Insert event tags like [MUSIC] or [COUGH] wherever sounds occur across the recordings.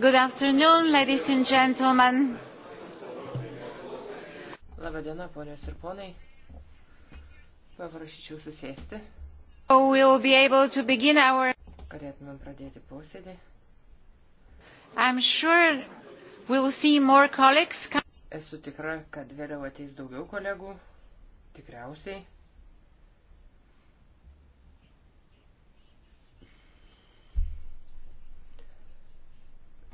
Good afternoon, ladies and gentlemen. Labadiena, ponios ir ponai. Paprašyčiau susėsti. So we'll be able to begin our... Galėtumėm pradėti posėdį. I'm sure we'll see more colleagues. Esu tikra, kad vėliau ateis daugiau kolegų. Tikriausiai.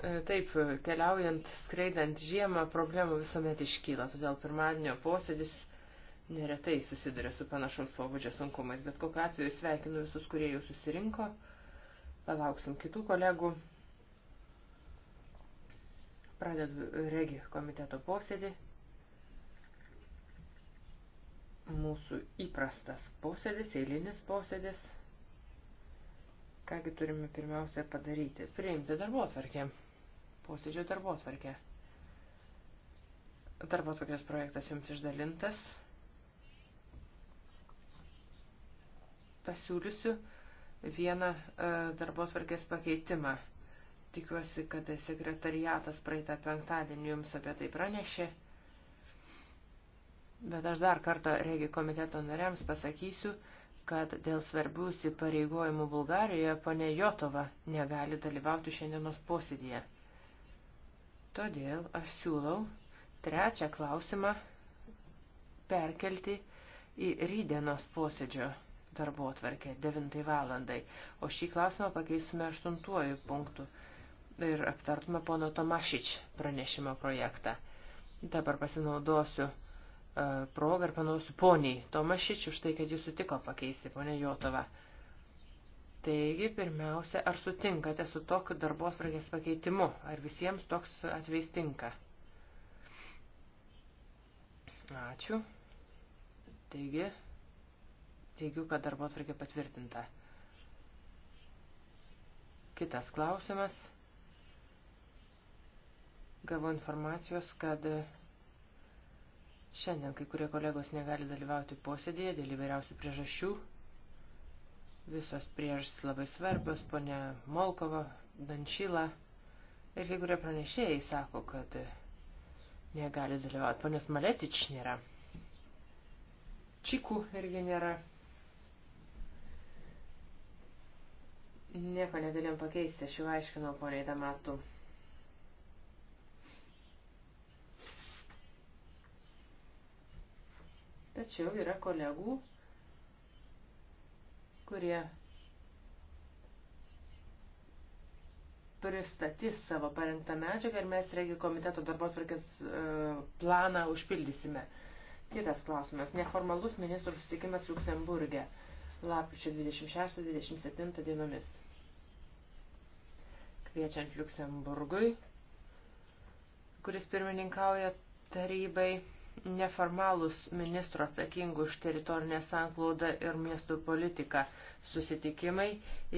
E, taip, keliaujant, skraidant žiemą, problemų visuomet iškyla, todėl pirmadienio posėdis neretai susiduria su panašaus pobūdžio sunkumais, bet kokiu atveju sveikinu visus, kurie jau susirinko, palauksim kitų kolegų. Pradedu regi komiteto posėdį. Mūsų įprastas posėdis, eilinis posėdis. Kągi turime pirmiausia padaryti? Priimti darbo atvarkėm posėdžio darbo atvarkę. Darbo atvarkės projektas jums išdalintas. Pasiūlysiu vieną e, darbo atvarkės pakeitimą. Tikiuosi, kad sekretariatas praeitą penktadienį jums apie tai pranešė. Bet aš dar kartą regi komiteto nariams pasakysiu, kad dėl svarbių įsipareigojimų Bulgarijoje ponė Jotova negali dalyvauti šiandienos posėdėje. Todėl aš siūlau trečią klausimą perkelti į rydienos posėdžio darbo atvarkę 9 valandai, o šį klausimą pakeisime 8 punktų ir aptartume pono Tomašič pranešimo projektą. Dabar pasinaudosiu e, progą ir panausiu poniai Tomašič už tai, kad jis sutiko pakeisti ponę Jotovą. Taigi, pirmiausia, ar sutinkate su tokiu darbos pradės pakeitimu? Ar visiems toks atvejs tinka? Ačiū. Taigi, teigiu, kad darbo atvarkė patvirtinta. Kitas klausimas. Gavau informacijos, kad šiandien kai kurie kolegos negali dalyvauti posėdėje dėl įvairiausių priežasčių. Visos priežastys labai svarbios, ponė Molkova, Dančila ir kai kurie pranešėjai sako, kad negali dalyvauti. Ponės Maletič nėra. Čikų irgi nėra. Nieko negalėjom pakeisti, aš jau aiškinau poniai tą matų. Tačiau yra kolegų, kurie pristatys savo parengtą medžiagą ir mes regi komiteto darbos varkės e, planą užpildysime. Kitas klausimas. Neformalus ministrų susitikimas Luksemburgė lapkričio 26-27 dienomis. Kviečiant Luksemburgui, kuris pirmininkauja tarybai neformalūs ministro atsakingų už teritorinę sanklaudą ir miestų politiką susitikimai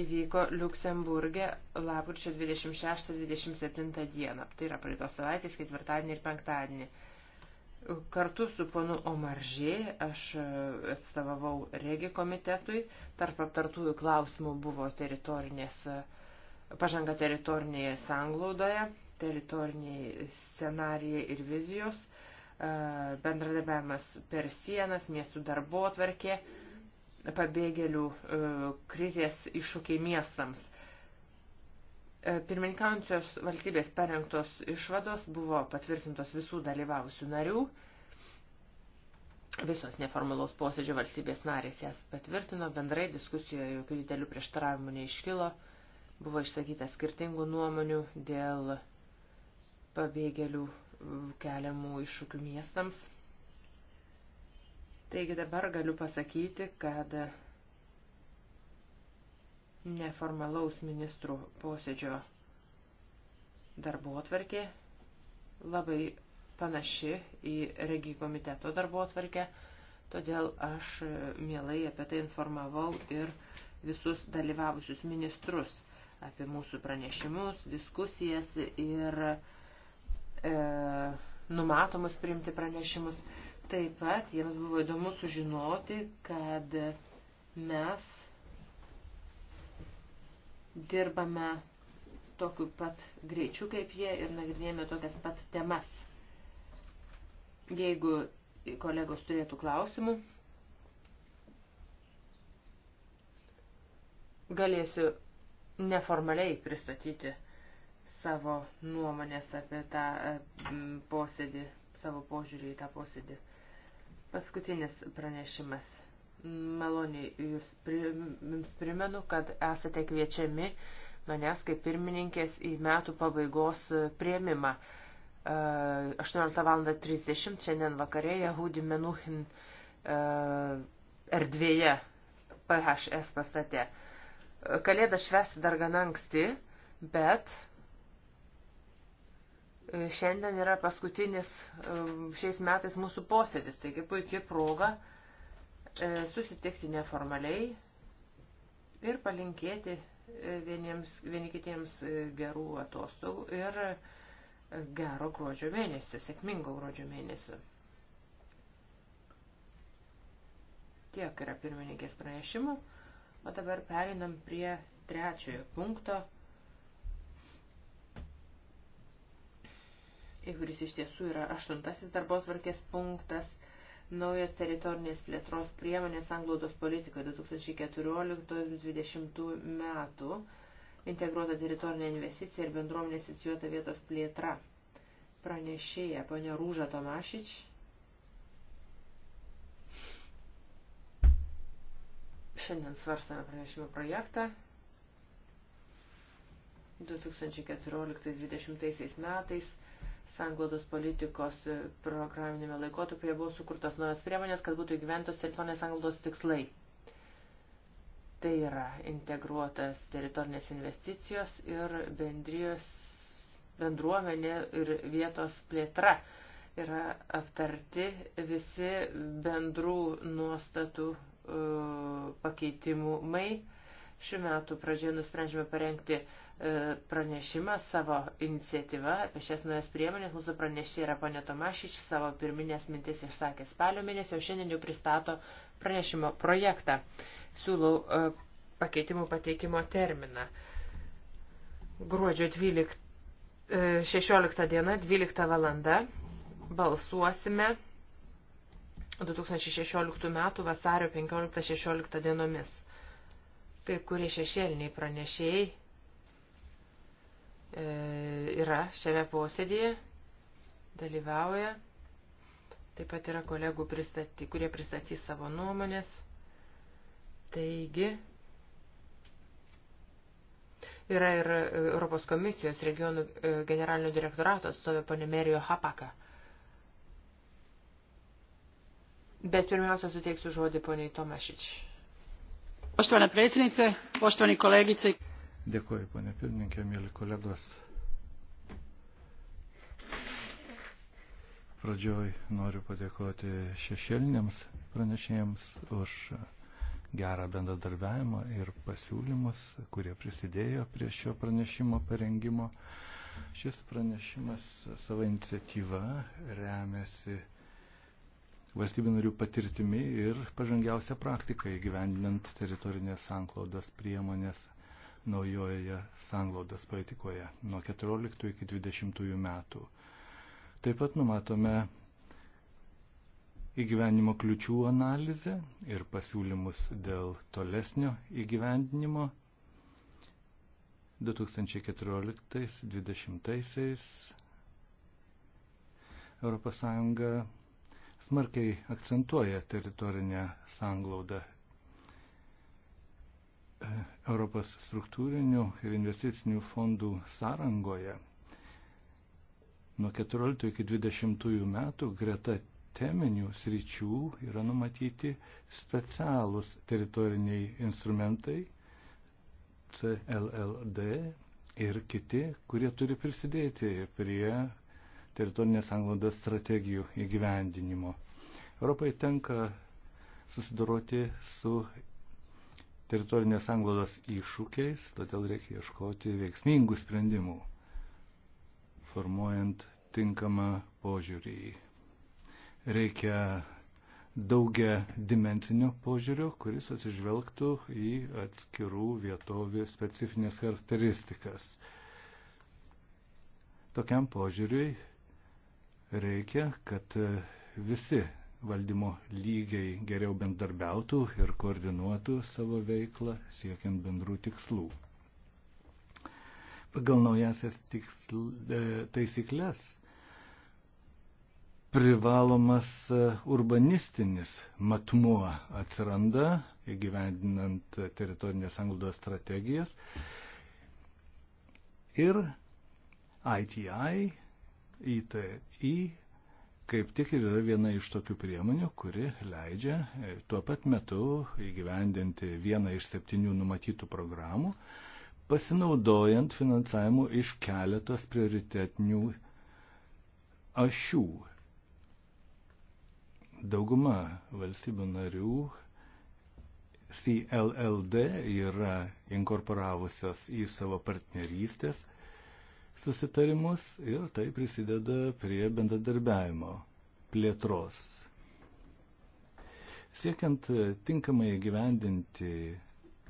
įvyko Luksemburgė lapkričio 26-27 dieną. Tai yra praeitos savaitės ketvirtadienį ir penktadienį. Kartu su ponu Omaržė aš atstovavau regi komitetui. Tarp aptartųjų klausimų buvo teritorinės, pažanga teritorinėje sanglaudoje, teritoriniai scenarijai ir vizijos E, bendradarbiavimas per sienas, miestų darbo atvarkė, pabėgėlių e, krizės iššūkiai miestams. E, pirmininkaujančios valstybės parengtos išvados buvo patvirtintos visų dalyvavusių narių. Visos neformalaus posėdžio valstybės narės jas patvirtino, bendrai diskusijoje jokių didelių prieštaravimų neiškilo, buvo išsakyta skirtingų nuomonių dėl pabėgėlių keliamų iššūkių miestams. Taigi dabar galiu pasakyti, kad neformalaus ministrų posėdžio darbo atvarkė labai panaši į regijų komiteto darbo atvarkę, todėl aš mielai apie tai informavau ir visus dalyvavusius ministrus apie mūsų pranešimus, diskusijas ir uh, numatomus priimti pranešimus. Taip pat jiems buvo įdomu sužinoti, kad mes dirbame tokiu pat greičiu kaip jie ir nagrinėjame tokias pat temas. Jeigu kolegos turėtų klausimų, galėsiu neformaliai pristatyti savo nuomonės apie tą e, posėdį, savo požiūrį į tą posėdį. Paskutinis pranešimas. Maloniai, jūs pri, jums primenu, kad esate kviečiami manęs kaip pirmininkės į metų pabaigos prieimimą. 18.30 e, šiandien vakarėje Hudi Menuhin e, erdvėje PHS pastate. Kalėdą švęsti dar gan anksti, bet E, šiandien yra paskutinis e, šiais metais mūsų posėdis, taigi puikiai proga e, susitikti neformaliai ir palinkėti vieniems, vieni kitiems gerų atostogų ir gero gruodžio mėnesio, sėkmingo gruodžio mėnesio. Tiek yra pirmininkės pranešimų, o dabar perinam prie trečiojo punkto. kuris iš tiesų yra aštuntasis darbos varkės punktas, naujos teritorinės plėtros priemonės anglaudos politika 2014-2020 metų, integruota teritorinė investicija ir bendruomenės inicijuota vietos plėtra. Pranešėja ponia Rūža Tomašič. Šiandien svarstame pranešimo projektą. 2014-2020 metais sanglaudos politikos programinėme laikotarpyje buvo sukurtos naujos priemonės, kad būtų įgyventos teritorinės sanglaudos tikslai. Tai yra integruotas teritorinės investicijos ir bendrijos bendruomenė ir vietos plėtra yra aptarti visi bendrų nuostatų e, pakeitimų mai. Šiuo metu pradžioje nusprendžiame parengti uh, E, pranešimą savo iniciatyvą apie šias naujas priemonės. Mūsų pranešė yra ponė Tomašič, savo pirminės mintis išsakė spalio mėnesį, o šiandien jau pristato pranešimo projektą. Siūlau e, pakeitimų pateikimo terminą. Gruodžio 12, 16 e, diena, 12 valanda balsuosime 2016 metų vasario 15-16 dienomis. Kai kurie šešėliniai pranešėjai E, yra šiame posėdėje, dalyvauja. Taip pat yra kolegų, pristaty, kurie pristatys savo nuomonės. Taigi, yra ir Europos komisijos regionų e, generalinio direktorato atstovė Panemerijo Hapaka. Bet pirmiausia, suteiksiu žodį poniai Tomašič. Poštovana predsjednice, poštovani kolegice. Dėkuoju, ponė pirmininkė, mėly kolegos. Pradžioj noriu padėkoti šešėliniams pranešėjams už gerą bendradarbiavimą ir pasiūlymus, kurie prisidėjo prie šio pranešimo parengimo. Šis pranešimas savo iniciatyva remiasi valstybių narių patirtimi ir pažangiausia praktika įgyvendinant teritorinės anklaudos priemonės naujoje sanglaudos politikoje nuo 14 iki 20 metų. Taip pat numatome įgyvenimo kliučių analizę ir pasiūlymus dėl tolesnio įgyvendinimo 2014-2020 ES smarkiai akcentuoja teritorinę sanglaudą Europos struktūrinių ir investicinių fondų sąrangoje nuo 14 iki 20 metų greta teminių sričių yra numatyti specialūs teritoriniai instrumentai CLLD ir kiti, kurie turi prisidėti prie teritorinės anglodos strategijų įgyvendinimo. Europai tenka susidoroti su teritorinės anglodos iššūkiais, todėl reikia ieškoti veiksmingų sprendimų, formuojant tinkamą požiūrį. Reikia daugia dimensinio požiūrio, kuris atsižvelgtų į atskirų vietovių specifinės charakteristikas. Tokiam požiūriui reikia, kad visi valdymo lygiai geriau bendarbiautų ir koordinuotų savo veiklą siekiant bendrų tikslų. Pagal naujasias tiksl, e, taisyklės privalomas e, urbanistinis matmuo atsiranda įgyvendinant teritorinės anglodos strategijas ir ITI, ITI kaip tik ir yra viena iš tokių priemonių, kuri leidžia e, tuo pat metu įgyvendinti vieną iš septynių numatytų programų, pasinaudojant finansavimu iš keletos prioritetinių ašių. Dauguma valstybių narių CLLD yra inkorporavusios į savo partnerystės susitarimus ir tai prisideda prie bendradarbiavimo plėtros. Siekiant tinkamai gyvendinti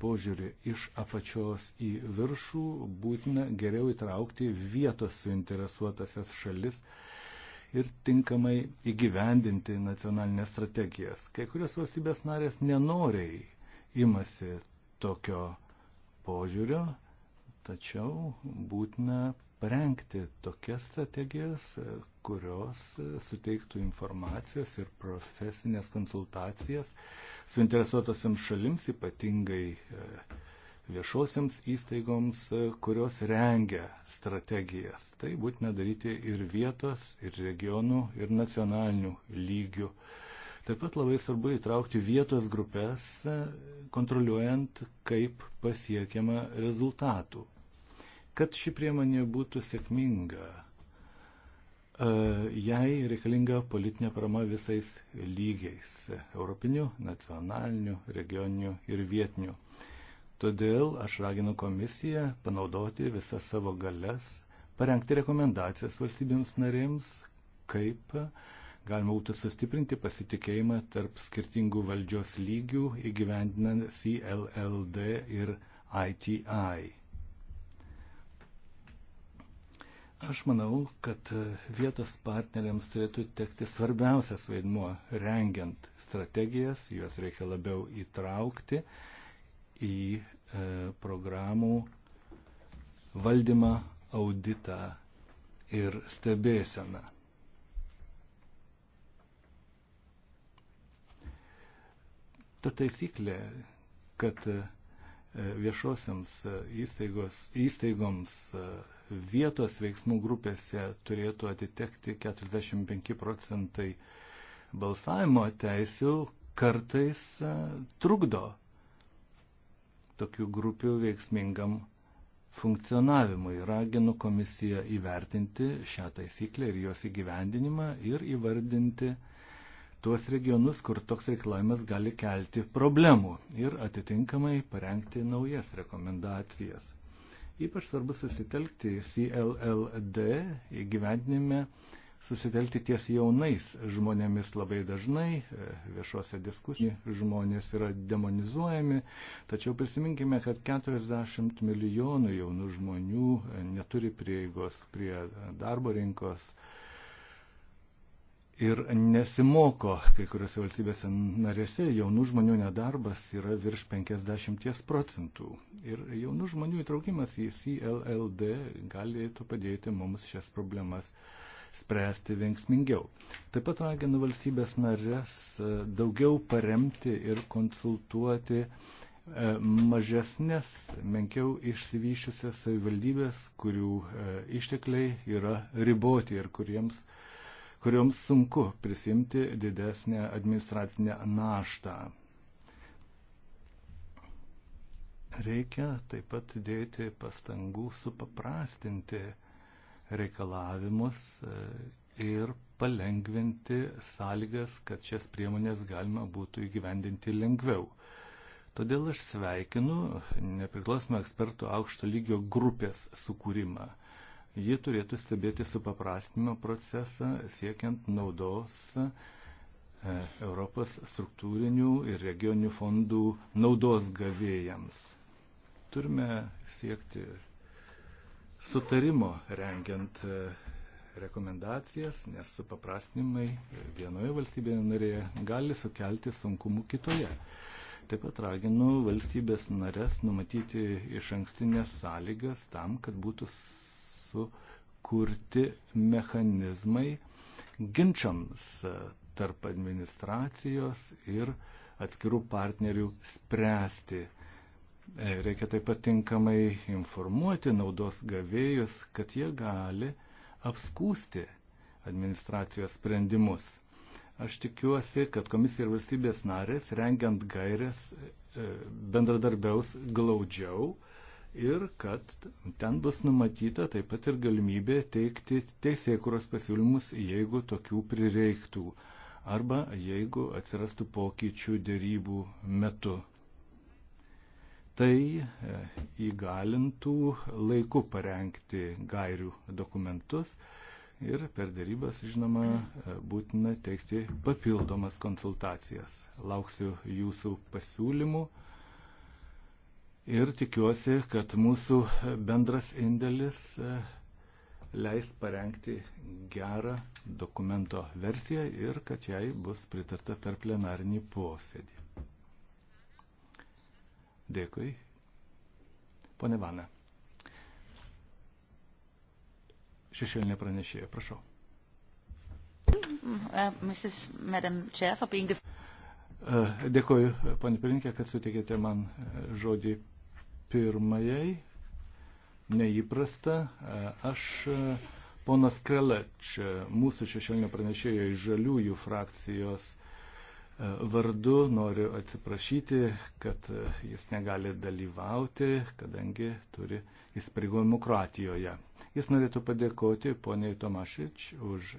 požiūrį iš apačios į viršų, būtina geriau įtraukti vietos suinteresuotasias šalis ir tinkamai įgyvendinti nacionalinės strategijas. Kai kurios valstybės narės nenoriai imasi tokio požiūrio, tačiau būtina parengti tokias strategijas, kurios suteiktų informacijas ir profesinės konsultacijas suinteresuotosiams šalims, ypatingai e, viešosiams įstaigoms, e, kurios rengia strategijas. Tai būtina daryti ir vietos, ir regionų, ir nacionalinių lygių. Taip pat labai svarbu įtraukti vietos grupės, e, kontroliuojant, kaip pasiekiama rezultatų. Kad ši priemonė būtų sėkminga, e, jai reikalinga politinė parama visais lygiais - europiniu, nacionaliniu, regioniniu ir vietiniu. Todėl aš raginu komisiją panaudoti visas savo galias, parengti rekomendacijas valstybėms narėms, kaip galima būtų sustiprinti pasitikėjimą tarp skirtingų valdžios lygių įgyvendinant CLLD ir ITI. Aš manau, kad e, vietos partneriams turėtų tekti svarbiausias vaidmuo rengiant strategijas, juos reikia labiau įtraukti į e, programų valdymą, auditą ir stebėseną. Ta taisyklė, kad e, viešosiams e, įstaigos, įstaigoms, įstaigoms vietos veiksmų grupėse turėtų atitekti 45 procentai balsavimo teisių, kartais e, trukdo tokių grupių veiksmingam funkcionavimui. Raginu komisiją įvertinti šią taisyklę ir jos įgyvendinimą ir įvardinti tuos regionus, kur toks reikalavimas gali kelti problemų ir atitinkamai parengti naujas rekomendacijas. Ypač svarbu susitelkti CLLD įgyvendinime, susitelkti ties jaunais žmonėmis labai dažnai, e, viešuose diskusijose žmonės yra demonizuojami, tačiau prisiminkime, kad 40 milijonų jaunų žmonių e, neturi prieigos prie e, darbo rinkos, ir nesimoko. Kai kuriuose valstybėse narėse jaunų žmonių nedarbas yra virš 50 procentų. Ir jaunų žmonių įtraukimas į CLLD galėtų padėti mums šias problemas spręsti vengsmingiau. Taip pat raginu valstybės narės e, daugiau paremti ir konsultuoti e, mažesnės, menkiau išsivyščiusias savivaldybės, kurių e, ištekliai yra riboti ir kuriems uh, kurioms sunku prisimti didesnę administracinę naštą. Reikia taip pat dėti pastangų supaprastinti reikalavimus e, ir palengventi sąlygas, kad šias priemonės galima būtų įgyvendinti lengviau. Todėl aš sveikinu nepriklausomą ekspertų aukšto lygio grupės sukūrimą. Ji turėtų stebėti supaprastinimo procesą, siekiant naudos e, Europos struktūrinių ir regioninių fondų naudos gavėjams. Turime siekti sutarimo rengiant e, rekomendacijas, nes supaprastinimai vienoje valstybėje narėje gali sukelti sunkumų kitoje. Taip pat raginu valstybės narės numatyti iš ankstinės sąlygas tam, kad būtų sukurti mechanizmai ginčiams e, tarp administracijos ir atskirų partnerių spręsti. E, reikia taip pat tinkamai informuoti naudos gavėjus, kad jie gali apskūsti administracijos sprendimus. Aš tikiuosi, kad komisija ir valstybės narės, rengiant gairias, e, bendradarbiaus glaudžiau ir kad ten bus numatyta taip pat ir galimybė teikti teisėkuros pasiūlymus, jeigu tokių prireiktų arba jeigu atsirastų pokyčių dėrybų metu. Tai e, įgalintų laiku parengti gairių dokumentus ir per dėrybas, žinoma, e, būtina teikti papildomas konsultacijas. Lauksiu jūsų pasiūlymų ir tikiuosi, kad mūsų bendras indėlis e, leis parengti gerą dokumento versiją ir kad jai bus pritarta per plenarinį posėdį. Dėkui. Pone Vana. Šešėlinė pranešėja, prašau. Uh, uh, dėkoju, ponė Pirinkė, kad sutikėte man uh, žodį pirmajai. Neįprasta. E, aš, e, ponas Kreleč, e, mūsų šešėlinio pranešėjo iš žaliųjų frakcijos vardu noriu atsiprašyti, kad jis negali dalyvauti, kadangi turi įsipareigojimų Kroatijoje. Jis norėtų padėkoti poniai Tomašič už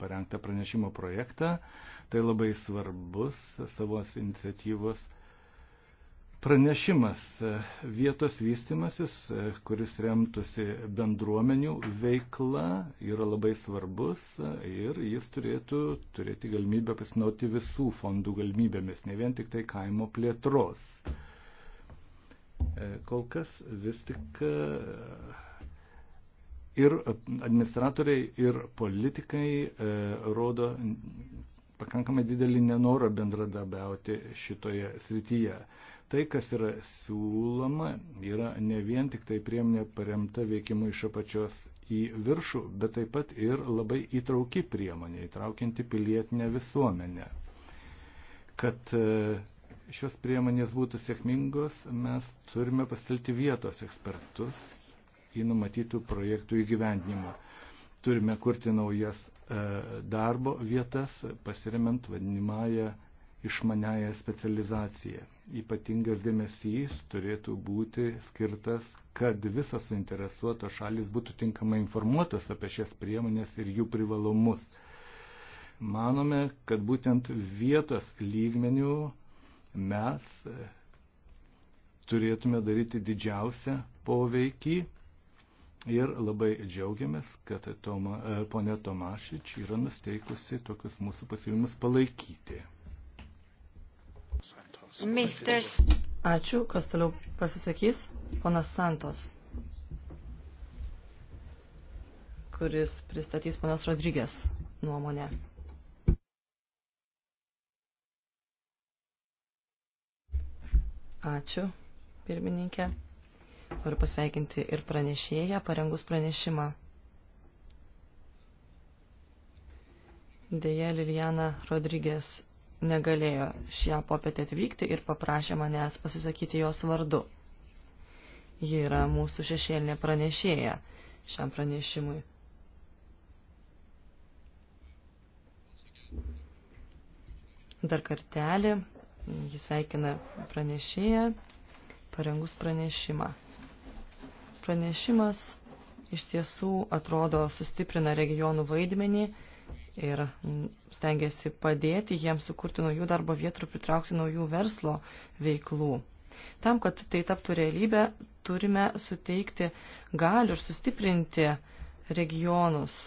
parengtą pranešimo projektą. Tai labai svarbus savos iniciatyvos pranešimas e, vietos vystimasis, e, kuris remtųsi bendruomenių veikla, yra labai svarbus e, ir jis turėtų turėti galimybę pasinauti visų fondų galimybėmis, ne vien tik tai kaimo plėtros. Kol kas vis tik ir administratoriai, ir politikai rodo pakankamai didelį nenorą bendradarbiauti šitoje srityje. Tai, kas yra siūloma, yra ne vien tik tai priemonė paremta veikimu iš apačios į viršų, bet taip pat ir labai įtrauki priemonė, įtraukianti pilietinę visuomenę. Kad e, šios priemonės būtų sėkmingos, mes turime pastelti vietos ekspertus į numatytų projektų įgyvendinimą. Turime kurti naujas e, darbo vietas, pasiremiant vadinimąją išmaniają specializaciją. Ypatingas dėmesys turėtų būti skirtas, kad visas suinteresuotos šalis būtų tinkamai informuotos apie šias priemonės ir jų privalumus. Manome, kad būtent vietos lygmenių mes turėtume daryti didžiausią poveikį Ir labai džiaugiamės, kad Toma, e, ponė Tomašič yra nusteikusi tokius mūsų pasiūlymus palaikyti. Misters. Ačiū, kas toliau pasisakys, ponas Santos, kuris pristatys ponas Rodrygės nuomonę. Ačiū, pirmininkė. Noriu pasveikinti ir pranešėją, parengus pranešimą. Deja, Liliana Rodrygės negalėjo šią popietę atvykti ir paprašė manęs pasisakyti jos vardu. Ji yra mūsų šešėlinė pranešėja šiam pranešimui. Dar kartelį jis veikina pranešėją, parengus pranešimą. Pranešimas iš tiesų atrodo sustiprina regionų vaidmenį ir stengiasi padėti jiems sukurti naujų darbo vietų ir pritraukti naujų verslo veiklų. Tam, kad tai taptų realybę, turime suteikti galių ir sustiprinti regionus.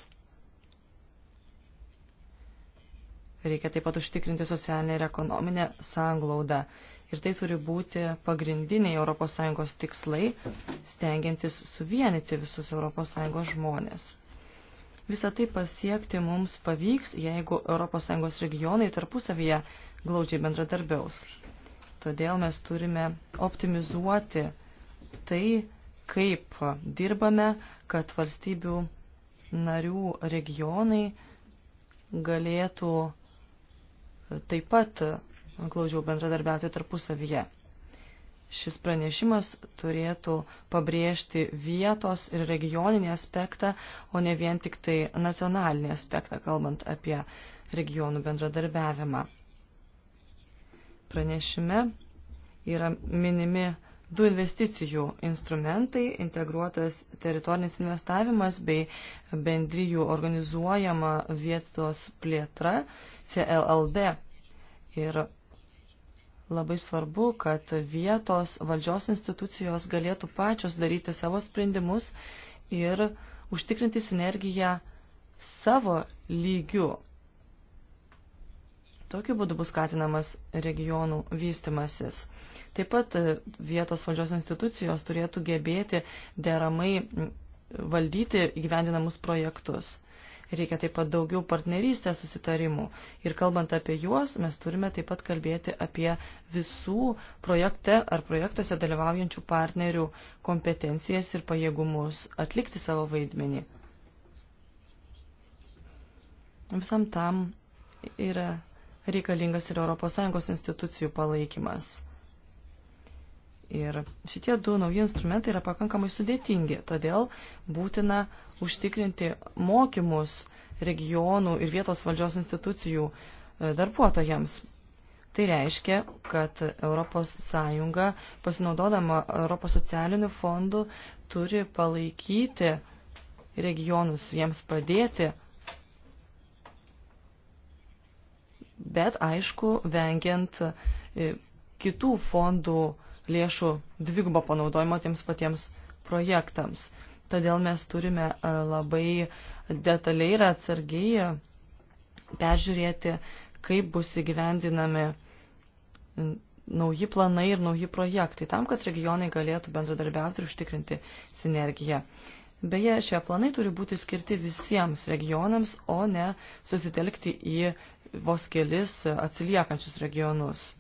Reikia taip pat užtikrinti socialinę ir ekonominę sanglaudą. Ir tai turi būti pagrindiniai ES tikslai, stengiantis suvienyti visus ES žmonės. Visą tai pasiekti mums pavyks, jeigu ES regionai tarpusavyje glaudžiai bendradarbiaus. Todėl mes turime optimizuoti tai, kaip dirbame, kad valstybių narių regionai galėtų taip pat glaudžiau bendradarbiauti tarpusavyje šis pranešimas turėtų pabrėžti vietos ir regioninį aspektą, o ne vien tik tai nacionalinį aspektą, kalbant apie regionų bendradarbiavimą. Pranešime yra minimi du investicijų instrumentai - integruotas teritorinis investavimas bei bendryjų organizuojama vietos plėtra CLLD. Ir Labai svarbu, kad vietos valdžios institucijos galėtų pačios daryti savo sprendimus ir užtikrinti sinergiją savo lygiu. Tokiu būdu bus skatinamas regionų vystimasis. Taip pat vietos valdžios institucijos turėtų gebėti deramai valdyti įgyvendinamus projektus. Reikia taip pat daugiau partnerystės susitarimų. Ir kalbant apie juos, mes turime taip pat kalbėti apie visų projekte ar projektuose dalyvaujančių partnerių kompetencijas ir pajėgumus atlikti savo vaidmenį. Visam tam yra reikalingas ir ES institucijų palaikymas. Ir šitie du nauji instrumentai yra pakankamai sudėtingi, todėl būtina užtikrinti mokymus regionų ir vietos valdžios institucijų e, darbuotojams. Tai reiškia, kad ES pasinaudodama Europos socialinių fondų turi palaikyti regionus, jiems padėti, bet aišku, vengiant e, kitų fondų uh, lėšų dvigubo panaudojimo tiems patiems projektams. Todėl mes turime e, labai detaliai ir atsargiai peržiūrėti, kaip bus įgyvendinami nauji planai ir nauji projektai, tam, kad regionai galėtų bendradarbiauti ir užtikrinti sinergiją. Beje, šie planai turi būti skirti visiems regionams, o ne susitelkti į vos kelis e, atsiliekančius regionus.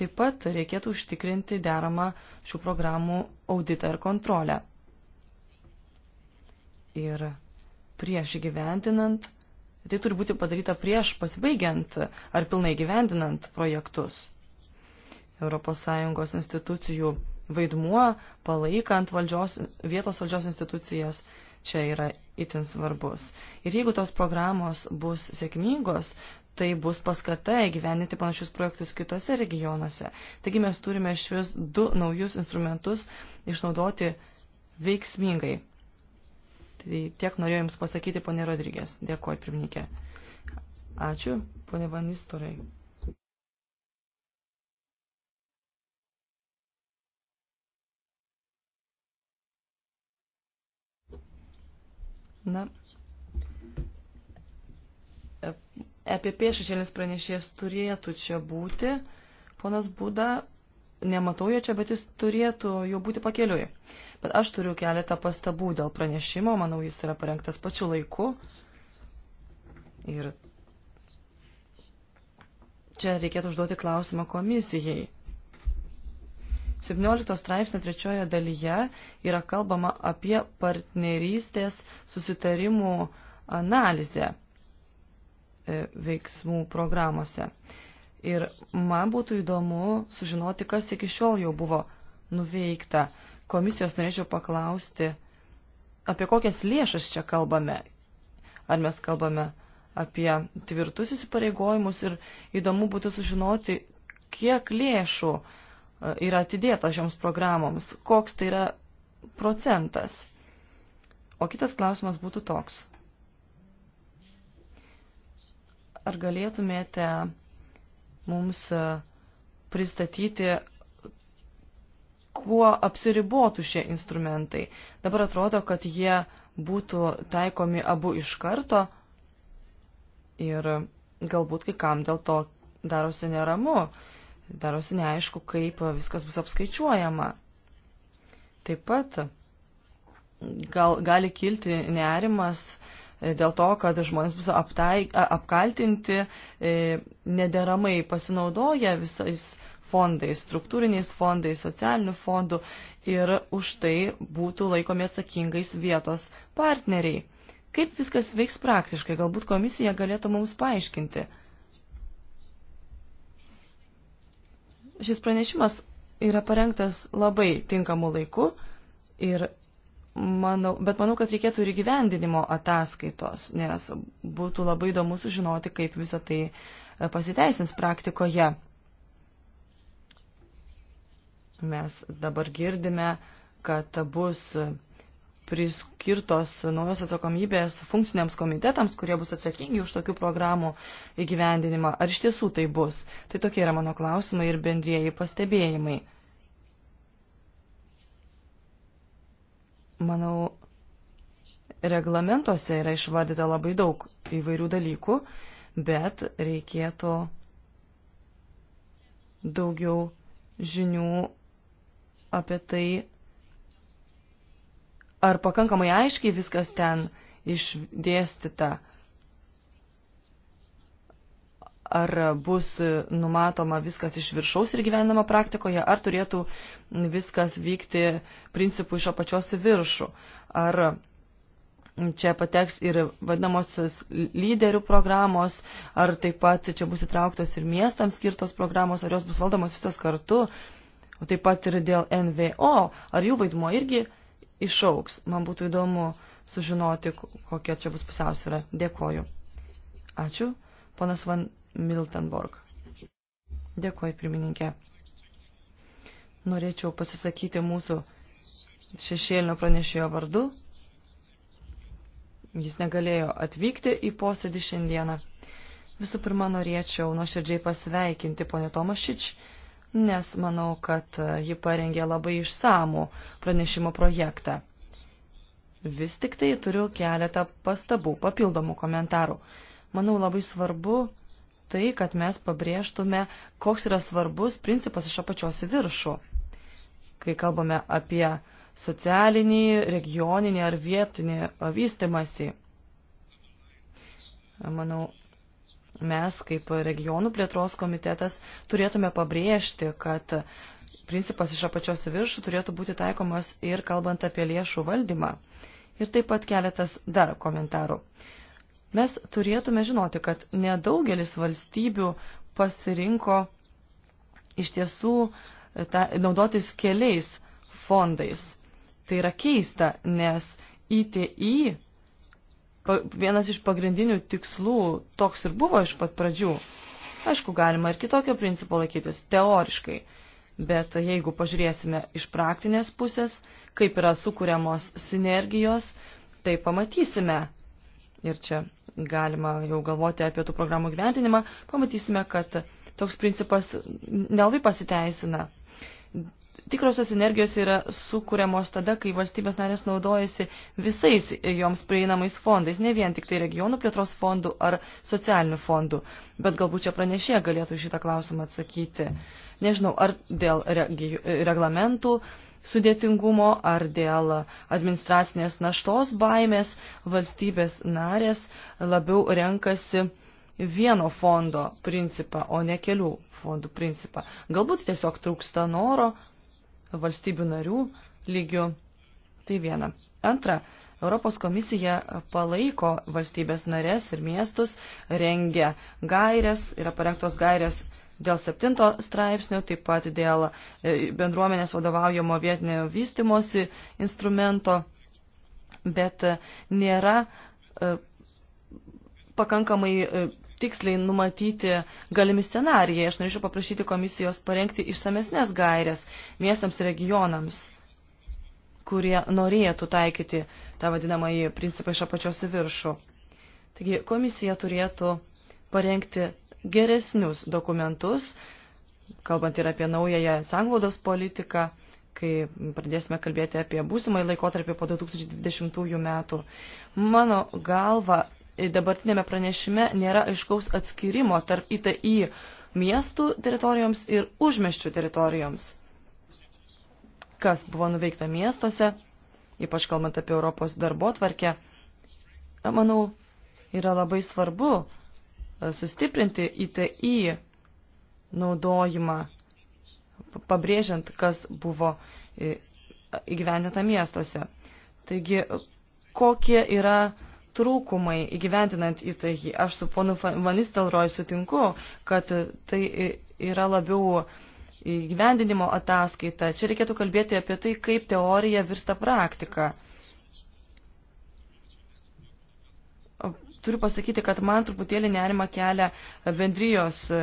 Taip pat reikėtų užtikrinti deramą šių programų auditą ir kontrolę. Ir prieš įgyvendinant, tai turi būti padaryta prieš pasibaigiant ar pilnai gyvendinant projektus. ES institucijų vaidmuo palaikant valdžios, vietos valdžios institucijas čia yra itin svarbus. Ir jeigu tos programos bus sėkmingos, tai bus paskata įgyveninti panašius projektus kitose regionuose. Taigi mes turime šios du naujus instrumentus išnaudoti veiksmingai. Tai tiek norėjau Jums pasakyti, ponė Rodrygės. Dėkuoju, pirmininkė. Ačiū, ponė Vanistorai. Na, EPP šešėlis pranešėjas turėtų čia būti. Ponas Būda, nematau jo čia, bet jis turėtų jau būti pakeliui. Bet aš turiu keletą pastabų dėl pranešimo, manau, jis yra parengtas pačiu laiku. Ir čia reikėtų užduoti klausimą komisijai. 17 straipsnio trečiojo dalyje yra kalbama apie partnerystės susitarimų analizę. E, veiksmų programuose. Ir man būtų įdomu sužinoti, kas iki šiol jau buvo nuveikta. Komisijos norėčiau paklausti, apie kokias lėšas čia kalbame. Ar mes kalbame apie tvirtus įsipareigojimus ir įdomu būtų sužinoti, kiek lėšų e, yra atidėta šioms programoms, koks tai yra procentas. O kitas klausimas būtų toks. ar galėtumėte mums e, pristatyti, kuo apsiribotų šie instrumentai? Dabar atrodo, kad jie būtų taikomi abu iš karto ir galbūt kai kam dėl to darosi neramu, darosi neaišku, kaip viskas bus apskaičiuojama. Taip pat gal, gali kilti nerimas dėl to, kad žmonės bus aptai, apkaltinti e, nederamai pasinaudoję visais fondais, struktūriniais fondais, socialinių fondų ir už tai būtų laikomi atsakingais vietos partneriai. Kaip viskas veiks praktiškai, galbūt komisija galėtų mums paaiškinti. Šis pranešimas yra parengtas labai tinkamu laiku ir manau, bet manau, kad reikėtų ir gyvendinimo ataskaitos, nes būtų labai įdomu sužinoti, kaip visą tai e, pasiteisins praktikoje. Mes dabar girdime, kad bus priskirtos naujos atsakomybės funkciniams komitetams, kurie bus atsakingi už tokių programų įgyvendinimą. Ar iš tiesų tai bus? Tai tokie yra mano klausimai ir bendrieji pastebėjimai. manau, reglamentuose yra išvardyta labai daug įvairių dalykų, bet reikėtų daugiau žinių apie tai, ar pakankamai aiškiai viskas ten išdėstyta, ar bus numatoma viskas iš viršaus ir gyvenama praktikoje, ar turėtų viskas vykti principų iš apačios į viršų, ar čia pateks ir vadinamosios lyderių programos, ar taip pat čia bus įtrauktos ir miestams skirtos programos, ar jos bus valdomos visos kartu, o taip pat ir dėl NVO, ar jų vaidmo irgi išauks. Man būtų įdomu sužinoti, kokia čia bus pusiausvėra. Dėkoju. Ačiū. Ponas Van Miltenborg. Dėkuoju, pirmininkė. Norėčiau pasisakyti mūsų šešėlinio pranešėjo vardu. Jis negalėjo atvykti į posėdį šiandieną. Visų pirma, norėčiau nuoširdžiai pasveikinti ponę Tomašič, nes manau, kad ji parengė labai išsamų pranešimo projektą. Vis tik tai turiu keletą pastabų, papildomų komentarų. Manau labai svarbu tai, kad mes pabrėžtume, koks yra svarbus principas iš apačios į viršų. Kai kalbame apie socialinį, regioninį ar vietinį vystimąsi. Manau, mes kaip regionų plėtros komitetas turėtume pabrėžti, kad principas iš apačios į viršų turėtų būti taikomas ir kalbant apie lėšų valdymą. Ir taip pat keletas dar komentarų. Mes turėtume žinoti, kad nedaugelis valstybių pasirinko iš tiesų e, ta, naudotis keliais fondais. Tai yra keista, nes ITI e vienas iš pagrindinių tikslų toks ir buvo iš pat pradžių. Aišku, galima ir kitokio principo laikytis teoriškai, bet jeigu pažiūrėsime iš praktinės pusės, kaip yra sukūriamos sinergijos, tai pamatysime, ir čia galima jau galvoti apie tų programų gyventinimą, pamatysime, kad toks principas nelabai pasiteisina. Tikrosios energijos yra sukūriamos tada, kai valstybės narės naudojasi visais joms prieinamais fondais, ne vien tik tai regionų plėtros fondų ar socialinių fondų, bet galbūt čia pranešė galėtų šitą klausimą atsakyti. Nežinau, ar dėl reglamentų, sudėtingumo ar dėl administracinės naštos baimės valstybės narės labiau renkasi vieno fondo principą, o ne kelių fondų principą. Galbūt tiesiog trūksta noro valstybių narių lygių. Tai viena. Antra, Europos komisija palaiko valstybės narės ir miestus, rengia gairias, yra parengtos gairias dėl septinto straipsnio, taip pat dėl e, bendruomenės vadovaujamo vietinio vystimosi instrumento, bet e, nėra e, pakankamai tiksliai numatyti galimi scenarijai. Aš norėčiau paprašyti komisijos parengti išsamesnės gairės miestams ir regionams kurie norėtų taikyti tą vadinamąjį principą iš apačios į viršų. Taigi komisija turėtų parengti geresnius dokumentus, kalbant ir apie naująją sanglaudos politiką, kai pradėsime kalbėti apie būsimąjį laikotarpį po 2020 metų. Mano galva, dabartinėme pranešime nėra aiškaus atskirimo tarp ITI miestų teritorijoms ir užmeščių teritorijoms. Kas buvo nuveikta miestuose, ypač kalbant apie Europos darbo tvarkę, manau, yra labai svarbu sustiprinti ITI naudojimą, pabrėžiant, kas buvo įgyvendinta miestuose. Taigi, kokie yra trūkumai įgyvendinant ITI? Aš su ponu Vanistelroj sutinku, kad tai yra labiau įgyvendinimo ataskaita. Čia reikėtų kalbėti apie tai, kaip teorija virsta praktika turiu pasakyti, kad man truputėlį nerima kelia bendrijos e,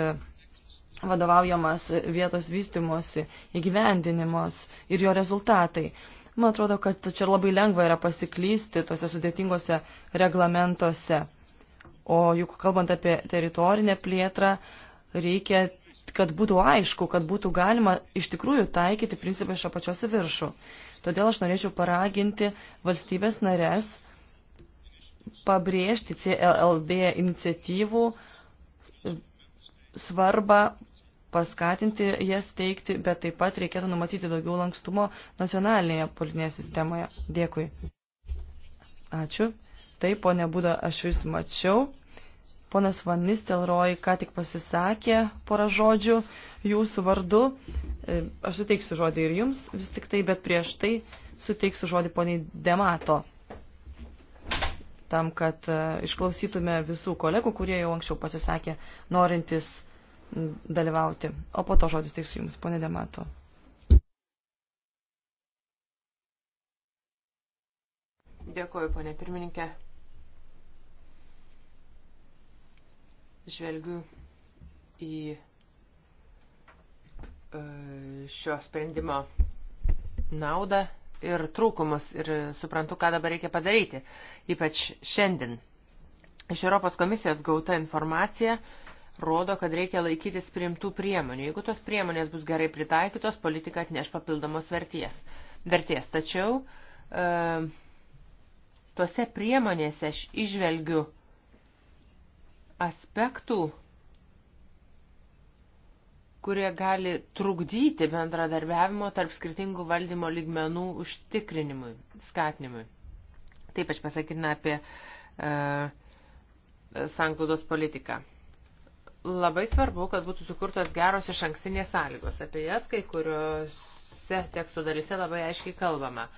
vadovaujamas vietos vystimosi įgyvendinimas ir jo rezultatai. Man atrodo, kad čia labai lengva yra pasiklysti tose sudėtingose reglamentuose. O juk kalbant apie teritorinę plėtrą, reikia, kad būtų aišku, kad būtų galima iš tikrųjų taikyti principą iš apačios į viršų. Todėl aš norėčiau paraginti valstybės narės pabrėžti CLLD iniciatyvų svarbą, paskatinti jas teikti, bet taip pat reikėtų numatyti daugiau lankstumo nacionalinėje politinėje sistemoje. Dėkui. Ačiū. Taip, ponė Būda, aš vis mačiau. Ponas Van Nistelroj ką tik pasisakė porą žodžių jūsų vardu. E, aš suteiksiu žodį ir jums vis tik tai, bet prieš tai suteiksiu žodį poniai Demato tam, kad e, išklausytume visų kolegų, kurie jau anksčiau pasisakė norintys dalyvauti. O po to žodis teiksiu Jums, ponė Demato. Dėkuoju, ponė pirmininkė. Žvelgiu į e, šio sprendimo naudą ir trūkumus ir suprantu, ką dabar reikia padaryti, ypač šiandien. Iš Europos komisijos gauta informacija rodo, kad reikia laikytis priimtų priemonių. Jeigu tos priemonės bus gerai pritaikytos, politika atneš papildomos verties. verties. Tačiau e, tose priemonėse aš išvelgiu aspektų, kurie gali trukdyti bendradarbiavimo tarp skirtingų valdymo lygmenų užtikrinimui, skatinimui. Taip aš pasakytume apie e, sanklaudos politiką. Labai svarbu, kad būtų sukurtos geros iš ankstinės sąlygos. Apie jas kai kuriuose teksto dalyse labai aiškiai kalbama.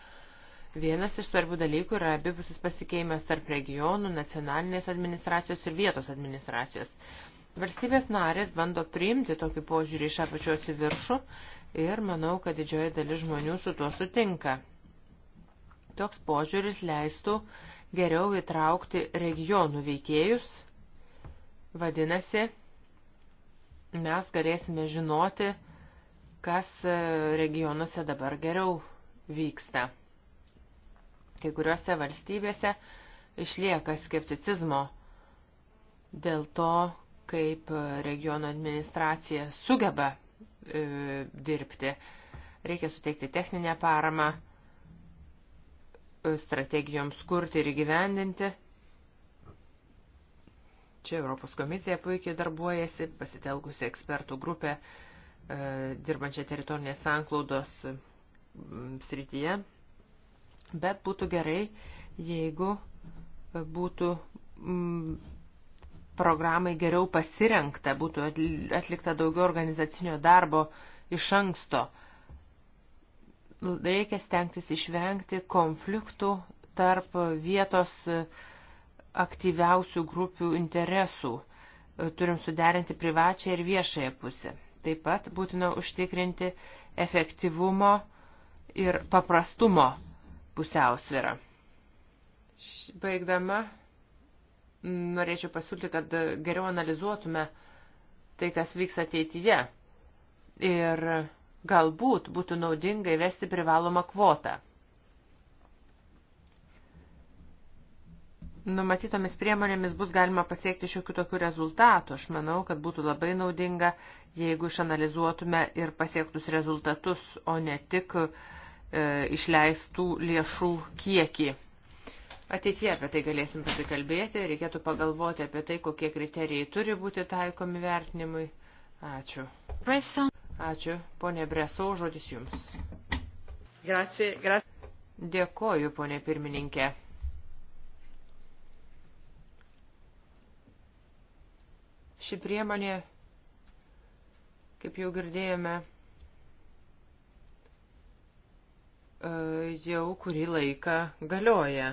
Vienas iš svarbių dalykų yra abipusis pasikeimas tarp regionų, nacionalinės administracijos ir vietos administracijos. Valstybės narės bando priimti tokį požiūrį iš apačios į viršų ir manau, kad didžioji dalis žmonių su tuo sutinka. Toks požiūris leistų geriau įtraukti regionų veikėjus. Vadinasi, mes galėsime žinoti, kas e, regionuose dabar geriau vyksta. Kai kuriuose valstybėse išlieka skepticizmo dėl to, kaip regiono administracija sugeba e, dirbti. Reikia suteikti techninę paramą e, strategijoms kurti ir įgyvendinti. Čia Europos komisija puikiai darbuojasi, pasitelkusi ekspertų grupę e, dirbančią teritorinės sanklaudos srityje. Bet būtų gerai, jeigu būtų mm, programai geriau pasirengta, būtų atlikta daugiau organizacinio darbo iš anksto. Reikia stengtis išvengti konfliktų tarp vietos aktyviausių grupių interesų. Turim suderinti privačią ir viešąją pusę. Taip pat būtina užtikrinti efektyvumo ir paprastumo pusiausvyrą. Baigdama norėčiau pasiūlyti, kad geriau analizuotume tai, kas vyks ateityje. Ir galbūt būtų naudinga įvesti privalomą kvotą. Numatytomis priemonėmis bus galima pasiekti šiokių tokių rezultatų. Aš manau, kad būtų labai naudinga, jeigu išanalizuotume ir pasiektus rezultatus, o ne tik e, išleistų lėšų kiekį. Ateityje apie tai galėsim pasikalbėti, reikėtų pagalvoti apie tai, kokie kriterijai turi būti taikomi vertinimui. Ačiū. Breso. Ačiū. Pone Breso, žodis jums. Grazie, grazie. Dėkoju, ponė pirmininkė. Ši priemonė, kaip jau girdėjome, e, jau kurį laiką galioja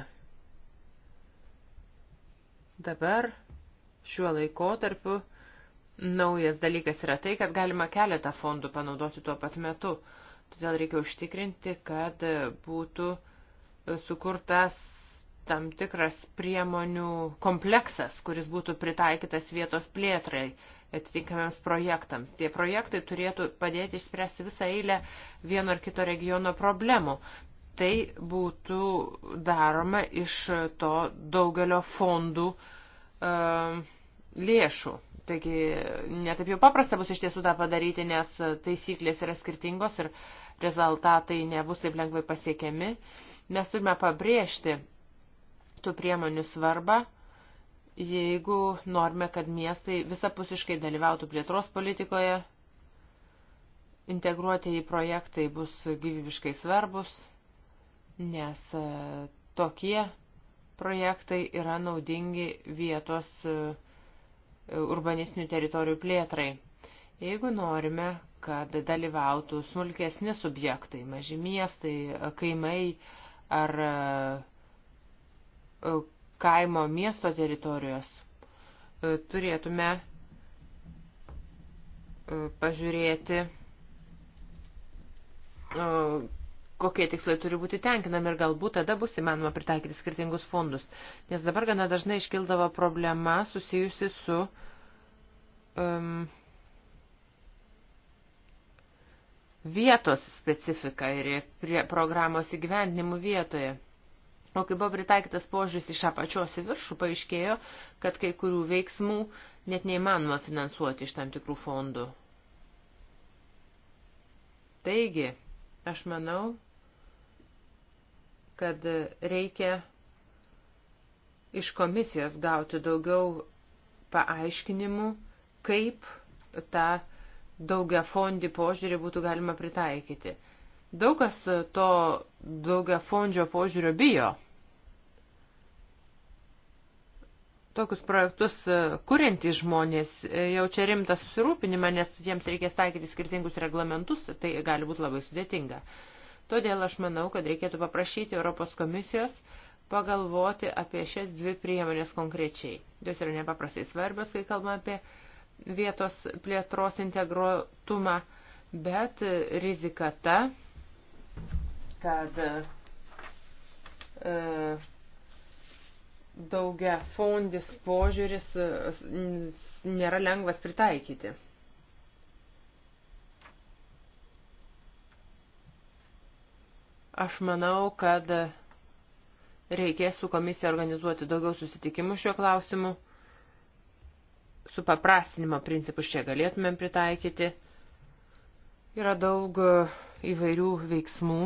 Dabar šiuo laikotarpiu naujas dalykas yra tai, kad galima keletą fondų panaudoti tuo pat metu. Todėl reikia užtikrinti, kad būtų sukurtas tam tikras priemonių kompleksas, kuris būtų pritaikytas vietos plėtrai atitinkamiems projektams. Tie projektai turėtų padėti išspręsti visą eilę vieno ar kito regiono problemų tai būtų daroma iš to daugelio fondų uh, lėšų. Taigi netaip jau paprasta bus iš tiesų tą padaryti, nes taisyklės yra skirtingos ir rezultatai nebus taip lengvai pasiekiami. Mes turime pabrėžti tų priemonių svarbą, jeigu norime, kad miestai visapusiškai dalyvautų plėtros politikoje, integruoti į projektai bus gyvybiškai svarbus nes e, tokie projektai yra naudingi vietos e, urbanistinių teritorijų plėtrai. Jeigu norime, kad dalyvautų smulkesni subjektai, maži miestai, e, kaimai ar kaimo miesto teritorijos, turėtume pažiūrėti kokie tikslai turi būti tenkinami ir galbūt tada bus įmanoma pritaikyti skirtingus fondus. Nes dabar gana dažnai iškildavo problema susijusi su um, vietos specifika ir prie programos įgyvendinimu vietoje. O kai buvo pritaikytas požiūris iš apačios į viršų, paaiškėjo, kad kai kurių veiksmų net neįmanoma finansuoti iš tam tikrų fondų. Taigi, aš manau, kad reikia iš komisijos gauti daugiau paaiškinimų, kaip tą daugia fondį požiūrį būtų galima pritaikyti. Daug kas to daugia fondžio požiūrio bijo. Tokius projektus kuriantys žmonės jaučia rimtą susirūpinimą, nes jiems reikės taikyti skirtingus reglamentus, tai gali būti labai sudėtinga. Uh, Todėl aš manau, kad reikėtų paprašyti Europos komisijos pagalvoti apie šias dvi priemonės konkrečiai. Jos yra nepaprastai svarbios, kai kalbame apie vietos plėtros integruotumą, bet rizika ta, kad e, daugia fondis požiūris e, nėra lengvas pritaikyti. Aš manau, kad reikės su komisija organizuoti daugiau susitikimų šiuo klausimu. Su paprastinimo principus čia galėtumėm pritaikyti. Yra daug įvairių veiksmų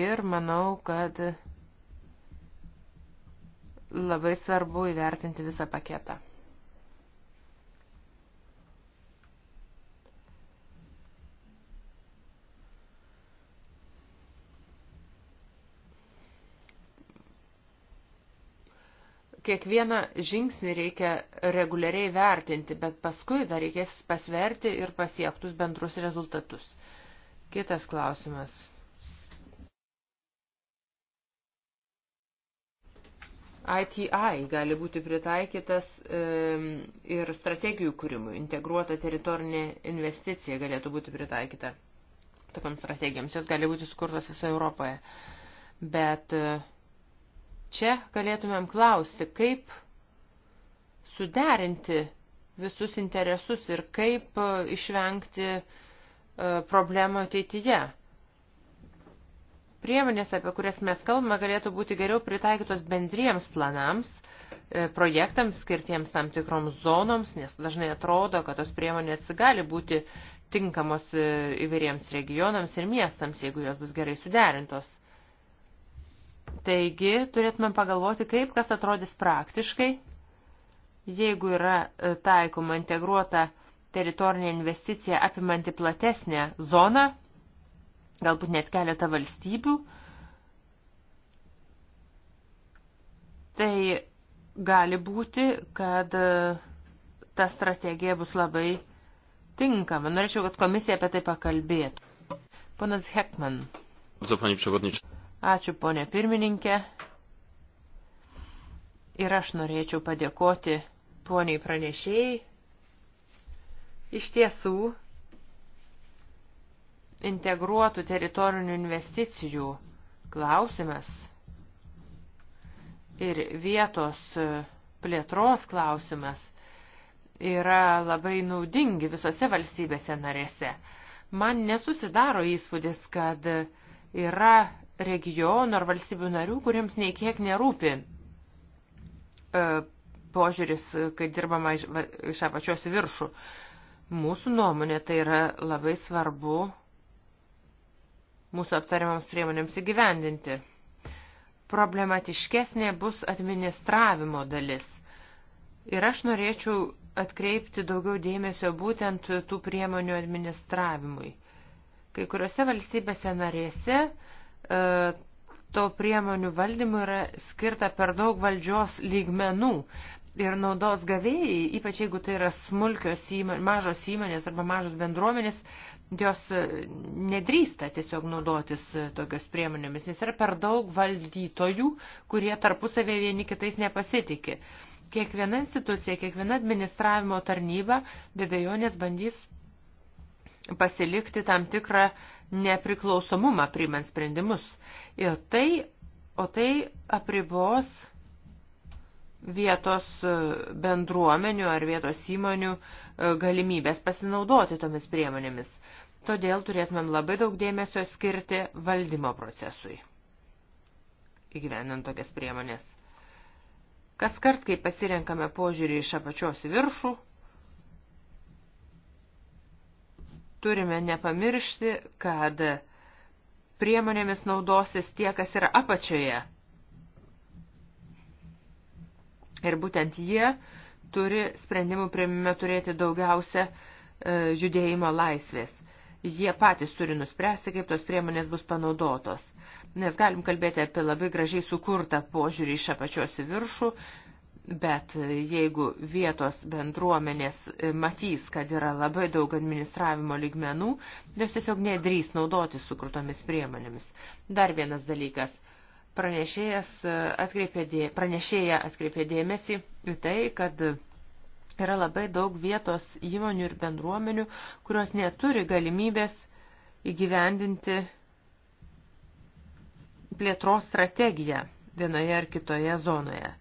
ir manau, kad labai svarbu įvertinti visą paketą. kiekvieną žingsnį reikia reguliariai vertinti, bet paskui dar reikės pasverti ir pasiektus bendrus rezultatus. Kitas klausimas. ITI gali būti pritaikytas e, ir strategijų kūrimui. Integruota teritorinė investicija galėtų būti pritaikyta tokiams strategijoms. Jos gali būti skurtas visoje Europoje. Bet e, Čia galėtumėm klausti, kaip suderinti visus interesus ir kaip e, išvengti e, problemų ateityje. Priemonės, apie kurias mes kalbame, galėtų būti geriau pritaikytos bendriems planams, e, projektams skirtiems tam tikroms zonoms, nes dažnai atrodo, kad tos priemonės gali būti tinkamos įvairiems regionams ir miestams, jeigu jos bus gerai suderintos. Taigi turėtume pagalvoti, kaip kas atrodys praktiškai, jeigu yra e, taikoma integruota teritorinė investicija apimanti platesnę zoną, galbūt net keletą valstybių, tai gali būti, kad e, ta strategija bus labai tinkama. Norėčiau, kad komisija apie tai pakalbėtų. Ponas Hekman. Zapani Przewodniczący. Ačiū, ponė pirmininkė. Ir aš norėčiau padėkoti poniai pranešėjai. Iš tiesų, integruotų teritorinių investicijų klausimas ir vietos plėtros klausimas yra labai naudingi visose valstybėse narėse. Man nesusidaro įspūdis, kad yra regionų ar valstybių narių, kuriems nei kiek nerūpi e, požiūris, kai dirbama iš apačios į viršų. Mūsų nuomonė tai yra labai svarbu mūsų aptariamams priemonėms įgyvendinti. Problematiškesnė bus administravimo dalis. Ir aš norėčiau atkreipti daugiau dėmesio būtent tų priemonių administravimui. Kai kuriuose valstybėse narėse E, to priemonių valdymų yra skirta per daug valdžios lygmenų. Ir naudos gavėjai, ypač jeigu tai yra smulkios įmonės, mažos įmonės arba mažos bendruomenės, jos e, nedrįsta tiesiog naudotis e, tokios priemonėmis, nes yra per daug valdytojų, kurie tarpusavė vieni kitais nepasitikė. Kiekviena institucija, kiekviena administravimo tarnyba be bejonės bandys pasilikti tam tikrą nepriklausomumą priimant sprendimus. Ir tai, o tai apribos vietos e, bendruomenių ar vietos įmonių e, galimybės pasinaudoti tomis priemonėmis. Todėl turėtumėm labai daug dėmesio skirti valdymo procesui, įgyvenant tokias priemonės. Kas kart, kai pasirenkame požiūrį iš apačios į viršų, turime nepamiršti, kad priemonėmis naudosis tie, kas yra apačioje. Ir būtent jie turi sprendimų prieimime turėti daugiausia e, judėjimo laisvės. Jie patys turi nuspręsti, kaip tos priemonės bus panaudotos. Nes galim kalbėti apie labai gražiai sukurtą požiūrį iš apačios į viršų, Bet jeigu vietos bendruomenės e, matys, kad yra labai daug administravimo ligmenų, jos tiesiog nedrys naudotis sukurtomis priemonėmis. Dar vienas dalykas. Pranešėjas e, atkreipė dė... Pranešėja atkreipė dėmesį į tai, kad yra labai daug vietos įmonių ir bendruomenių, kurios neturi galimybės įgyvendinti plėtros strategiją vienoje ar kitoje zonoje.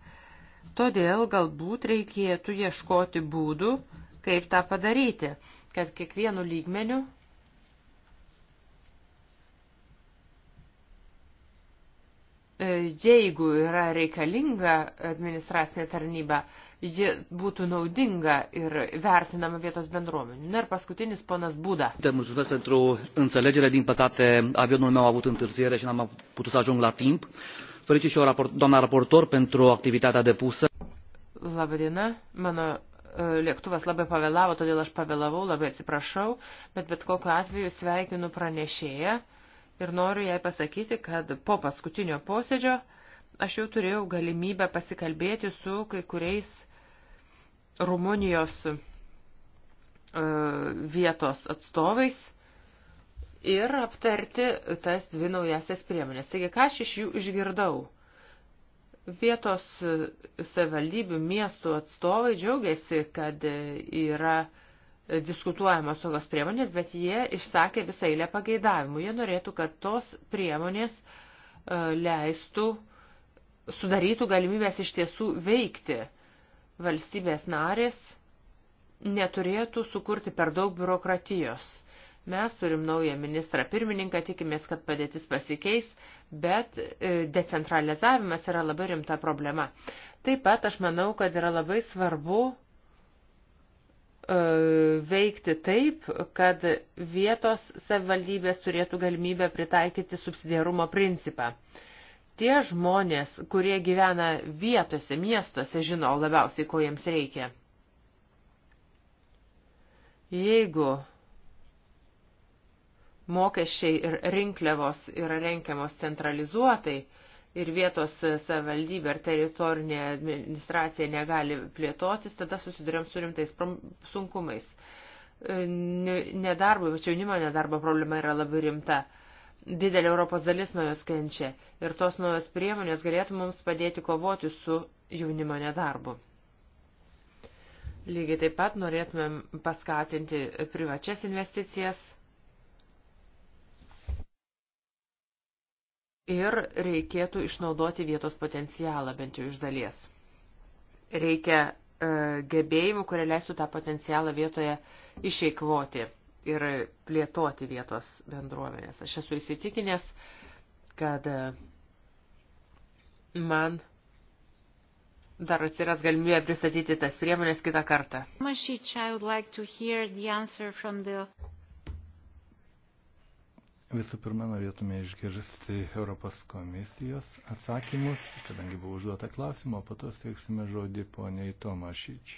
Todėl galbūt reikėtų ieškoti būdų, kaip tą padaryti, kad kiekvienu lygmeniu e, jeigu yra reikalinga administracinė tarnyba, ji būtų naudinga ir vertinama vietos bendruomenė. Na ir paskutinis ponas Būda. Te mulțumesc pentru înțelegere. Din păcate, avionul meu a avut întârziere și n-am putut să ajung la timp. Uh, Felicit și eu, raport, doamna raportor, pentru activitatea depusă. Labadiena, mano e, lėktuvas labai pavėlavo, todėl aš pavėlavau, labai atsiprašau, bet bet kokiu atveju sveikinu pranešėją ir noriu jai pasakyti, kad po paskutinio posėdžio aš jau turėjau galimybę pasikalbėti su kai kuriais Rumunijos e, vietos atstovais ir aptarti tas dvi naujasias priemonės. Taigi, ką aš iš jų išgirdau? Vietos savivaldybių miestų atstovai džiaugiasi, kad yra diskutuojamos tokios priemonės, bet jie išsakė visą eilę pageidavimų. Jie norėtų, kad tos priemonės e, leistų, sudarytų galimybės iš tiesų veikti. Valstybės narės neturėtų sukurti per daug biurokratijos Mes turim naują ministrą pirmininką, tikimės, kad padėtis pasikeis, bet e, decentralizavimas yra labai rimta problema. Taip pat aš manau, kad yra labai svarbu e, veikti taip, kad vietos savivaldybės turėtų galimybę pritaikyti subsidiarumo principą. Tie žmonės, kurie gyvena vietose, miestuose, žino labiausiai, ko jiems reikia. Jeigu mokesčiai ir rinkliavos yra renkiamos centralizuotai ir vietos savivaldybė ar teritorinė administracija negali plėtotis, tada susidurėm su rimtais sunkumais. E, nedarbo, bet jaunimo nedarbo problema yra labai rimta. Didelė Europos dalis nuo jos kenčia ir tos naujos priemonės galėtų mums padėti kovoti su jaunimo nedarbu. Lygiai taip pat norėtumėm paskatinti privačias investicijas – ir reikėtų išnaudoti vietos potencialą bent jau iš dalies. Reikia e, gebėjimų, kurie leistų tą potencialą vietoje išeikvoti ir plėtoti vietos bendruomenės. Aš esu įsitikinęs, kad e, man dar atsiras galimybė pristatyti tas priemonės kitą kartą. Mašyčia, like the... Visų pirma, norėtume išgirsti Europos komisijos atsakymus, kadangi buvo užduota klausimo, po to steiksime žodį poniai Tomašyč.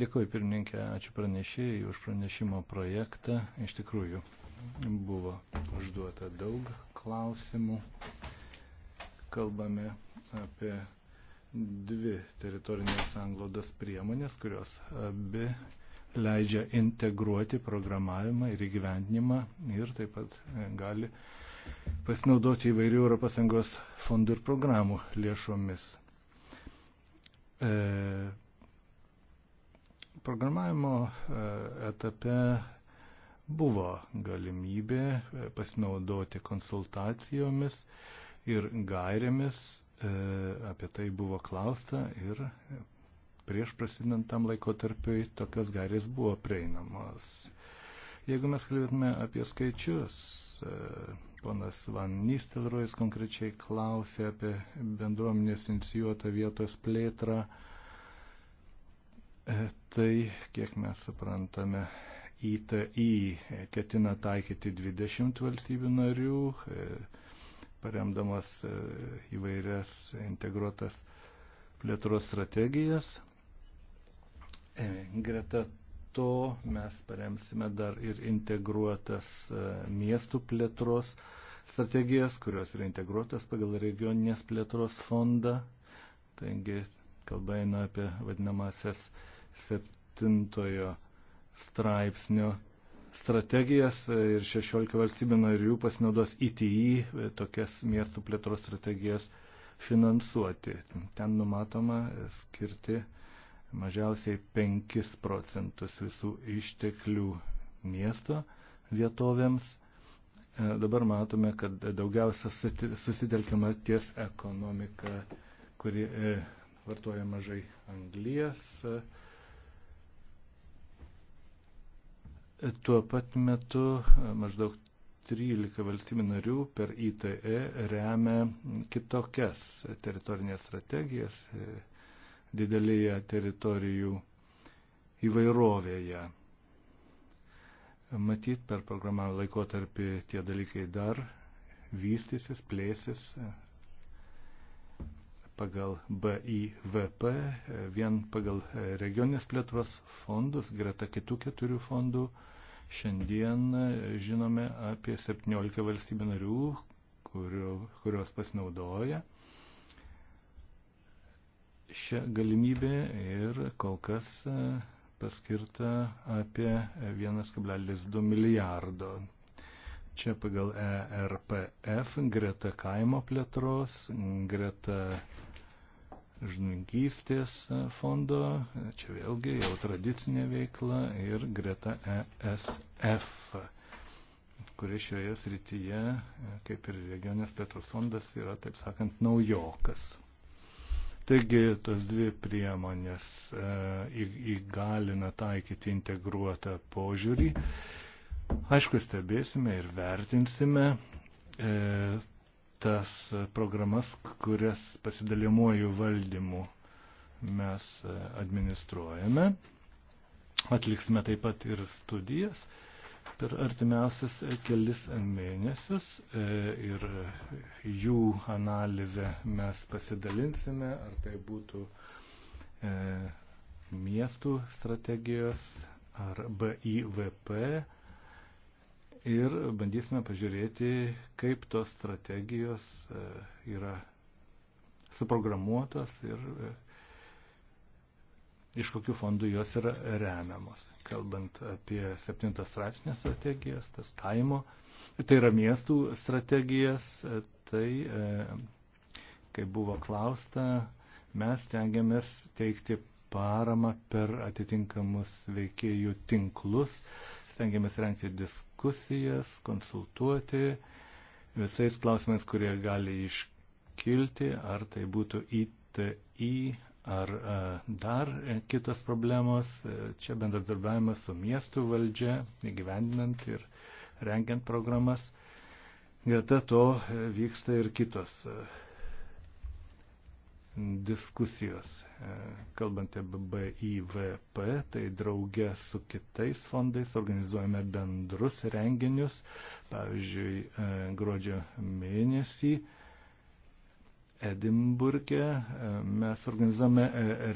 Dėkuoju pirmininkė, ačiū pranešėjai už pranešimo projektą. Iš tikrųjų, buvo užduota daug klausimų. Kalbame apie dvi teritorinės anglodos priemonės, kurios abi leidžia integruoti programavimą ir įgyvendinimą ir taip pat e, gali pasinaudoti įvairių ES fondų ir programų lėšomis. E, programavimo e, etape buvo galimybė e, pasinaudoti konsultacijomis ir gairėmis, apie tai buvo klausta ir prieš prasidant tam laikotarpiui tokios gairės buvo prieinamos. Jeigu mes kalbėtume apie skaičius, e, ponas Van Nistelrojus konkrečiai klausė apie bendruomenės inicijuotą vietos plėtrą, e, tai kiek mes suprantame, ITI e ketina taikyti 20 valstybių narių, paremdamas įvairias integruotas plėtros strategijas. E, greta to mes paremsime dar ir integruotas e, miestų plėtros strategijas, kurios yra integruotas pagal regioninės plėtros fondą. Taigi kalba eina apie vadinamasias septintojo straipsnio strategijas e, ir 16 valstybių narių pasinaudos ITI tokias miestų plėtros strategijas finansuoti. Ten numatoma skirti mažiausiai 5 procentus visų išteklių miesto vietovėms. E, dabar matome, kad daugiausia susitelkiama ties ekonomika, kuri e, vartoja mažai anglijas. E, tuo pat metu maždaug 13 valstybių narių per ITE remia kitokias teritorinės strategijas didelėje teritorijų įvairovėje. Matyt, per programavimo laikotarpį tie dalykai dar vystysis, plėsis pagal BIVP, vien pagal regioninės plėtros fondus, greta kitų keturių fondų. Šiandien žinome apie 17 valstybių narių, kurio, kurios pasinaudoja šią galimybę ir kol kas e, paskirta apie 1,2 milijardo. Čia pagal ERPF greta kaimo plėtros, greta žnungystės fondo, čia vėlgi jau tradicinė veikla ir greta ESF, kuri šioje srityje, kaip ir regionės plėtros fondas, yra, taip sakant, naujokas. Taigi tos dvi priemonės e, įgalina taikyti integruotą požiūrį. Aišku, stebėsime ir vertinsime e, tas programas, kurias pasidalimuoju valdymu mes e, administruojame. Atliksime taip pat ir studijas. E, per artimiausias e, kelis mėnesius e, ir jų analizę mes pasidalinsime, ar tai būtų e, miestų strategijos ar BIVP ir bandysime pažiūrėti, kaip tos strategijos yra suprogramuotos ir iš kokių fondų jos yra remiamos. Kalbant apie septintą straipsnę strategijas, tas kaimo, tai yra miestų strategijas, tai, e, kai buvo klausta, mes tengiamės teikti paramą per atitinkamus veikėjų tinklus, stengiamės renkti diskusijas, konsultuoti visais klausimais, kurie gali iškilti, ar tai būtų ITI ar e, dar e, kitos problemos. E, čia bendradarbiavimas su miestų valdžia, įgyvendinant ir rengiant programas. Greta to vyksta ir kitos diskusijos, kalbant apie BIVP, tai draugė su kitais fondais organizuojame bendrus renginius, pavyzdžiui, gruodžio mėnesį Edimburgė mes organizame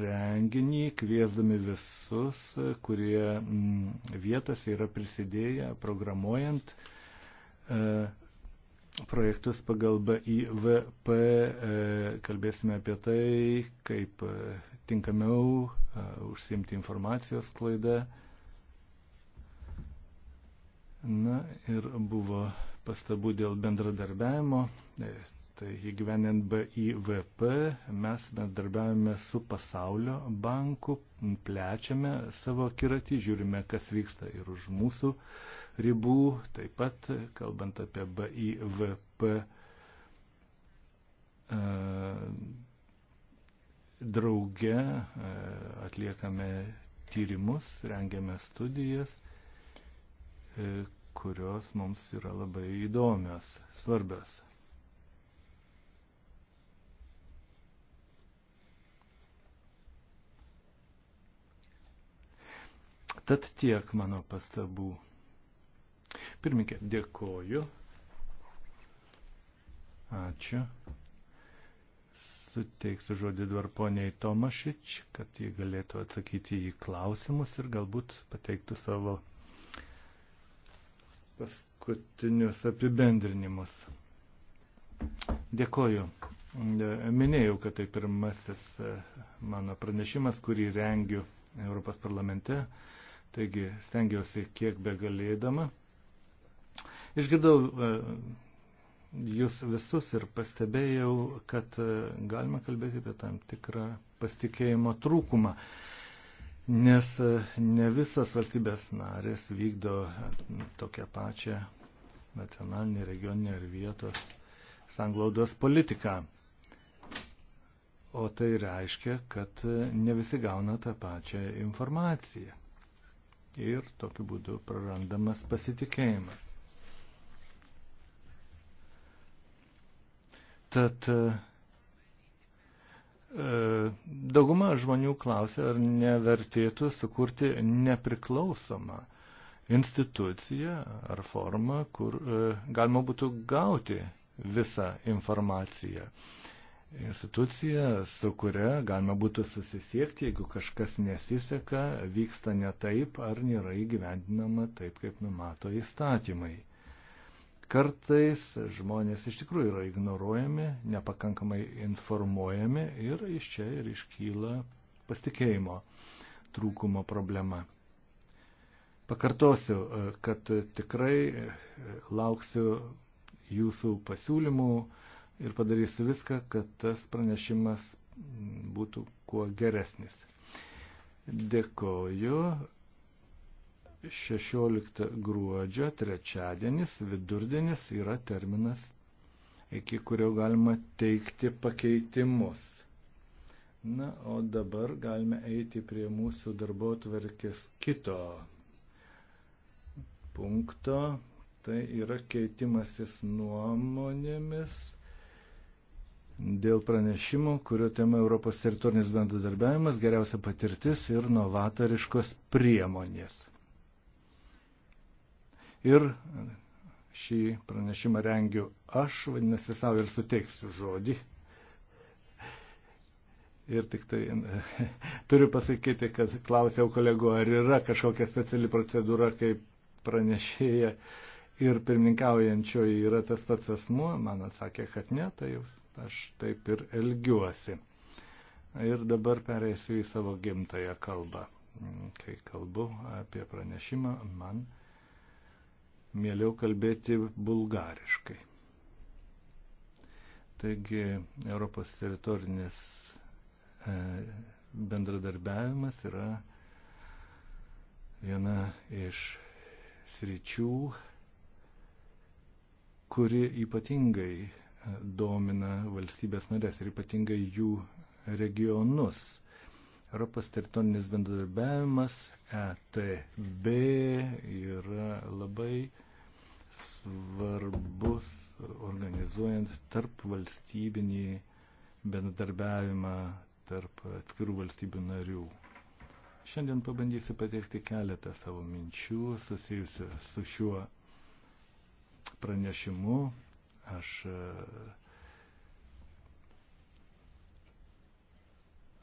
renginį, kviesdami visus, kurie mm, vietose yra prisidėję programuojant e, projektus pagal BIVP. E, kalbėsime apie tai, kaip e, tinkamiau užsimti informacijos klaidą. Na ir buvo pastabų dėl bendradarbiavimo. Tai įgyvenint BIVP mes bendarbiavame su pasaulio banku, plečiame savo akiratį, žiūrime, kas vyksta ir už mūsų ribų. Taip pat, kalbant apie BIVP, e, drauge e, atliekame tyrimus, rengiame studijas, e, kurios mums yra labai įdomios, svarbios. Tad tiek mano pastabų. Pirmininkė, dėkoju. Ačiū. Suteiksiu žodį dar poniai Tomašič, kad jie galėtų atsakyti į klausimus ir galbūt pateiktų savo paskutinius apibendrinimus. Dėkoju. Minėjau, kad tai pirmasis e, mano pranešimas, kurį rengiu Europos parlamente. Taigi stengiausi kiek begalėdama. Išgirdau e, jūs visus ir pastebėjau, kad e, galima kalbėti apie tam tikrą pasitikėjimo trūkumą, nes e, ne visas valstybės narės vykdo tokią pačią nacionalinį, regioninį ar vietos sanglaudos politiką. O tai reiškia, kad ne visi gauna tą pačią informaciją ir tokiu būdu prarandamas pasitikėjimas. Tad e, dauguma žmonių klausia, ar nevertėtų sukurti nepriklausomą instituciją ar formą, kur e, galima būtų gauti visą informaciją institucija, su kuria galima būtų susisiekti, jeigu kažkas nesiseka, vyksta ne taip ar nėra įgyvendinama taip, kaip numato įstatymai. Kartais žmonės iš tikrųjų yra ignoruojami, nepakankamai informuojami ir iš čia ir iškyla pasitikėjimo trūkumo problema. Pakartosiu, kad tikrai lauksiu jūsų pasiūlymų, ir padarysiu viską, kad tas pranešimas būtų kuo geresnis. Dėkoju. 16 gruodžio trečiadienis vidurdienis yra terminas, iki kurio galima teikti pakeitimus. Na, o dabar galime eiti prie mūsų darbo tvarkės kito punkto. Tai yra keitimasis nuomonėmis dėl pranešimų, kurio tema Europos teritorinis bendradarbiavimas, geriausia patirtis ir novatoriškos priemonės. Ir šį pranešimą rengiu aš, vadinasi, savo ir suteiksiu žodį. Ir tik tai [LAUGHS] turiu pasakyti, kad klausiau kolego, ar yra kažkokia speciali procedūra, kaip pranešėja ir pirmininkaujančioji yra tas pats asmuo. Man atsakė, kad ne, tai aš taip ir elgiuosi. Ir dabar pereisiu į savo gimtają kalbą. Kai kalbu apie pranešimą, man mieliau kalbėti bulgariškai. Taigi Europos teritorinis e, bendradarbiavimas yra viena iš sričių, kuri ypatingai domina valstybės narės ir ypatingai jų regionus. Europos teritorinis bendradarbiavimas ETB yra labai svarbus organizuojant tarp valstybinį bendradarbiavimą tarp atskirų valstybių narių. Šiandien pabandysiu pateikti keletą savo minčių susijusių su šiuo pranešimu Aš e,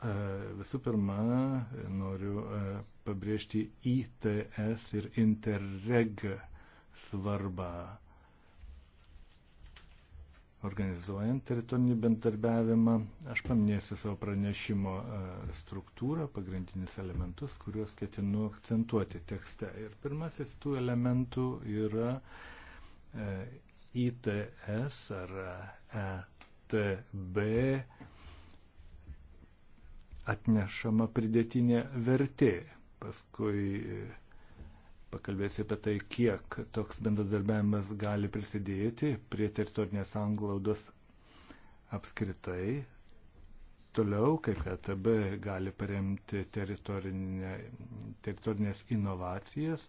e, visų pirma noriu e, pabrėžti ITS ir Interreg svarbą organizuojant teritorinį bendarbiavimą. Aš paminėsiu savo pranešimo struktūrą, pagrindinius elementus, kuriuos ketinu akcentuoti tekste. Ir pirmasis tų elementų yra ITS ar ETB e atnešama pridėtinė vertė. Paskui e, pakalbėsiu apie tai, kiek toks bendradarbiavimas gali prisidėti prie teritorinės anglaudos apskritai. Toliau, kaip ETB gali paremti teritorinės inovacijas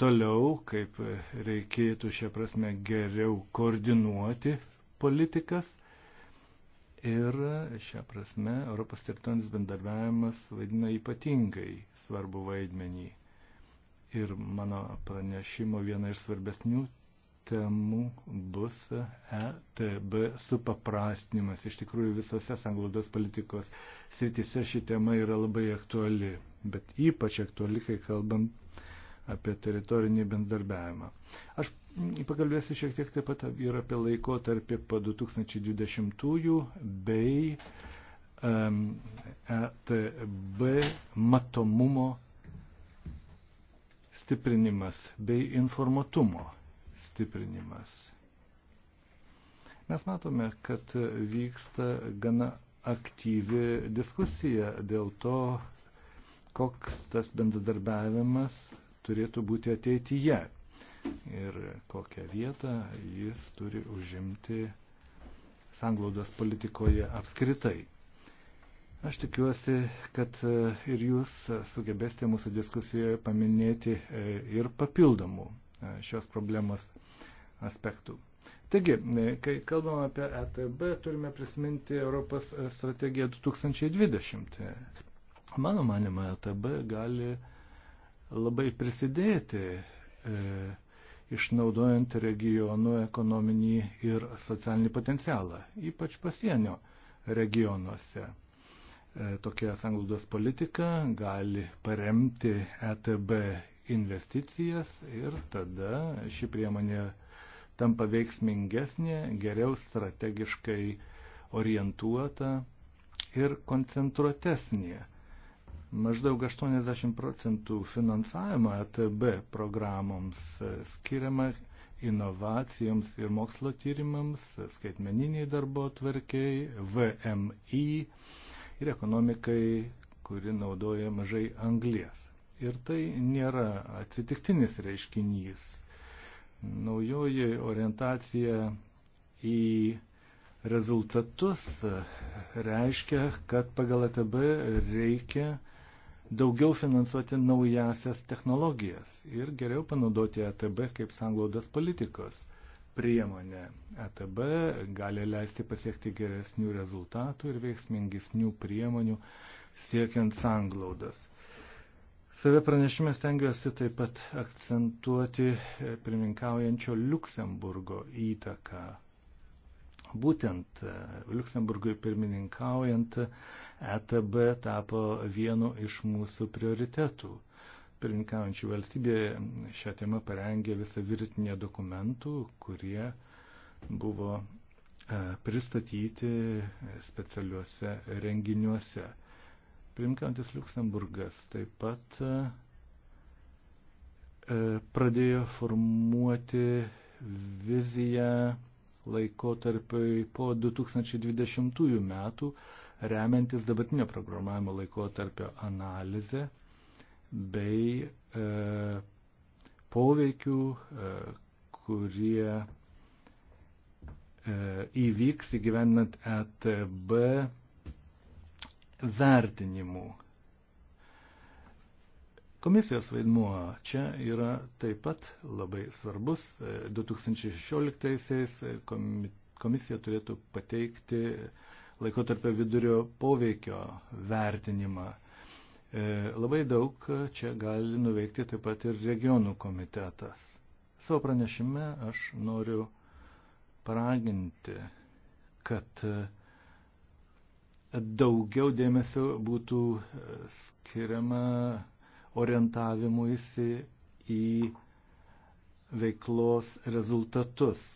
toliau, kaip reikėtų šią prasme geriau koordinuoti politikas. Ir šią prasme Europos teritorinis bendarbiavimas vaidina ypatingai svarbu vaidmenį. Ir mano pranešimo viena iš svarbesnių temų bus ETB supaprastinimas. Iš tikrųjų visose sanglaudos politikos srityse ši tema yra labai aktuali, bet ypač aktuali, kai kalbam apie teritorinį bendarbiavimą. Aš pakalbėsiu šiek tiek taip pat ir apie laikotarpį po 2020-ųjų bei um, ETB matomumo stiprinimas bei informatumo stiprinimas. Mes matome, kad vyksta gana aktyvi diskusija dėl to, koks tas bendradarbiavimas turėtų būti ateityje ir kokią vietą jis turi užimti sanglaudos politikoje apskritai. Aš tikiuosi, kad e, ir jūs sugebėsite mūsų diskusijoje paminėti e, ir papildomų e, šios problemos aspektų. Taigi, kai kalbam apie ETB, turime prisiminti Europos strategiją 2020. Mano manima, ETB gali uh, labai prisidėti e, išnaudojant regionų ekonominį ir socialinį potencialą, ypač pasienio regionuose. E, tokia sanglaudos politika gali paremti ETB investicijas ir tada ši priemonė tampa veiksmingesnė, geriau strategiškai orientuota ir koncentruotesnė. Maždaug 80 procentų finansavimo ETB programoms e, skiriama inovacijoms ir mokslo tyrimams, e, skaitmeniniai darbo tvarkiai, VMI ir ekonomikai, kuri naudoja mažai anglies. Ir tai nėra atsitiktinis reiškinys. Naujoji orientacija į rezultatus e, reiškia, kad pagal ETB reikia daugiau finansuoti naujasias technologijas ir geriau panaudoti ATB e kaip sanglaudos politikos priemonė. ATB e gali leisti pasiekti geresnių rezultatų ir veiksmingesnių priemonių siekiant sanglaudos. Save pranešime stengiuosi taip pat akcentuoti e, pirmininkaujančio Luksemburgo įtaką. Būtent Luksemburgui pirmininkaujant ETB tapo vienu iš mūsų prioritetų. Pirinkaujančių valstybė šią temą parengė visą virtinę dokumentų, kurie buvo e, pristatyti specialiuose renginiuose. Primkantis Luksemburgas taip pat e, e, pradėjo formuoti viziją laikotarpiai po 2020 metų, remiantis dabartinio programavimo laikotarpio analizę bei e, poveikių, e, kurie e, įvyks įgyvendinant ETB vertinimų. Komisijos vaidmuo čia yra taip pat labai svarbus. 2016 e, e, komisija turėtų pateikti laikotarpio vidurio poveikio vertinimą. E, labai daug čia gali nuveikti taip pat ir regionų komitetas. Savo pranešime aš noriu paraginti, kad e, daugiau dėmesio būtų e, skiriama orientavimuisi į veiklos rezultatus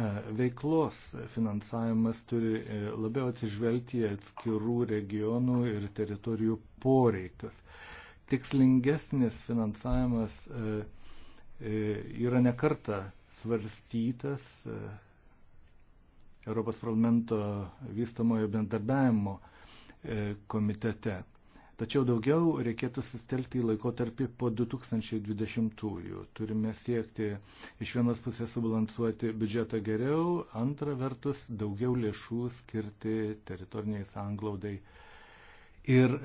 E, veiklos finansavimas turi e, labiau atsižvelgti į atskirų regionų ir teritorijų poreikius. Tikslingesnis finansavimas e, yra nekarta svarstytas Europos parlamento vystamojo bendarbiavimo komitete. Tačiau daugiau reikėtų sustelkti į laikotarpį po 2020-ųjų. Turime siekti iš vienos pusės subalansuoti biudžetą geriau, antra vertus daugiau lėšų skirti teritoriniai sanglaudai ir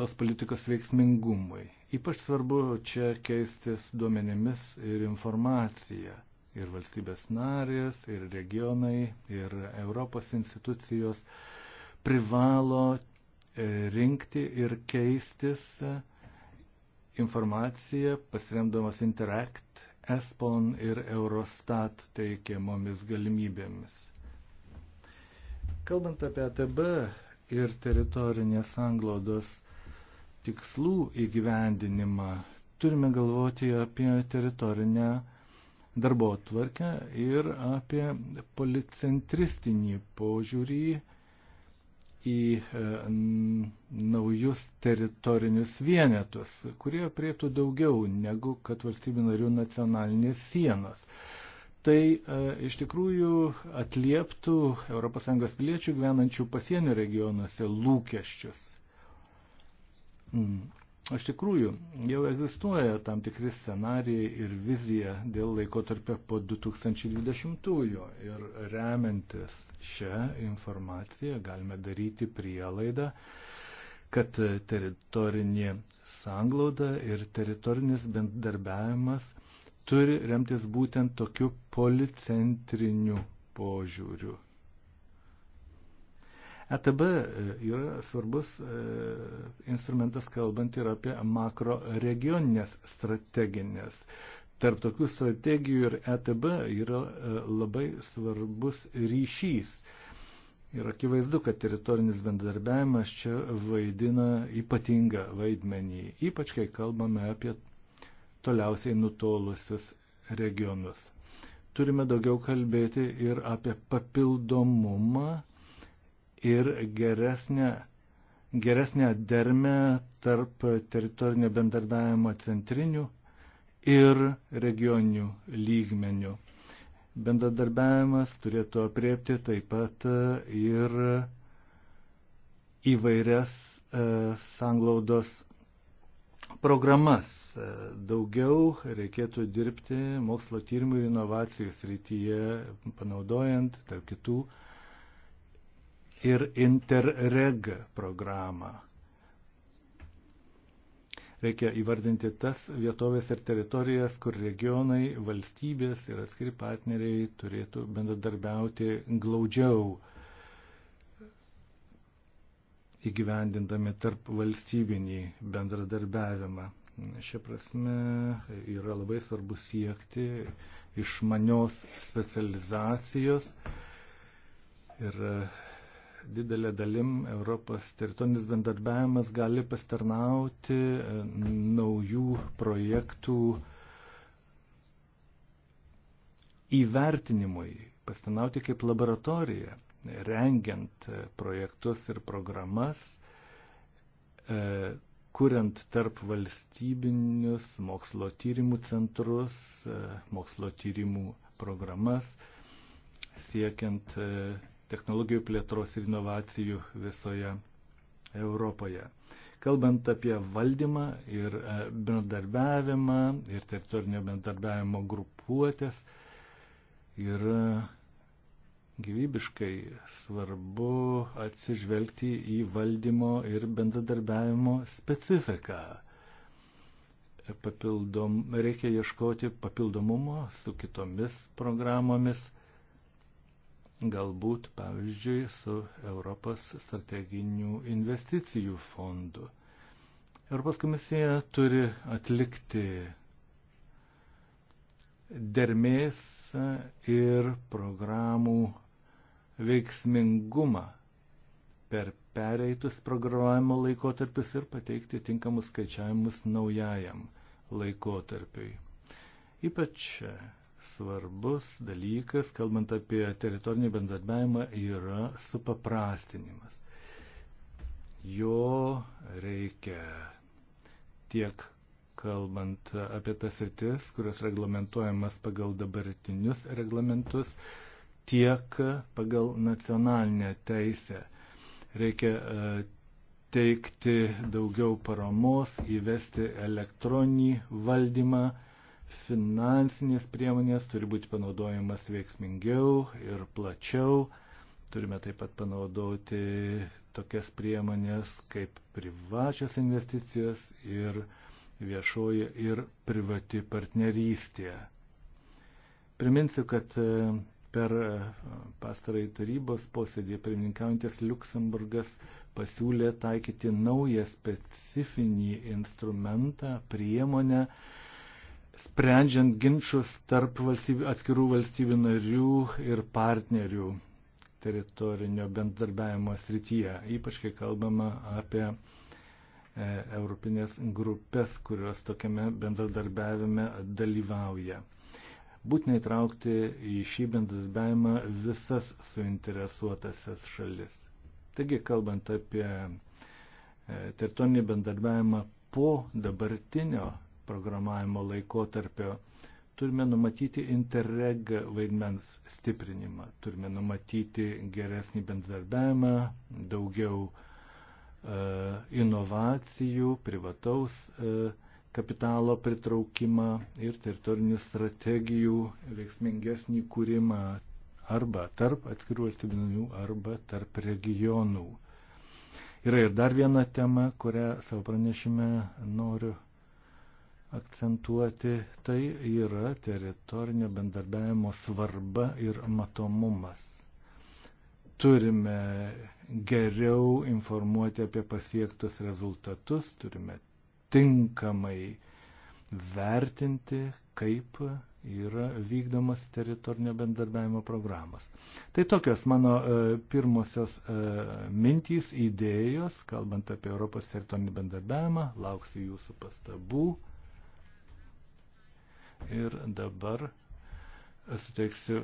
tos politikos veiksmingumui. Ypač svarbu čia keistis duomenimis ir informacija. Ir valstybės narės, ir regionai, ir Europos institucijos privalo E, rinkti ir keistis e, informaciją pasiremdamas Interact, ESPON ir Eurostat teikiamomis galimybėmis. Kalbant apie ATB ir teritorinės anglodos tikslų įgyvendinimą, turime galvoti apie teritorinę darbo tvarkę ir apie policentristinį požiūrį į e, naujus teritorinius vienetus, kurie priektų daugiau negu kad valstybių narių nacionalinės sienos. Tai e, iš tikrųjų atlieptų ES piliečių gyvenančių pasienio regionuose lūkesčius. Mm. Iš tikrųjų, jau egzistuoja tam tikri scenarijai ir vizija dėl laikotarpio po 2020-ųjų ir remiantis šią informaciją galime daryti prielaidą, kad teritorinė sanglauda ir teritorinis bendarbiavimas turi remtis būtent tokiu policentriniu požiūriu. ETB e, yra svarbus e, instrumentas kalbant ir apie makro regioninės strateginės. Tarp tokių strategijų ir ETB yra e, labai svarbus ryšys. Ir akivaizdu, kad teritorinis bendradarbiavimas čia vaidina ypatingą vaidmenį, ypač kai kalbame apie toliausiai nutolusius regionus. Turime daugiau kalbėti ir apie papildomumą ir geresnę, geresnę dermę tarp teritorinio bendradavimo centrinių ir regioninių lygmenių. Bendradarbiavimas turėtų apriepti taip pat ir įvairias e, sanglaudos programas. E, daugiau reikėtų dirbti mokslo tyrimų ir inovacijų srityje, panaudojant tarp kitų e, ir Interreg programą. Reikia įvardinti tas vietovės ir teritorijas, kur regionai, valstybės ir atskiri partneriai turėtų bendradarbiauti glaudžiau įgyvendindami tarp valstybinį bendradarbiavimą. Šia prasme yra labai svarbu siekti išmanios specializacijos ir didelė dalim Europos teritorinis bendarbiavimas gali pastarnauti e, naujų projektų įvertinimui, pastarnauti kaip laboratorija, rengiant e, projektus ir programas, e, kuriant tarp valstybinius mokslo tyrimų centrus, mokslo tyrimų programas, siekiant technologijų plėtros ir inovacijų visoje Europoje. Kalbant apie valdymą ir e, bendarbiavimą ir teritorinio bendarbiavimo grupuotės, yra gyvybiškai svarbu atsižvelgti į valdymo ir bendradarbiavimo specifiką. Papildom, reikia ieškoti papildomumo su kitomis programomis galbūt, pavyzdžiui, su Europos strateginių investicijų fondu. Europos komisija turi atlikti dermės ir programų veiksmingumą per pereitus programavimo laikotarpis ir pateikti tinkamus skaičiavimus naujajam laikotarpiui. Ypač svarbus dalykas, kalbant apie teritorinį bendradarbiavimą, yra supaprastinimas. Jo reikia tiek kalbant apie tas sritis, kurios reglamentuojamas pagal dabartinius reglamentus, tiek pagal nacionalinę teisę. Reikia e, teikti daugiau paramos, įvesti elektroninį valdymą, Finansinės priemonės turi būti panaudojamas veiksmingiau ir plačiau. Turime taip pat panaudoti tokias priemonės kaip privačios investicijos ir viešoji ir privati partnerystė. Priminsiu, kad e, per e, pastarąjį tarybos posėdį pirmininkaujantis Luksemburgas pasiūlė taikyti naują specifinį instrumentą, priemonę, sprendžiant ginčius tarp valstybių, atskirų valstybių narių ir partnerių teritorinio bendarbiavimo srityje, ypač kai kalbama apie e, europinės grupės, kurios tokiame bendradarbiavime dalyvauja. Būtina įtraukti į šį bendradarbiavimą visas suinteresuotasias šalis. Taigi, kalbant apie e, teritorinį bendarbiavimą po dabartinio programavimo laikotarpio. Turime numatyti interreg vaidmens stiprinimą, turime numatyti geresnį bendradarbiavimą, daugiau e, inovacijų, privataus e, kapitalo pritraukimą ir teritorinių strategijų veiksmingesnį kūrimą arba tarp atskirų valstybinių, arba tarp regionų. Yra ir dar viena tema, kurią savo pranešime noriu akcentuoti, tai yra teritorinio bendarbiavimo svarba ir matomumas. Turime geriau informuoti apie pasiektus rezultatus, turime tinkamai vertinti, kaip yra vykdomas teritorinio bendarbiavimo programos. Tai tokios mano e, pirmosios e, mintys, idėjos, kalbant apie Europos teritorinį bendarbiavimą, lauksiu jūsų pastabų. Ir dabar suteiksiu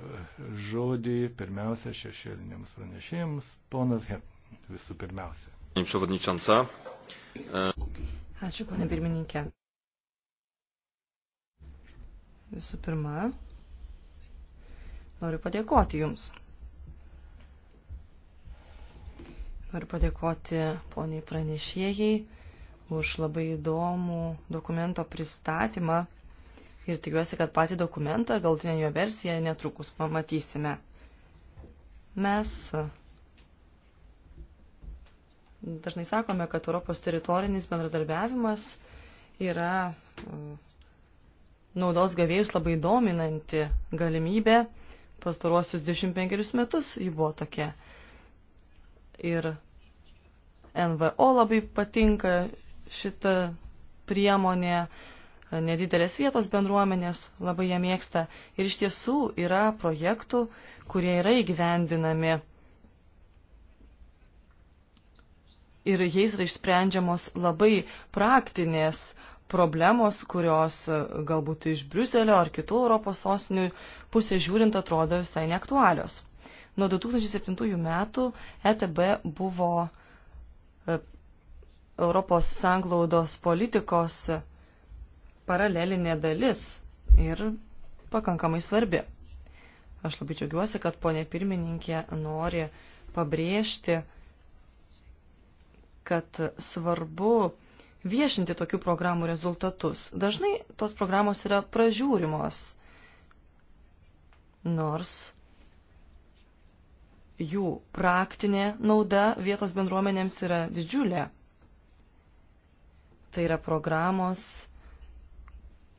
žodį pirmiausia šešėliniams pranešėjams, ponas Hep, visų pirmiausia. E, Ačiū, ponė pirmininkė. Visų pirma, noriu padėkoti Jums. Noriu padėkoti poniai pranešėjai už labai įdomų dokumento pristatymą ir tikiuosi, kad patį dokumentą, galtinę jo versiją netrukus pamatysime. Mes e, dažnai sakome, kad Europos teritorinis bendradarbiavimas yra e, naudos gavėjus labai dominanti galimybė. Pastaruosius 25 metus ji buvo tokia. Ir NVO labai patinka šita priemonė, nedidelės vietos bendruomenės labai ją mėgsta ir iš tiesų yra projektų, kurie yra įgyvendinami ir jais yra išsprendžiamos labai praktinės problemos, kurios e, galbūt iš Briuselio ar kitų Europos sostinių pusės žiūrint atrodo visai neaktualios. Nuo 2007 metų ETB buvo e, Europos sanglaudos politikos paralelinė dalis ir pakankamai svarbi. Aš labai džiaugiuosi, kad ponė pirmininkė nori pabrėžti, kad svarbu viešinti tokių programų rezultatus. Dažnai tos programos yra pražiūrimos, nors jų praktinė nauda vietos bendruomenėms yra didžiulė. Tai yra programos,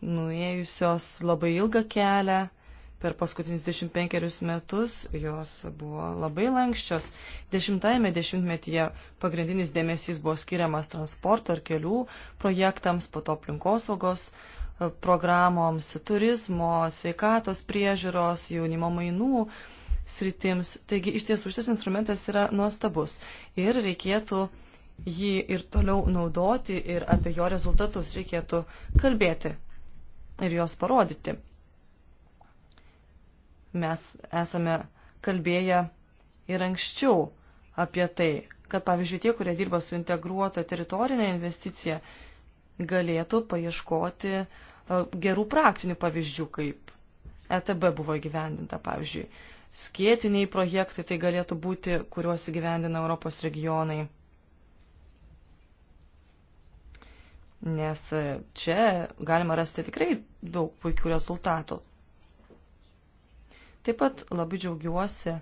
nuėjusios labai ilgą kelią. Per paskutinius 25 metus jos buvo labai lankščios. Dešimtajame dešimtmetyje pagrindinis dėmesys buvo skiriamas transporto ir kelių projektams, po to aplinkosaugos e, programoms, turizmo, sveikatos priežiūros, jaunimo mainų sritims. Taigi iš tiesų šis instrumentas yra nuostabus ir reikėtų jį ir toliau naudoti ir apie jo rezultatus reikėtų kalbėti ir jos parodyti. Mes esame kalbėję ir anksčiau apie tai, kad pavyzdžiui tie, kurie dirba su integruota teritorinė investicija, galėtų paieškoti e, gerų praktinių pavyzdžių, kaip ETB buvo įgyvendinta, pavyzdžiui. Skėtiniai projektai tai galėtų būti, kuriuos įgyvendina Europos regionai. nes čia galima rasti tikrai daug puikių rezultatų. Taip pat labai džiaugiuosi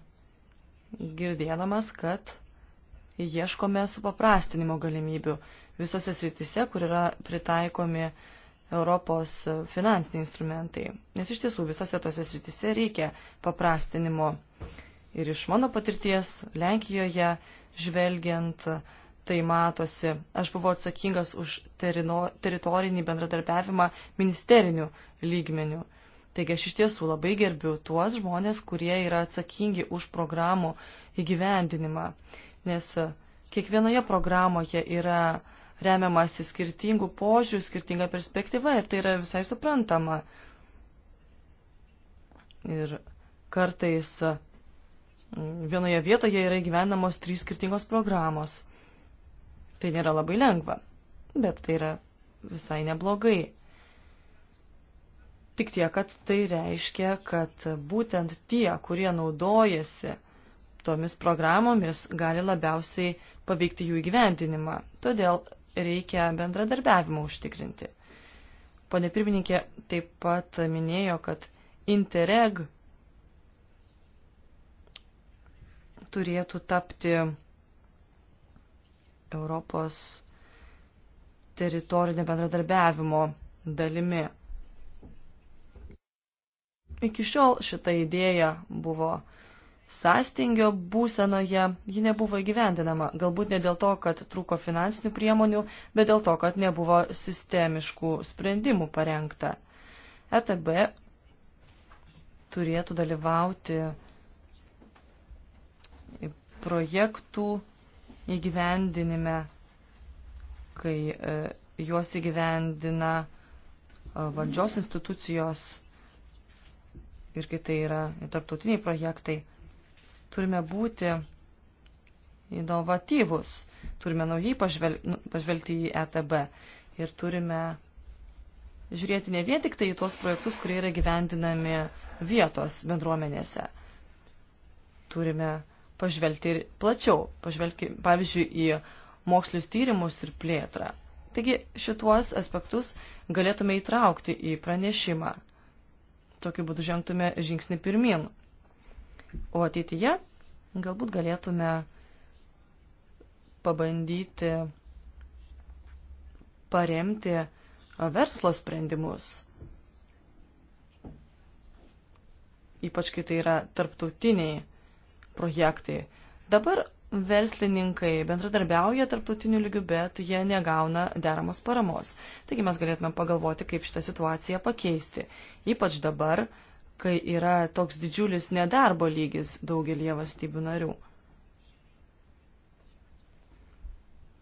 girdėdamas, kad ieškome supaprastinimo galimybių visose srityse, kur yra pritaikomi Europos finansiniai instrumentai. Nes iš tiesų visose tose srityse reikia paprastinimo. Ir iš mano patirties Lenkijoje žvelgiant tai matosi. Aš buvau atsakingas už terino, teritorinį bendradarbiavimą ministerinių lygmenių. Taigi aš iš tiesų labai gerbiu tuos žmonės, kurie yra atsakingi už programų įgyvendinimą, nes e, kiekvienoje programoje yra remiamasi skirtingų požiūrių, skirtinga perspektyva ir tai yra visai suprantama. Ir kartais e, vienoje vietoje yra gyvenamos trys skirtingos programos. Tai nėra labai lengva, bet tai yra visai neblogai. Tik tiek, kad tai reiškia, kad būtent tie, kurie naudojasi tomis programomis, gali labiausiai paveikti jų įgyvendinimą. Todėl reikia bendradarbiavimą užtikrinti. Pone pirmininkė taip pat minėjo, kad Interreg turėtų tapti Europos teritorinio bendradarbiavimo dalimi. Iki šiol šita idėja buvo sąstingio būsenoje, ji nebuvo įgyvendinama, galbūt ne dėl to, kad trūko finansinių priemonių, bet dėl to, kad nebuvo sistemiškų sprendimų parengta. ETB turėtų dalyvauti projektų įgyvendinime, kai e, juos įgyvendina e, valdžios institucijos ir kai tai yra tarptautiniai projektai, turime būti inovatyvus, turime naujai pažvel, nu, pažvelgti į ETB ir turime žiūrėti ne vien tik tai į tuos projektus, kurie yra gyvendinami vietos bendruomenėse. Turime pažvelgti ir plačiau, pažvelgti, pavyzdžiui, į mokslius tyrimus ir plėtrą. Taigi šituos aspektus galėtume įtraukti į pranešimą. Tokiu būdu žengtume žingsnį pirmin. O ateityje galbūt galėtume pabandyti paremti verslo sprendimus. Ypač kai tai yra tarptautiniai projektai. Dabar verslininkai bendradarbiauja tarptautiniu lygiu, bet jie negauna deramos paramos. Taigi mes galėtume pagalvoti, kaip šitą situaciją pakeisti. Ypač dabar, kai yra toks didžiulis nedarbo lygis daugelie valstybių narių.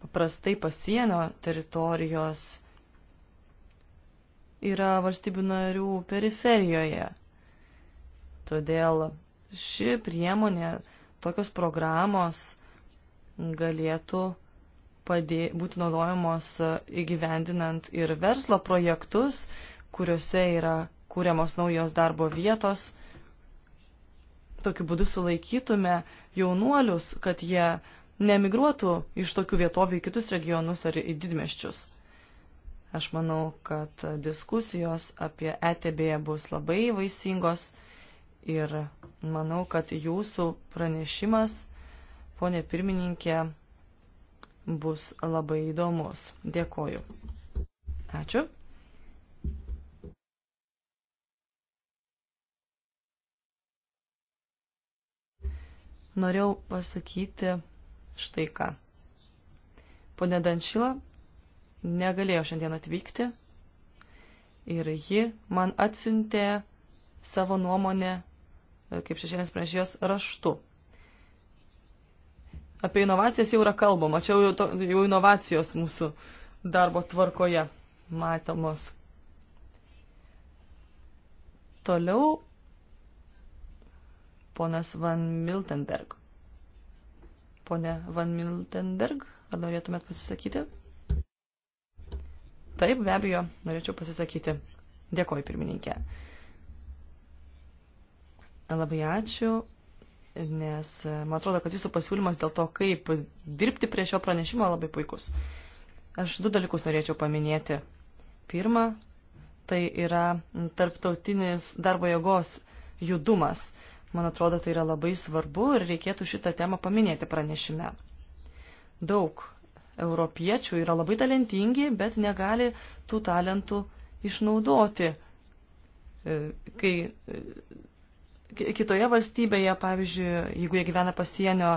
Paprastai pasienio teritorijos yra valstybių narių periferijoje. Todėl ši priemonė, tokios programos galėtų padė, būti naudojamos įgyvendinant ir verslo projektus, kuriuose yra kūriamos naujos darbo vietos. Tokiu būdu sulaikytume jaunuolius, kad jie nemigruotų iš tokių vietovių į kitus regionus ar į didmeščius. Aš manau, kad diskusijos apie ETB bus labai vaisingos Ir manau, kad jūsų pranešimas, ponė pirmininkė, bus labai įdomus. Dėkoju. Ačiū. Norėjau pasakyti štai ką. Pone Danšila negalėjo šiandien atvykti ir ji man atsiuntė savo nuomonę kaip šešėlės pranešėjos raštu. Apie inovacijas jau yra kalbama, čia jau, to, jau inovacijos mūsų darbo tvarkoje matomos. Toliau ponas Van Miltenberg. Pone Van Miltenberg, ar norėtumėt pasisakyti? Taip, be abejo, norėčiau pasisakyti. Dėkoju, pirmininkė. Uh, Labai ačiū, nes e, man atrodo, kad jūsų pasiūlymas dėl to, kaip dirbti prie šio pranešimo, labai puikus. Aš du dalykus norėčiau paminėti. Pirma, tai yra tarptautinis darbo jėgos judumas. Man atrodo, tai yra labai svarbu ir reikėtų šitą temą paminėti pranešime. Daug europiečių yra labai talentingi, bet negali tų talentų išnaudoti, e, kai e, kitoje valstybėje, pavyzdžiui, jeigu jie gyvena pasienio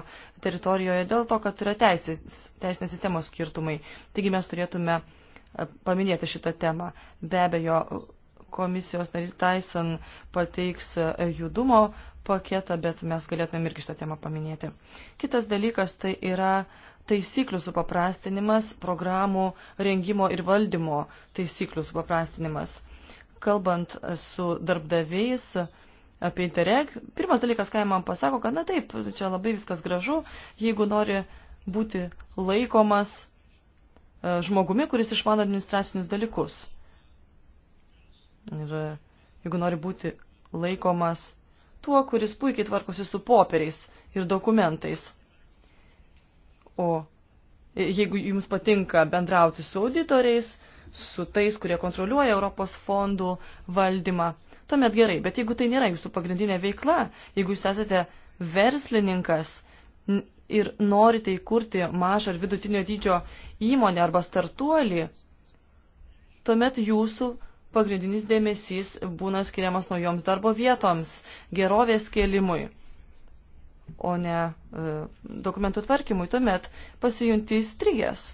teritorijoje dėl to, kad yra teisės, teisinės sistemos skirtumai. Taigi mes turėtume e, paminėti šitą temą. Be abejo, komisijos narys Tyson pateiks e, judumo paketą, bet mes galėtume irgi šitą temą paminėti. Kitas dalykas tai yra taisyklių supaprastinimas, programų rengimo ir valdymo taisyklių supaprastinimas. Kalbant e, su darbdaviais, apie Interreg, pirmas dalykas, ką man pasako, kad na taip, čia labai viskas gražu, jeigu nori būti laikomas e, žmogumi, kuris išmano administracinius dalykus. Ir e, jeigu nori būti laikomas tuo, kuris puikiai tvarkosi su popieriais ir dokumentais. O e, jeigu jums patinka bendrauti su auditoriais, su tais, kurie kontroliuoja Europos fondų valdymą, tuomet gerai, bet jeigu tai nėra jūsų pagrindinė veikla, jeigu jūs esate verslininkas ir norite įkurti mažą ar vidutinio dydžio įmonę arba startuolį, tuomet jūsų pagrindinis dėmesys būna skiriamas naujoms darbo vietoms, gerovės kėlimui, o ne e, dokumentų tvarkymui, tuomet pasijunti įstrigęs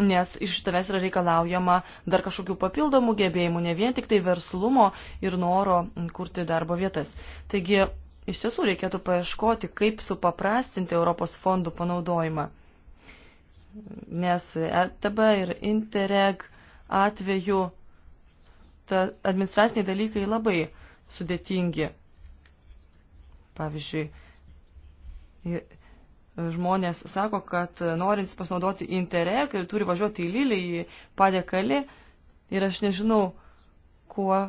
nes iš tavęs yra reikalaujama dar kažkokių papildomų gebėjimų, ne vien tik tai verslumo ir noro kurti darbo vietas. Taigi, iš tiesų reikėtų paieškoti, kaip supaprastinti Europos fondų panaudojimą. Nes ETB ir Interreg atveju ta administraciniai dalykai labai sudėtingi. Pavyzdžiui, žmonės sako, kad norint pasinaudoti Interreg turi važiuoti į Lilį, į Padėkalį ir aš nežinau, kuo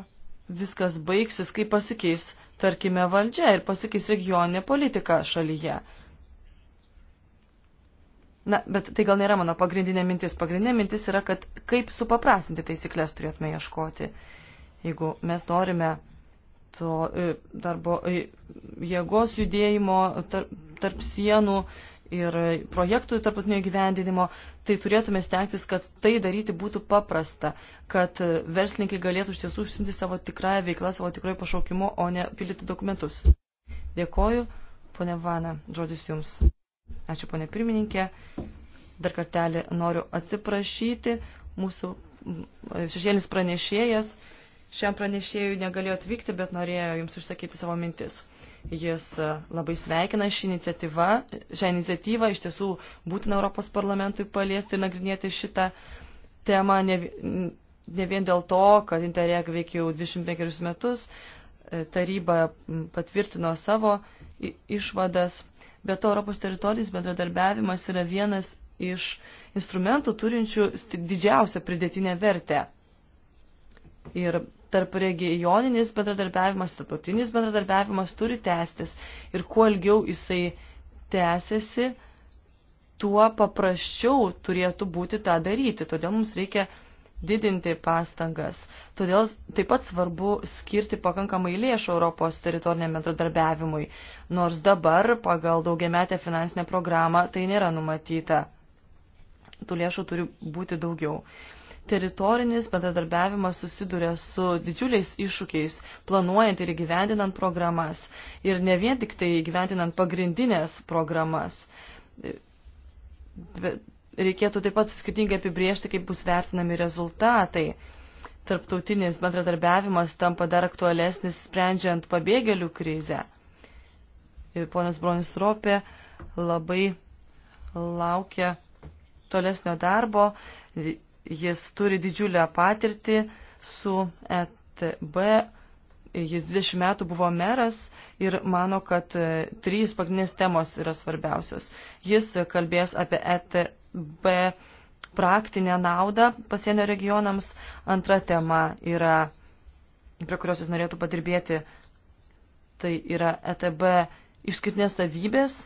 viskas baigsis, kai pasikeis, tarkime, valdžia ir pasikeis regioninė politika šalyje. Na, bet tai gal nėra mano pagrindinė mintis. Pagrindinė mintis yra, kad kaip supaprastinti taisyklės turėtume ieškoti. Jeigu mes norime to e, darbo e, jėgos judėjimo tarp, tarp sienų ir projektų tarptautinio gyvendinimo, tai turėtume stengtis, kad tai daryti būtų paprasta, kad verslininkai galėtų iš tiesų užsimti savo tikrąją veiklą, savo tikrojo pašaukimu, o ne pildyti dokumentus. Dėkoju, ponė Vana, žodis jums. Ačiū, ponė pirmininkė. Dar kartelį noriu atsiprašyti mūsų šešėlis pranešėjas. Šiam pranešėjui negalėjo atvykti, bet norėjo jums išsakyti savo mintis. Jis e, labai sveikina šią iniciatyvą. Šią iniciatyvą iš tiesų būtina Europos parlamentui paliesti ir nagrinėti šitą temą ne, ne vien dėl to, kad Interreg veikia jau 25 metus, e, taryba patvirtino savo išvadas, bet to Europos teritorijos bendradarbiavimas yra vienas iš instrumentų turinčių didžiausią pridėtinę vertę. Ir tarp regioninis bendradarbiavimas, tarptautinis bendradarbiavimas turi tęstis ir kuo ilgiau jisai tęsiasi, tuo paprasčiau turėtų būti tą daryti. Todėl mums reikia didinti pastangas. Todėl taip pat svarbu skirti pakankamai lėšų Europos teritoriniam bendradarbiavimui, nors dabar pagal daugiametę finansinę programą tai nėra numatyta. Tų lėšų turi būti daugiau. Teritorinis bendradarbiavimas susiduria su didžiuliais iššūkiais, planuojant ir įgyvendinant programas. Ir ne vien tik tai įgyvendinant pagrindinės programas. Bet reikėtų taip pat skirtingai apibriežti, kaip bus vertinami rezultatai tarptautinis bendradarbiavimas tampa dar aktualesnis sprendžiant pabėgėlių krizę. Ir ponas Bronis Ropė labai laukia tolesnio darbo, Jis turi didžiulę patirtį su ETB. Jis 20 metų buvo meras ir mano, kad e, trys pagrindinės temos yra svarbiausios. Jis kalbės apie ETB praktinę naudą pasienio regionams. Antra tema yra, prie kurios jis norėtų padirbėti, tai yra ETB išskirtinės savybės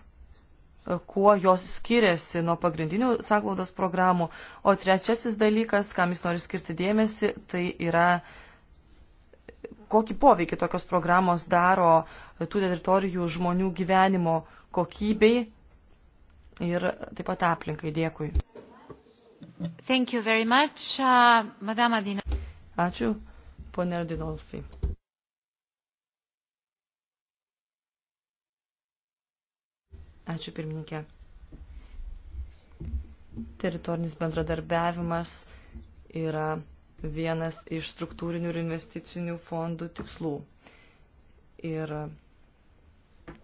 kuo jos skiriasi nuo pagrindinių sanglaudos programų. O trečiasis dalykas, kam jis nori skirti dėmesį, tai yra kokį poveikį tokios programos daro tų teritorijų žmonių gyvenimo kokybei ir taip pat aplinkai. Dėkui. Thank you very much, uh, Madame Adina. Ačiū, ponė Ardinolfi. Ačiū pirmininkė. Teritorinis bendradarbiavimas yra vienas iš struktūrinių ir investicinių fondų tikslų. Ir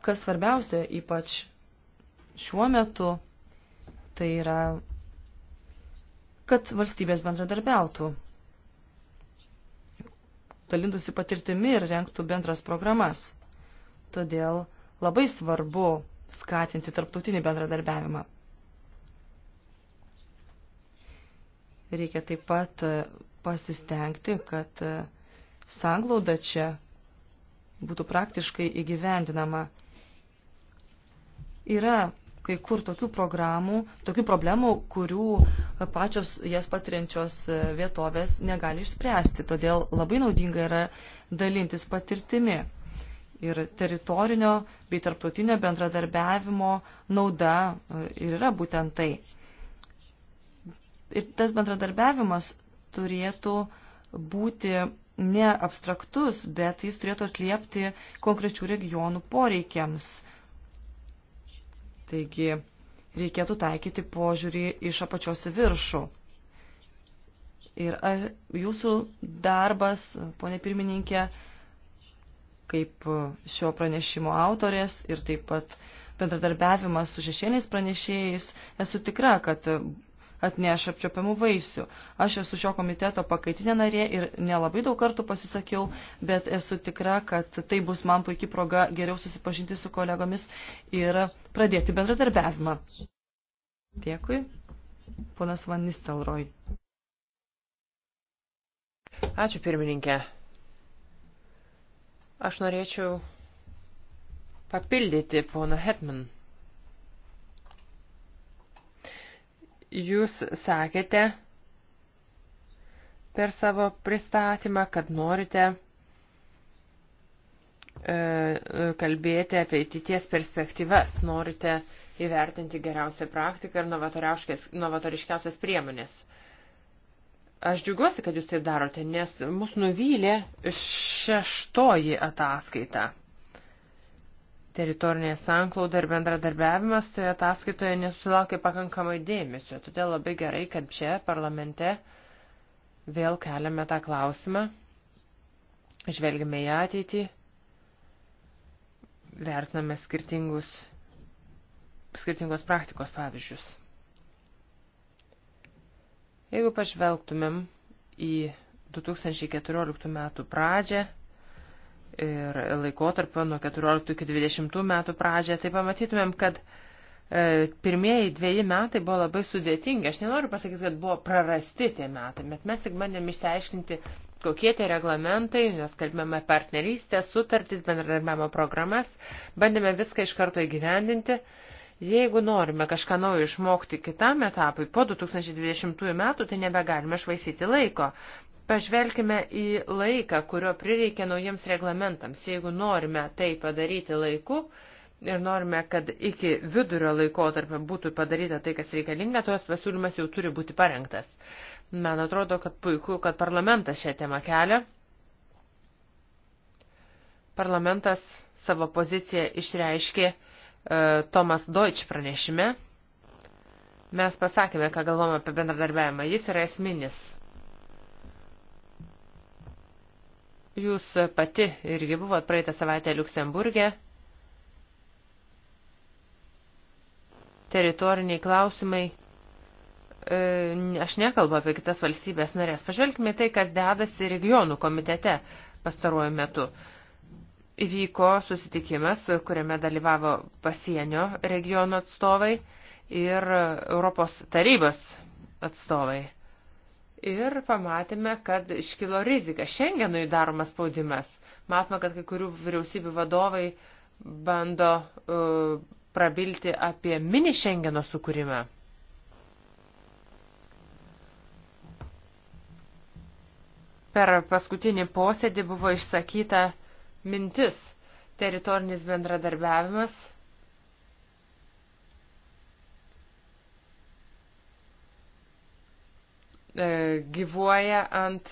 kas svarbiausia, ypač šiuo metu, tai yra, kad valstybės bendradarbiautų, dalintųsi patirtimi ir renktų bendras programas. Todėl labai svarbu skatinti tarptautinį bendradarbiavimą. Reikia taip pat e, pasistengti, kad e, sanglauda čia būtų praktiškai įgyvendinama. Yra kai kur tokių programų, tokių problemų, kurių pačios jas patiriančios e, vietovės negali išspręsti. Todėl labai naudinga yra dalintis patirtimi ir teritorinio bei tarptautinio bendradarbiavimo nauda e, ir yra būtent tai. Ir tas bendradarbiavimas turėtų būti ne abstraktus, bet jis turėtų atliepti konkrečių regionų poreikiams. Taigi reikėtų taikyti požiūrį iš apačios į viršų. Ir ar jūsų darbas, ponė pirmininkė, kaip e, šio pranešimo autorės ir taip pat bendradarbiavimas su šešėliais pranešėjais, esu tikra, kad e, atneš apčiopiamų vaisių. Aš esu šio komiteto pakaitinė narė ir nelabai daug kartų pasisakiau, bet esu tikra, kad tai bus man puikia proga geriau susipažinti su kolegomis ir pradėti bendradarbiavimą. Dėkui. Ponas Van Nistelroj. Ačiū pirmininkė. Aš norėčiau papildyti pono Hetman. Jūs sakėte per savo pristatymą, kad norite e, kalbėti apie ateities perspektyvas, norite įvertinti geriausią praktiką ir novatoriškiausias priemonės. Uh, Aš džiugiuosi, kad jūs taip darote, nes mus nuvylė šeštoji ataskaita. Teritorinė sanklauda ir bendradarbiavimas toje ataskaitoje nesusilaukė pakankamai dėmesio, todėl labai gerai, kad čia parlamente vėl keliame tą klausimą, žvelgime į ateitį, vertiname skirtingus, skirtingos praktikos pavyzdžius. Jeigu pažvelgtumėm į 2014 metų pradžią ir laikotarpio nuo 14 iki 20 metų pradžią, tai pamatytumėm, kad e, pirmieji dviejai metai buvo labai sudėtingi. Aš nenoriu pasakyti, kad buvo prarasti tie metai, bet mes tik bandėm išsiaiškinti, kokie tie reglamentai, mes kalbėjome partnerystę, sutartis, bendradarbiavimo programas, bandėme viską iš karto įgyvendinti. E, Jeigu norime kažką naujo išmokti kitam etapui po 2020 metų, tai nebegalime švaistyti laiko. Pažvelkime į laiką, kurio prireikia naujiems reglamentams. Jeigu norime tai padaryti laiku ir norime, kad iki vidurio laikotarpio būtų padaryta tai, kas reikalinga, tos pasiūlymas jau turi būti parengtas. Man atrodo, kad puiku, kad parlamentas šią temą kelia. Parlamentas savo poziciją išreiškė E, Tomas Deutsch pranešime mes pasakėme, ką galvom apie bendradarbiavimą. Jis yra esminis. Jūs pati irgi buvot praeitą savaitę Luksemburgė. Teritoriniai klausimai. E, aš nekalbu apie kitas valstybės narės. Pažvelkime tai, kas dedasi regionų komitete pastaruoju metu įvyko susitikimas, kuriame dalyvavo pasienio regiono atstovai ir Europos tarybos atstovai. Ir pamatėme, kad iškilo rizika. Šengenui daromas spaudimas. Matome, kad kai kurių vyriausybių vadovai bando uh, prabilti apie mini Šengeno sukūrimą. Per paskutinį posėdį buvo išsakyta uh, mintis - teritorinis bendradarbiavimas. E, gyvuoja ant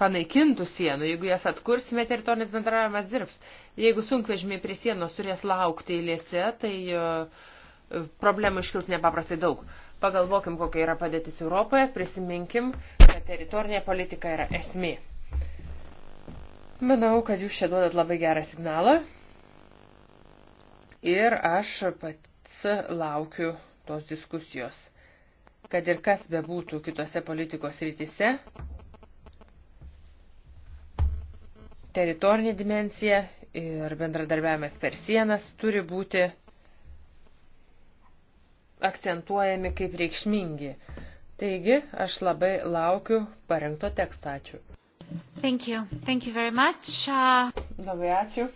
panaikintų sienų. Jeigu jas atkursime, teritorinis bendravimas dirbs. Jeigu sunkvežimiai prie sienos turės laukti eilėse, tai e, problemų iškils nepaprastai daug. Pagalvokim, kokia yra padėtis Europoje, prisiminkim, kad teritorinė politika yra esmė. Manau, kad jūs čia duodat labai gerą signalą. Ir aš pats laukiu tos diskusijos. Kad ir kas bebūtų kitose politikos rytise, teritorinė dimensija ir bendradarbiavimas per sienas turi būti akcentuojami kaip reikšmingi. Taigi, aš labai laukiu parengto tekstačių. Thank you. Thank you very much. Uh... Labai ačiū.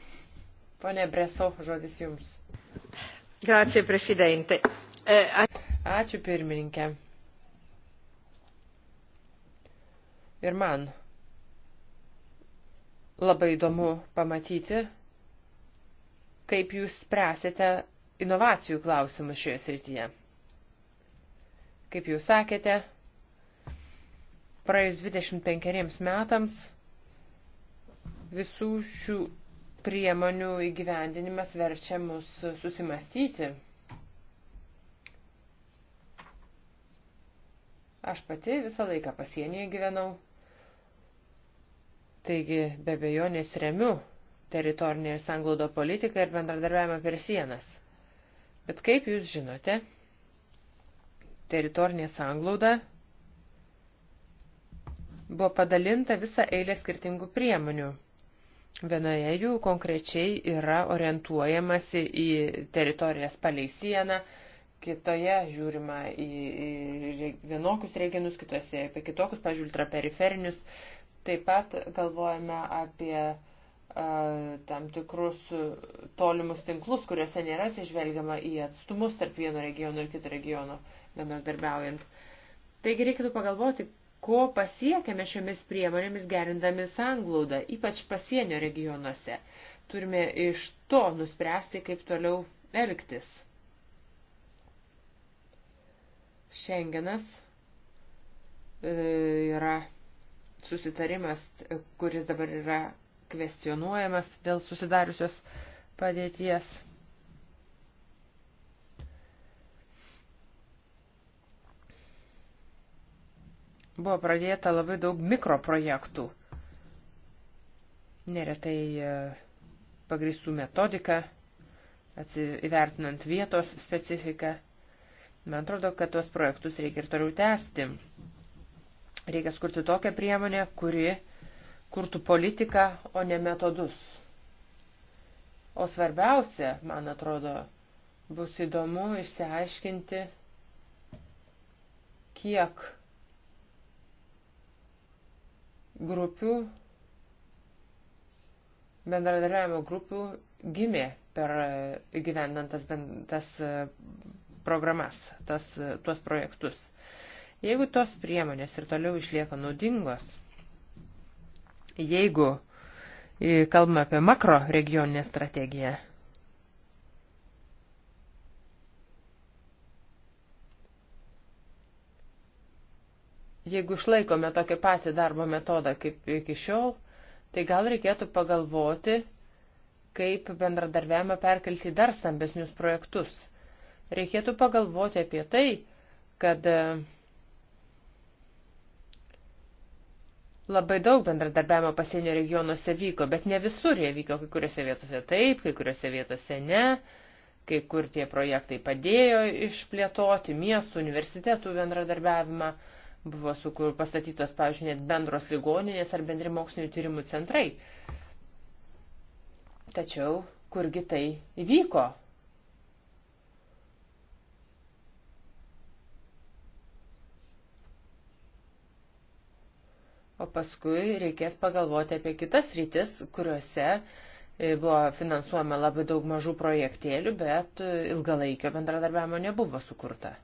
Pone Breso, žodis jums. Grazie, prezidente. Uh, eh, I... Ačiū pirmininkė. Ir man labai įdomu pamatyti, kaip jūs spręsite inovacijų klausimus šioje srityje. Kaip jūs sakėte, Praėjus 25 metams visų šių priemonių įgyvendinimas verčia mus susimastyti. Aš pati visą laiką pasienyje gyvenau, taigi be bejonės remiu teritorinį ir sanglaudo politiką ir bendradarbiavimą per sienas. Bet kaip jūs žinote, teritorinė sanglauda buvo padalinta visa eilė skirtingų priemonių. Vienoje jų konkrečiai yra orientuojamasi į teritorijas palei sieną, kitoje žiūrima į, į vienokius regionus, kitose apie kitokius, pažiūrėjau, ultraperiferinius. Taip pat galvojame apie a, tam tikrus tolimus tinklus, kuriuose nėra atsižvelgiama į atstumus tarp vieno regiono ir kito regiono bendradarbiaujant. Taigi reikėtų pagalvoti, ko pasiekėme šiomis priemonėmis gerindami sanglaudą, ypač pasienio regionuose. Turime iš to nuspręsti, kaip toliau elgtis. Šengenas e, yra susitarimas, kuris dabar yra kvestionuojamas dėl susidariusios padėties. Buvo pradėta labai daug mikroprojektų, neretai e, pagristų metodiką, įvertinant vietos specifiką. Man atrodo, kad tuos projektus reikia ir toliau tęsti. Reikia skurti tokią priemonę, kuri kurtų politiką, o ne metodus. O svarbiausia, man atrodo, bus įdomu išsiaiškinti, kiek grupių, bendradarbiavimo grupių gimė per įgyvendintas tas e, programas, tas, e, tuos projektus. Jeigu tos priemonės ir toliau išlieka naudingos, jeigu e, kalbame apie makro regioninę strategiją, Jeigu išlaikome tokį patį darbo metodą kaip iki šiol, tai gal reikėtų pagalvoti, kaip bendradarbiavimą perkelti dar stambesnius projektus. Reikėtų pagalvoti apie tai, kad e, Labai daug bendradarbiavimo pasienio regionuose vyko, bet ne visur jie vyko, kai kuriuose vietose taip, kai kuriuose vietose ne, kai kur tie projektai padėjo išplėtoti miestų, universitetų bendradarbiavimą, Buvo sukur pastatytos, pavyzdžiui, net bendros ligoninės ar bendri mokslinių tyrimų centrai. Tačiau kurgi tai įvyko? O paskui reikės pagalvoti apie kitas rytis, kuriuose e, buvo finansuojama labai daug mažų projektėlių, bet e, ilgalaikio bendradarbiavimo nebuvo sukurta.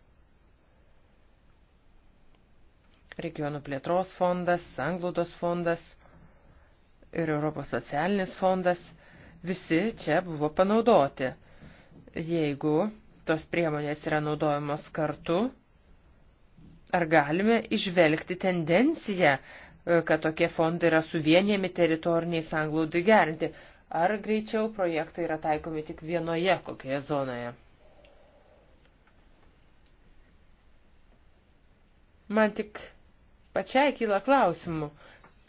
regionų plėtros fondas, sanglaudos fondas ir Europos socialinis fondas, visi čia buvo panaudoti. Jeigu tos priemonės yra naudojamos kartu, ar galime išvelgti tendenciją, e, kad tokie fondai yra suvienijami teritoriniai sanglaudai gerinti, ar greičiau projektai yra taikomi tik vienoje kokioje zonoje. Man tik Pačiai kyla klausimų,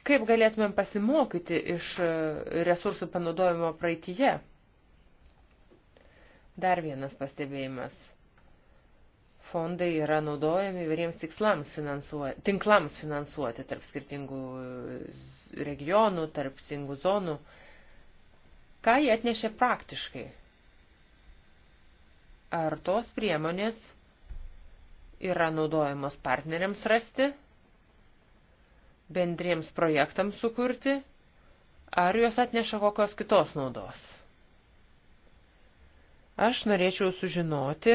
kaip galėtumėm pasimokyti iš e, resursų panaudojimo praeitie. Dar vienas pastebėjimas. Fondai yra naudojami įvairiems tikslams finansuoti, tinklams finansuoti tarp skirtingų e, regionų, tarp skirtingų zonų. Ką jie atnešė praktiškai? Ar tos priemonės yra naudojamos partneriams rasti, bendriems projektams sukurti, ar jos atneša kokios kitos naudos. Aš norėčiau sužinoti,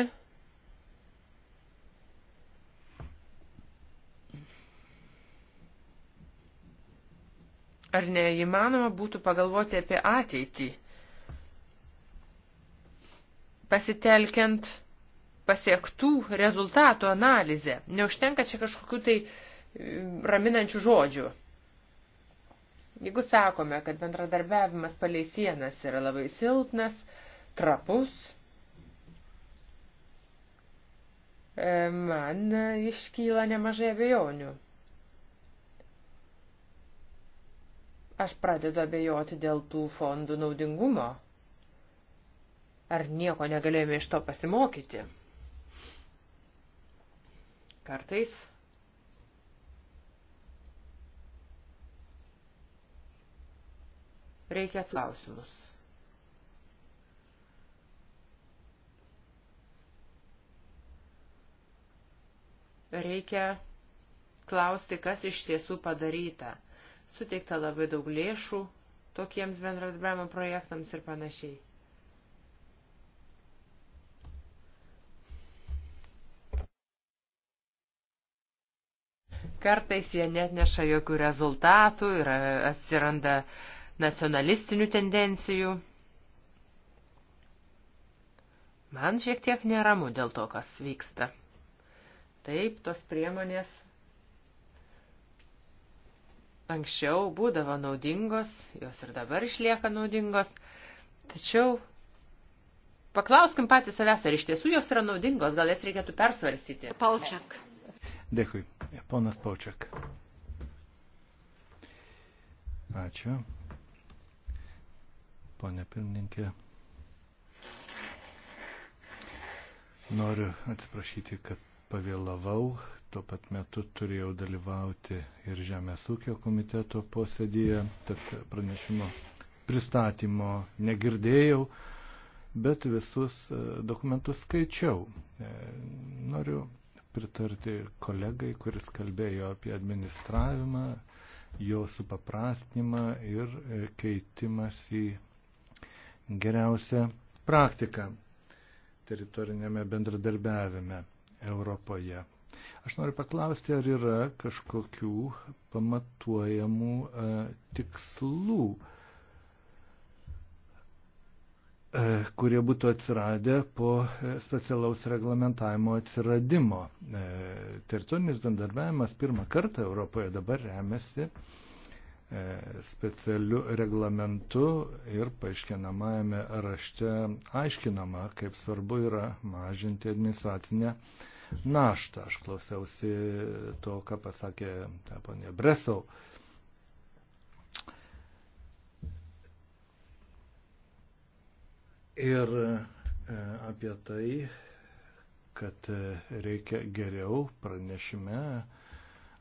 ar neįmanoma būtų pagalvoti apie ateitį, pasitelkiant pasiektų rezultatų analizę. Neužtenka čia kažkokiu tai uh, raminančių žodžių. Jeigu sakome, kad bendradarbiavimas palei sienas yra labai silpnas, trapus, e, man iškyla nemažai abejonių. Aš pradedu abejoti dėl tų fondų naudingumo. Ar nieko negalėjome iš to pasimokyti? Kartais Reikia klausimus. Reikia klausti, kas iš tiesų padaryta. Suteikta labai daug lėšų tokiems bendradarbiavimo projektams ir panašiai. Kartais jie net neša jokių rezultatų ir atsiranda uh, nacionalistinių tendencijų. Man šiek tiek neramu dėl to, kas vyksta. Taip, tos priemonės anksčiau būdavo naudingos, jos ir dabar išlieka naudingos, tačiau paklauskim patys savęs, ar iš tiesų jos yra naudingos, gal jas reikėtų persvarsyti. Palčiak. Dėkui, ponas Paučiak. Ačiū ponė pirmininkė. Noriu atsiprašyti, kad pavėlavau. Tuo pat metu turėjau dalyvauti ir Žemės ūkio komiteto posėdėje, tad pranešimo pristatymo negirdėjau, bet visus e, dokumentus skaičiau. E, noriu pritarti kolegai, kuris kalbėjo apie administravimą, jo supaprastinimą ir e, keitimas į geriausią praktiką teritorinėme bendradarbiavime Europoje. Aš noriu paklausti, ar yra kažkokių pamatuojamų e, tikslų, e, kurie būtų atsiradę po e, specialaus reglamentavimo atsiradimo. E, teritorinis bendarbiavimas pirmą kartą Europoje dabar remiasi e, E, specialiu reglamentu ir paaiškinamajame rašte aiškinama, kaip svarbu yra mažinti administracinę naštą. Aš klausiausi to, ką pasakė ponė Bresau. Ir e, apie tai, kad e, reikia geriau pranešime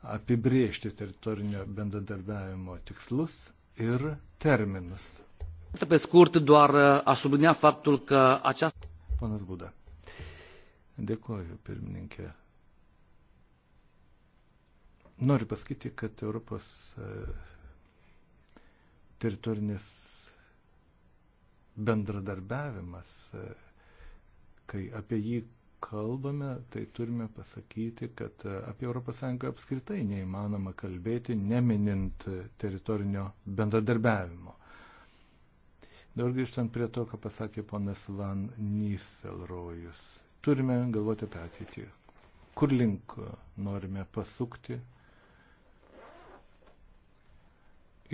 apibriežti teritorinio bendradarbiavimo tikslus ir terminus. Pe scurt, doar aș sublinia faptul că această... Ponas Buda. Dėkuoju, pirmininkė. Noriu pasakyti, kad Europos e, teritorinis bendradarbiavimas, e, kai apie jį kalbame, tai turime pasakyti, kad apie ES apskritai neįmanoma kalbėti, neminint teritorinio bendradarbiavimo. Dabar grįžtant prie to, ką pasakė ponas Van Nyselrojus. Turime galvoti apie ateitį. Kur link norime pasukti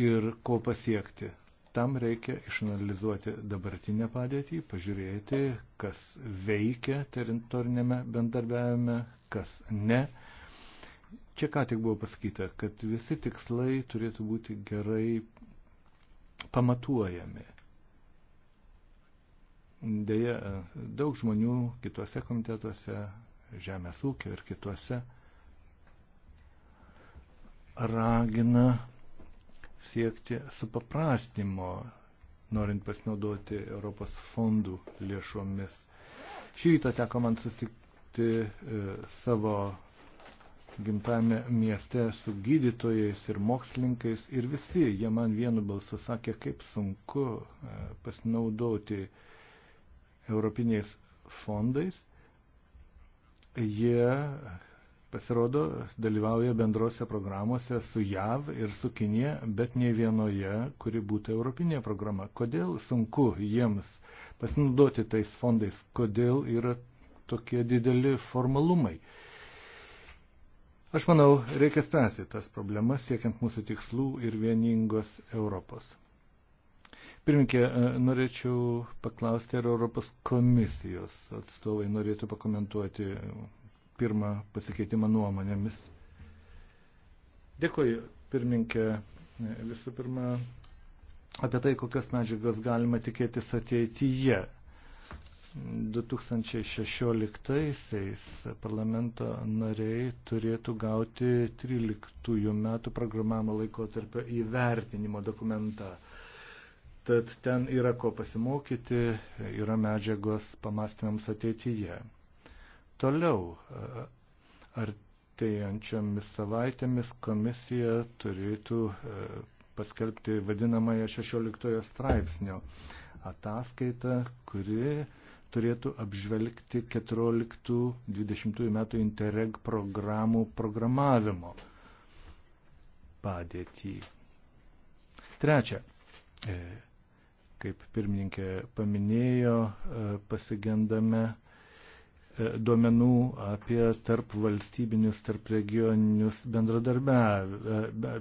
ir ko pasiekti. Tam reikia išanalizuoti dabartinę padėtį, pažiūrėti, kas veikia teritorinėme bendarbiavime, kas ne. Čia ką tik buvo pasakyta, kad visi tikslai turėtų būti gerai pamatuojami. Deja, daug žmonių kituose komitetuose, žemės ūkio ir kituose ragina siekti supaprastimo, norint pasinaudoti Europos fondų lėšomis. Šį rytą teko man susitikti e, savo gimtame mieste su gydytojais ir mokslininkais ir visi jie man vienu balsu sakė, kaip sunku e, pasinaudoti europiniais fondais. Jie Pasirodo, dalyvauja bendrose programuose su JAV ir su Kinė, bet ne vienoje, kuri būtų europinė programa. Kodėl sunku jiems pasinaudoti tais fondais, kodėl yra tokie dideli formalumai. Aš manau, reikia spręsti tas problemas, siekiant mūsų tikslų ir vieningos Europos. Pirminkė, e, norėčiau paklausti, ar Europos komisijos atstovai norėtų pakomentuoti pirmą pasikeitimą nuomonėmis. Dėkui, pirminkė, visų pirma, apie tai, kokias medžiagas galima tikėtis ateityje. 2016-aisiais parlamento nariai turėtų gauti 13 metų programavimo laikotarpio įvertinimo dokumentą. Tad ten yra ko pasimokyti, yra medžiagos pamastymams ateityje. Toliau e, artėjančiomis savaitėmis komisija turėtų e, paskelbti vadinamąją 16 straipsnio ataskaitą, kuri turėtų apžvelgti 14-20 metų Interreg programų programavimo padėtį. Trečia, e, kaip pirmininkė paminėjo, pasigendame E, duomenų apie tarp valstybinius, tarp regioninius e,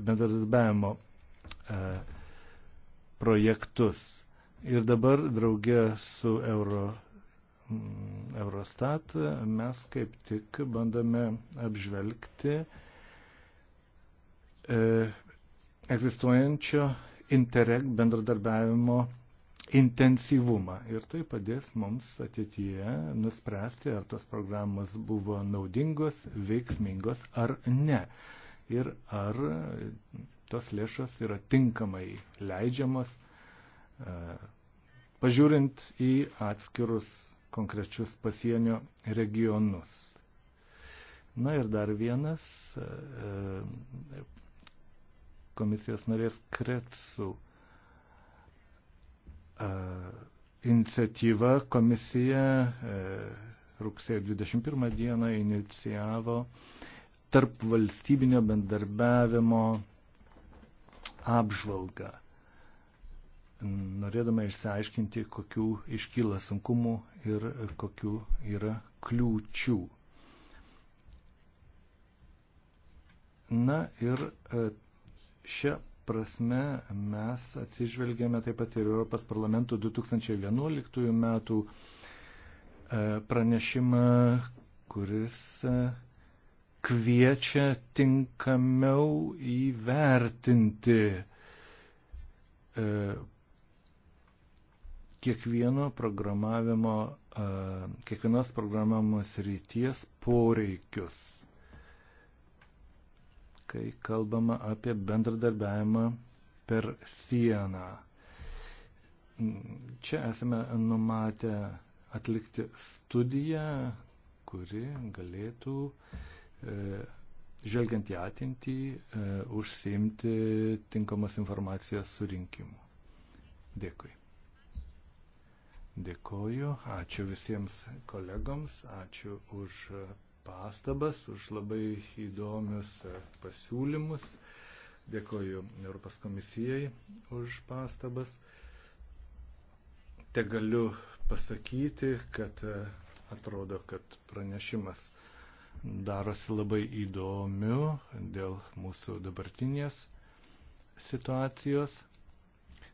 bendradarbiavimo e, projektus. Ir dabar draugė su Euro, mm, Eurostat mes kaip tik bandome apžvelgti egzistuojančio Interreg bendradarbiavimo projektus intensyvumą. Ir tai padės mums ateityje nuspręsti, ar tos programos buvo naudingos, veiksmingos ar ne. Ir ar tos lėšos yra tinkamai leidžiamas, e, pažiūrint į atskirus konkrečius pasienio regionus. Na ir dar vienas e, e, komisijos narės Kretsų iniciatyva komisija e, rugsėjo 21 dieną inicijavo tarp valstybinio bendarbiavimo apžvalgą, norėdama išsiaiškinti, kokių iškyla sunkumų ir kokių yra kliūčių. Na ir e, šią prasme mes atsižvelgėme taip pat ir Europos parlamento 2011 metų e, pranešimą, kuris e, kviečia tinkamiau įvertinti e, kiekvieno programavimo, kiekvienos programavimo srities poreikius kai kalbama apie bendradarbiavimą per sieną. Čia esame numatę atlikti studiją, kuri galėtų, e, žvelgiant į atintį, e, užsiimti tinkamas informacijos surinkimu. Dėkui. Dėkoju, ačiū visiems kolegoms, ačiū už pastabas, už labai įdomius e, pasiūlymus. Dėkoju Europos komisijai už pastabas. Te galiu pasakyti, kad e, atrodo, kad pranešimas darosi labai įdomiu dėl mūsų dabartinės situacijos.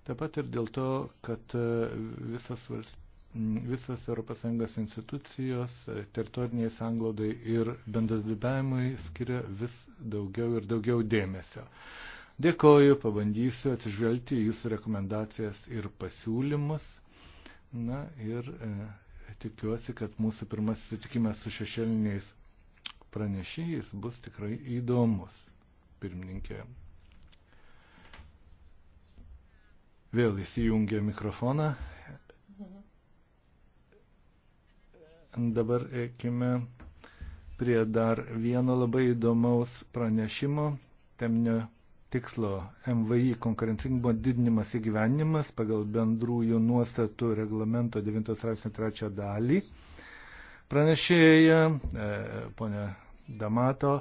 Taip pat ir dėl to, kad e, visas valstybės visas ES institucijos teritoriniai sanglaudai ir bendradarbiavimui skiria vis daugiau ir daugiau dėmesio. Dėkoju, pabandysiu atsižvelgti jūsų rekomendacijas ir pasiūlymus. Na ir e, tikiuosi, kad mūsų pirmasis sutikimas su šešėliniais pranešėjais bus tikrai įdomus, pirmininkė. Vėl įsijungia mikrofoną. Mhm. Dabar eikime prie dar vieno labai įdomaus pranešimo, teminio tikslo MVI konkurencingumo didinimas įgyvenimas pagal bendrųjų nuostatų reglamento 9 straipsnio 3 dalį. Pranešėja, e, ponia Damato,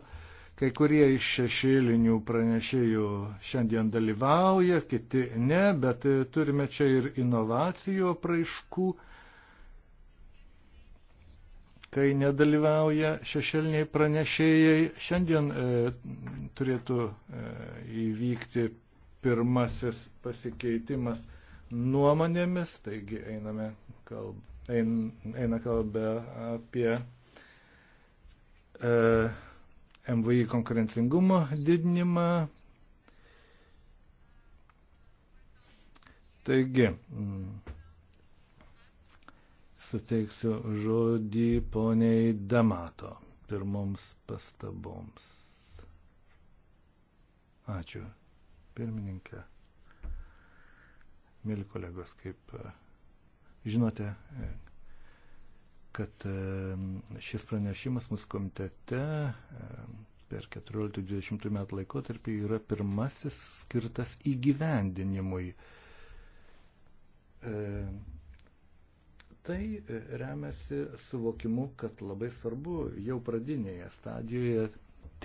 kai kurie iš šešėlinių pranešėjų šiandien dalyvauja, kiti ne, bet turime čia ir inovacijų praiškų kai nedalyvauja šešelniai pranešėjai. Šiandien e, turėtų e, įvykti pirmasis pasikeitimas nuomonėmis, taigi einame kalb, ein, eina kalbę apie e, MVI konkurencingumo didinimą. Taigi, mm, suteiksiu žodį poniai Damato pirmoms pastaboms. Ačiū, pirmininkė. Mėly kolegos, kaip e, žinote, e, kad e, šis pranešimas mūsų komitete per 14-20 metų laikotarpį yra pirmasis skirtas įgyvendinimui tai e, remiasi suvokimu, kad labai svarbu jau pradinėje stadijoje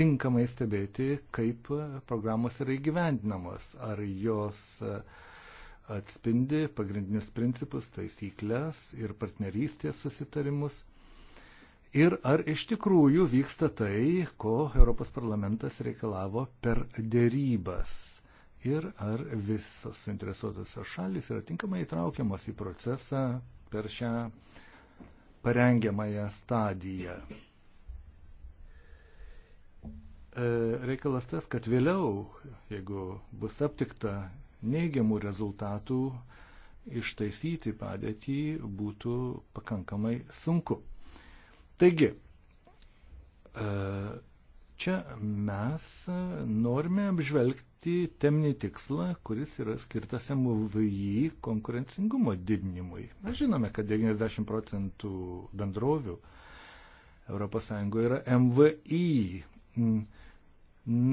tinkamai stebėti, kaip programos yra įgyvendinamos, ar jos e, atspindi pagrindinius principus, taisyklės ir partnerystės susitarimus. Ir ar iš tikrųjų vyksta tai, ko Europos parlamentas reikalavo per dėrybas. Ir ar visos suinteresuotosios šalis yra tinkamai įtraukiamas į procesą, per šią parengiamąją stadiją. E, reikalas tas, kad vėliau, jeigu bus aptikta neigiamų rezultatų, ištaisyti padėtį būtų pakankamai sunku. Taigi, e, Čia mes norime apžvelgti teminį tikslą, kuris yra skirtas MVI konkurencingumo didinimui. Mes žinome, kad 90 procentų bendrovių ES yra MVI.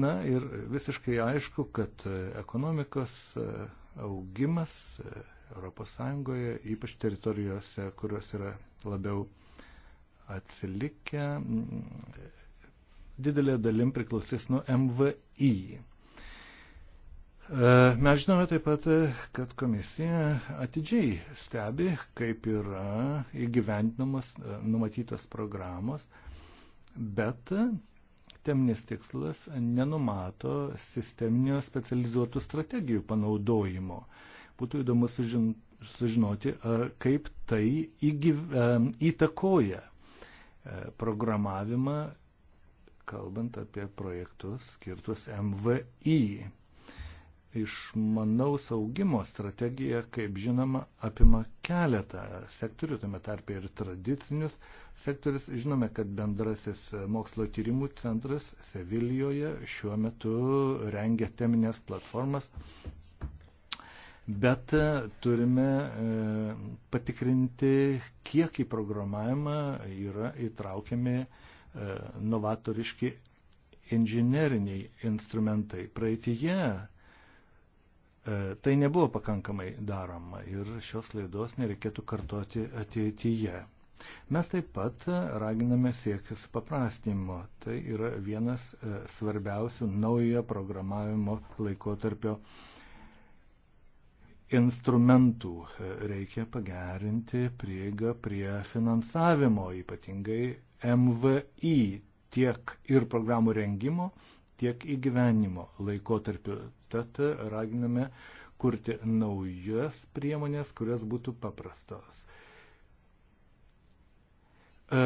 Na ir visiškai aišku, kad ekonomikos augimas ES, ypač teritorijose, kurios yra labiau atsilikę, didelė dalim priklausys nuo MVI. E, mes žinome taip pat, kad komisija atidžiai stebi, kaip yra įgyvendinamas e, numatytas programos, bet teminis tikslas nenumato sisteminio specializuotų strategijų panaudojimo. Būtų įdomu sužin, sužinoti, kaip tai įgyv, e, įtakoja programavimą kalbant apie projektus skirtus MVI. Išmanaus augimo strategija, kaip žinoma, apima keletą sektorių, tame tarpe ir tradicinius sektorius. Žinome, kad bendrasis mokslo tyrimų centras Sevilijoje šiuo metu rengia teminės platformas, bet e, turime e, patikrinti, kiek į programavimą yra įtraukiami e, E, novatoriški inžineriniai instrumentai. Praeitįje e, tai nebuvo pakankamai daroma ir šios laidos nereikėtų kartoti ateityje. Mes taip pat raginame siekti supaprastinimo. Tai yra vienas e, svarbiausių naujo programavimo laikotarpio instrumentų. Reikia pagerinti prieigą prie finansavimo, ypatingai MVI tiek ir programų rengimo, tiek įgyvenimo laikotarpiu. Tad raginame kurti naujas priemonės, kurios būtų paprastos. E,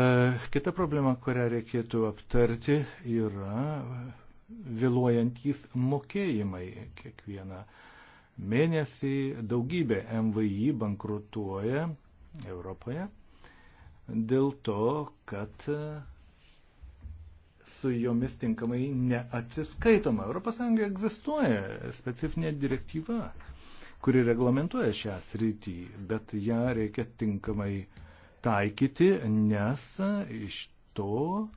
kita problema, kurią reikėtų aptarti, yra vėluojantys mokėjimai kiekvieną mėnesį. Daugybė MVI bankrutuoja Europoje dėl to, kad e, su jomis tinkamai neatsiskaitoma. ES egzistuoja specifinė direktyva, kuri reglamentuoja šią sritį, bet ją reikia tinkamai taikyti, nes iš to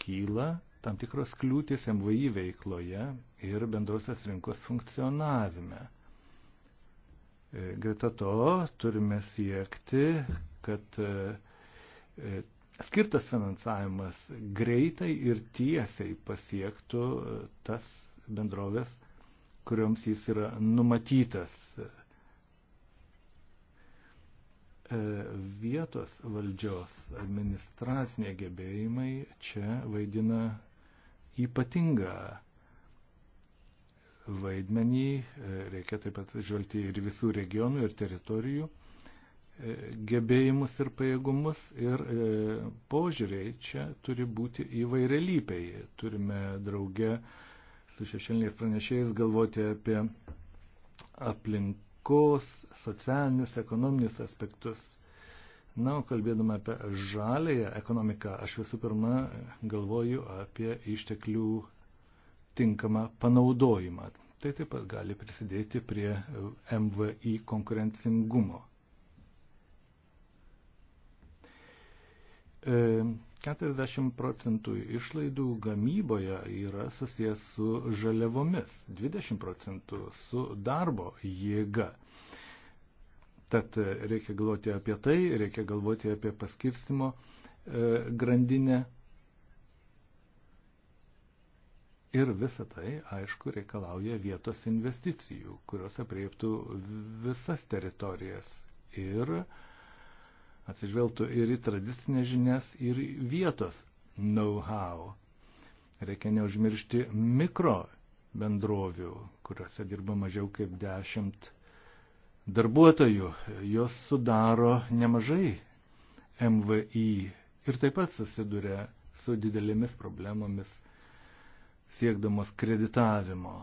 kyla tam tikros kliūtis MVI veikloje ir bendrosios rinkos funkcionavime. E, greta to turime siekti, kad e, e, skirtas finansavimas greitai ir tiesiai pasiektų e, tas bendrovės, kurioms jis yra numatytas. Vietos valdžios administraciniai gebėjimai čia vaidina ypatingą vaidmenį, reikia taip pat žvelgti ir visų regionų ir teritorijų E, gebėjimus ir pajėgumus ir e, požiūriai čia turi būti įvairialypiai. Turime drauge su šešėliniais pranešėjais galvoti apie aplinkos, socialinius, ekonominius aspektus. Na, o kalbėdama apie žalėją ekonomiką, aš visų pirma galvoju apie išteklių tinkamą panaudojimą. Tai taip pat gali prisidėti prie MVI konkurencingumo. 40 e, procentų išlaidų gamyboje yra susijęs su žaliavomis, 20 procentų su darbo jėga. Tad reikia galvoti apie tai, reikia galvoti apie paskirstimo e, grandinę. Ir visa tai, aišku, reikalauja vietos investicijų, kurios apriektų visas teritorijas ir uh, atsižvelgtų ir į tradicinės žinias, ir vietos know-how. Reikia neužmiršti mikro bendrovių, kuriuose dirba mažiau kaip dešimt darbuotojų. Jos sudaro nemažai MVI ir taip pat susiduria su didelėmis problemomis siekdamos kreditavimo.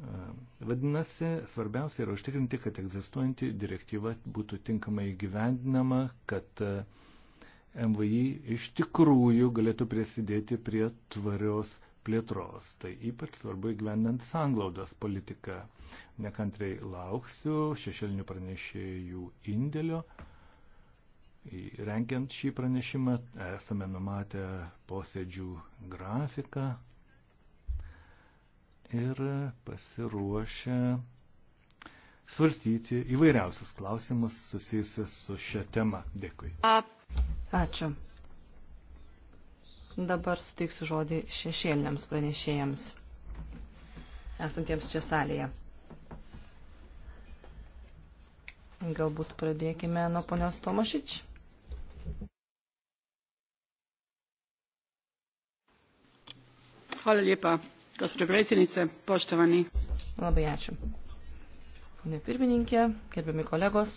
Um Vadinasi, svarbiausia yra užtikrinti, kad egzistuojanti direktyva būtų tinkamai gyvendinama, kad e, MVI iš tikrųjų galėtų prisidėti prie tvarios plėtros. Tai ypač svarbu įgyvendant sanglaudos politiką. Nekantriai lauksiu šešėlinių pranešėjų indėlio. Renkiant šį pranešimą esame numatę posėdžių grafiką, ir pasiruošę svarstyti įvairiausius klausimus susijusius su šia tema. Dėkui. Ačiū. Dabar suteiksiu žodį šešėliniams pranešėjams, esantiems čia salėje. Galbūt pradėkime nuo ponios Tomašič. Hvala lijepa. Gospođo predsjednice, poštovani. Labai ačiū. Ne pirmininkė, gerbiami kolegos,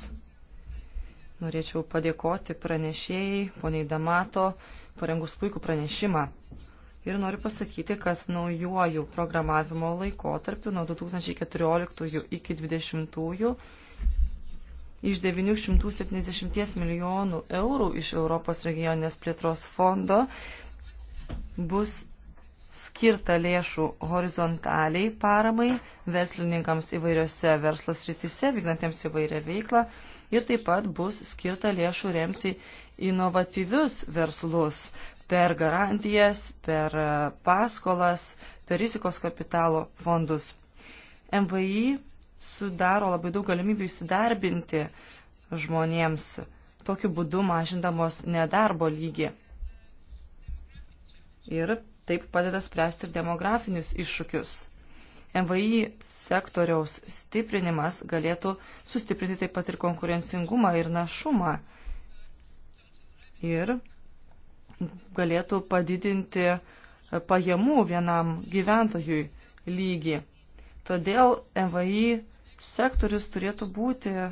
norėčiau padėkoti pranešėjai, poniai Damato, parengus puikų pranešimą. Ir noriu pasakyti, kad naujuoju programavimo laikotarpiu nuo 2014 iki 2020 iš 970 milijonų eurų iš Europos regioninės plėtros fondo bus skirta lėšų horizontaliai paramai verslininkams įvairiose verslas rytise, vykdantiems įvairią veiklą ir taip pat bus skirta lėšų remti inovatyvius verslus per garantijas, per e, paskolas, per rizikos kapitalo fondus. MVI sudaro labai daug galimybių įsidarbinti žmonėms, tokiu būdu mažindamos nedarbo lygį. Ir taip padeda spręsti ir demografinius iššūkius. MVI sektoriaus stiprinimas galėtų sustiprinti taip pat ir konkurencingumą ir našumą ir galėtų padidinti pajamų vienam gyventojui lygį. Todėl MVI sektorius turėtų būti e,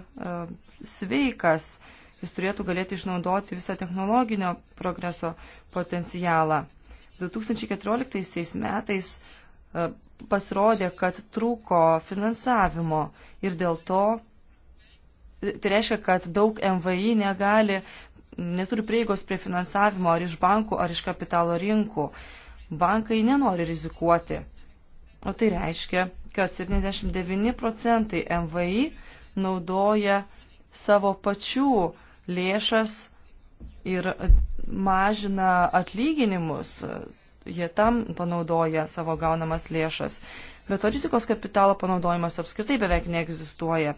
sveikas, jis turėtų galėti išnaudoti visą technologinio progreso potencialą. 2014 metais e, pasirodė, kad trūko finansavimo ir dėl to, tai reiškia, kad daug MVI negali, neturi prieigos prie finansavimo ar iš bankų, ar iš kapitalo rinkų. Bankai nenori rizikuoti. O tai reiškia, kad 79 procentai MVI naudoja savo pačių lėšas ir mažina atlyginimus, jie tam panaudoja savo gaunamas lėšas. Bet to rizikos kapitalo panaudojimas apskritai beveik neegzistuoja.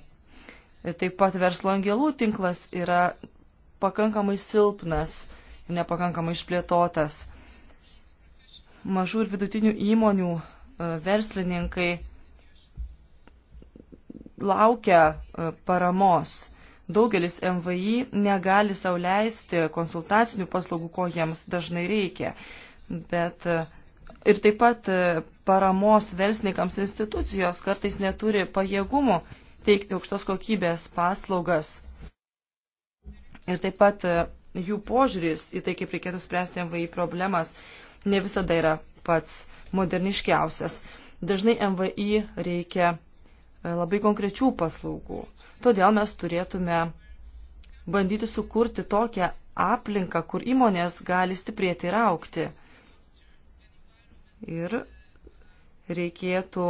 Taip pat verslo angelų tinklas yra pakankamai silpnas ir nepakankamai išplėtotas. Mažų ir vidutinių įmonių e, verslininkai laukia e, paramos Daugelis MVI negali sauliaisti konsultacinių paslaugų, ko jiems dažnai reikia. Bet e, ir taip pat e, paramos verslininkams institucijos kartais neturi pajėgumų teikti aukštos kokybės paslaugas. Ir taip pat e, jų požiūris į tai, kaip reikėtų spręsti MVI problemas, ne visada yra pats moderniškiausias. Dažnai MVI reikia labai konkrečių paslaugų. Todėl mes turėtume bandyti sukurti tokią aplinką, kur įmonės gali stiprėti ir aukti. Ir reikėtų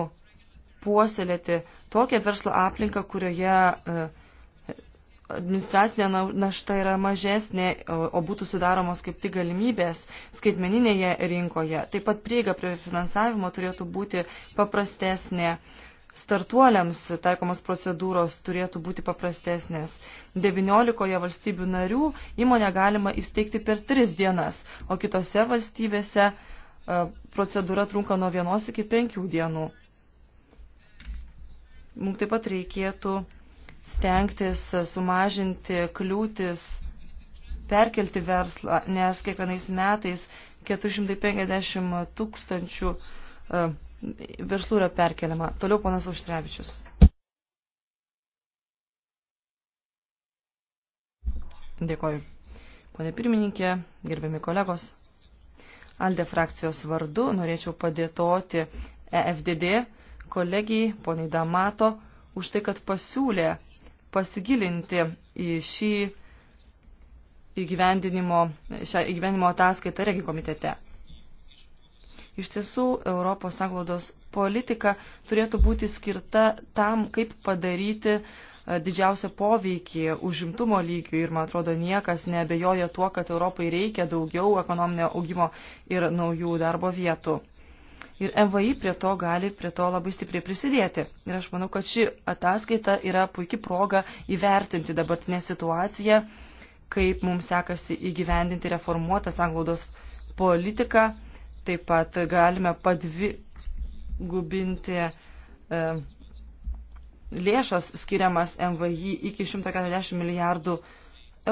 puoselėti tokią verslo aplinką, kurioje e, administracinė našta yra mažesnė, o būtų sudaromos kaip tik galimybės skaitmeninėje rinkoje. Taip pat prieiga prie finansavimo turėtų būti paprastesnė startuoliams taikomos procedūros turėtų būti paprastesnės. 19 valstybių narių įmonę galima įsteigti per 3 dienas, o kitose valstybėse e, procedūra trunka nuo 1 iki 5 dienų. Mums taip pat reikėtų stengtis sumažinti kliūtis perkelti verslą, nes kiekvienais metais 450 tūkstančių e, verslų yra perkeliama. Toliau ponas Užtrevičius. Dėkoju. Pone pirmininkė, gerbiami kolegos, Alde frakcijos vardu norėčiau padėtoti EFDD kolegijai, poniai Damato, už tai, kad pasiūlė pasigilinti į šį įgyvendinimo, šią įgyvendinimo ataskaitą regi komitete. Iš tiesų, Europos sąglaudos politika turėtų būti skirta tam, kaip padaryti e, didžiausią poveikį užimtumo lygių ir, man atrodo, niekas nebejoja tuo, kad Europai reikia daugiau ekonominio augimo ir naujų darbo vietų. Ir MVI prie to gali prie to labai stipriai prisidėti. Ir aš manau, kad ši ataskaita yra puikia proga įvertinti dabartinę situaciją, kaip mums sekasi įgyvendinti reformuotą sanglaudos politiką Taip pat galime padvigubinti e, lėšas skiriamas MVI iki 140 milijardų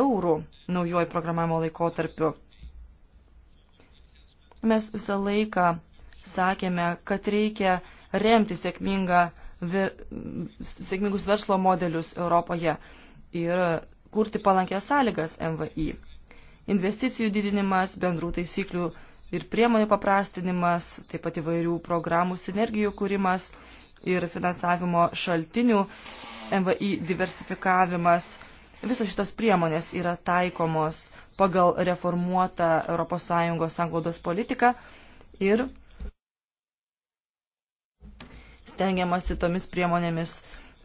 eurų naujuoju programavimo laikotarpiu. Mes visą laiką sakėme, kad reikia remti sėkmingą, ver, sėkmingus verslo modelius Europoje ir kurti palankės sąlygas MVI. Investicijų didinimas, bendrų taisyklių ir priemonių paprastinimas, taip pat įvairių programų sinergijų kūrimas ir finansavimo šaltinių MVI diversifikavimas. Visos šitos priemonės yra taikomos pagal reformuotą ES sanglaudos politiką ir stengiamasi tomis priemonėmis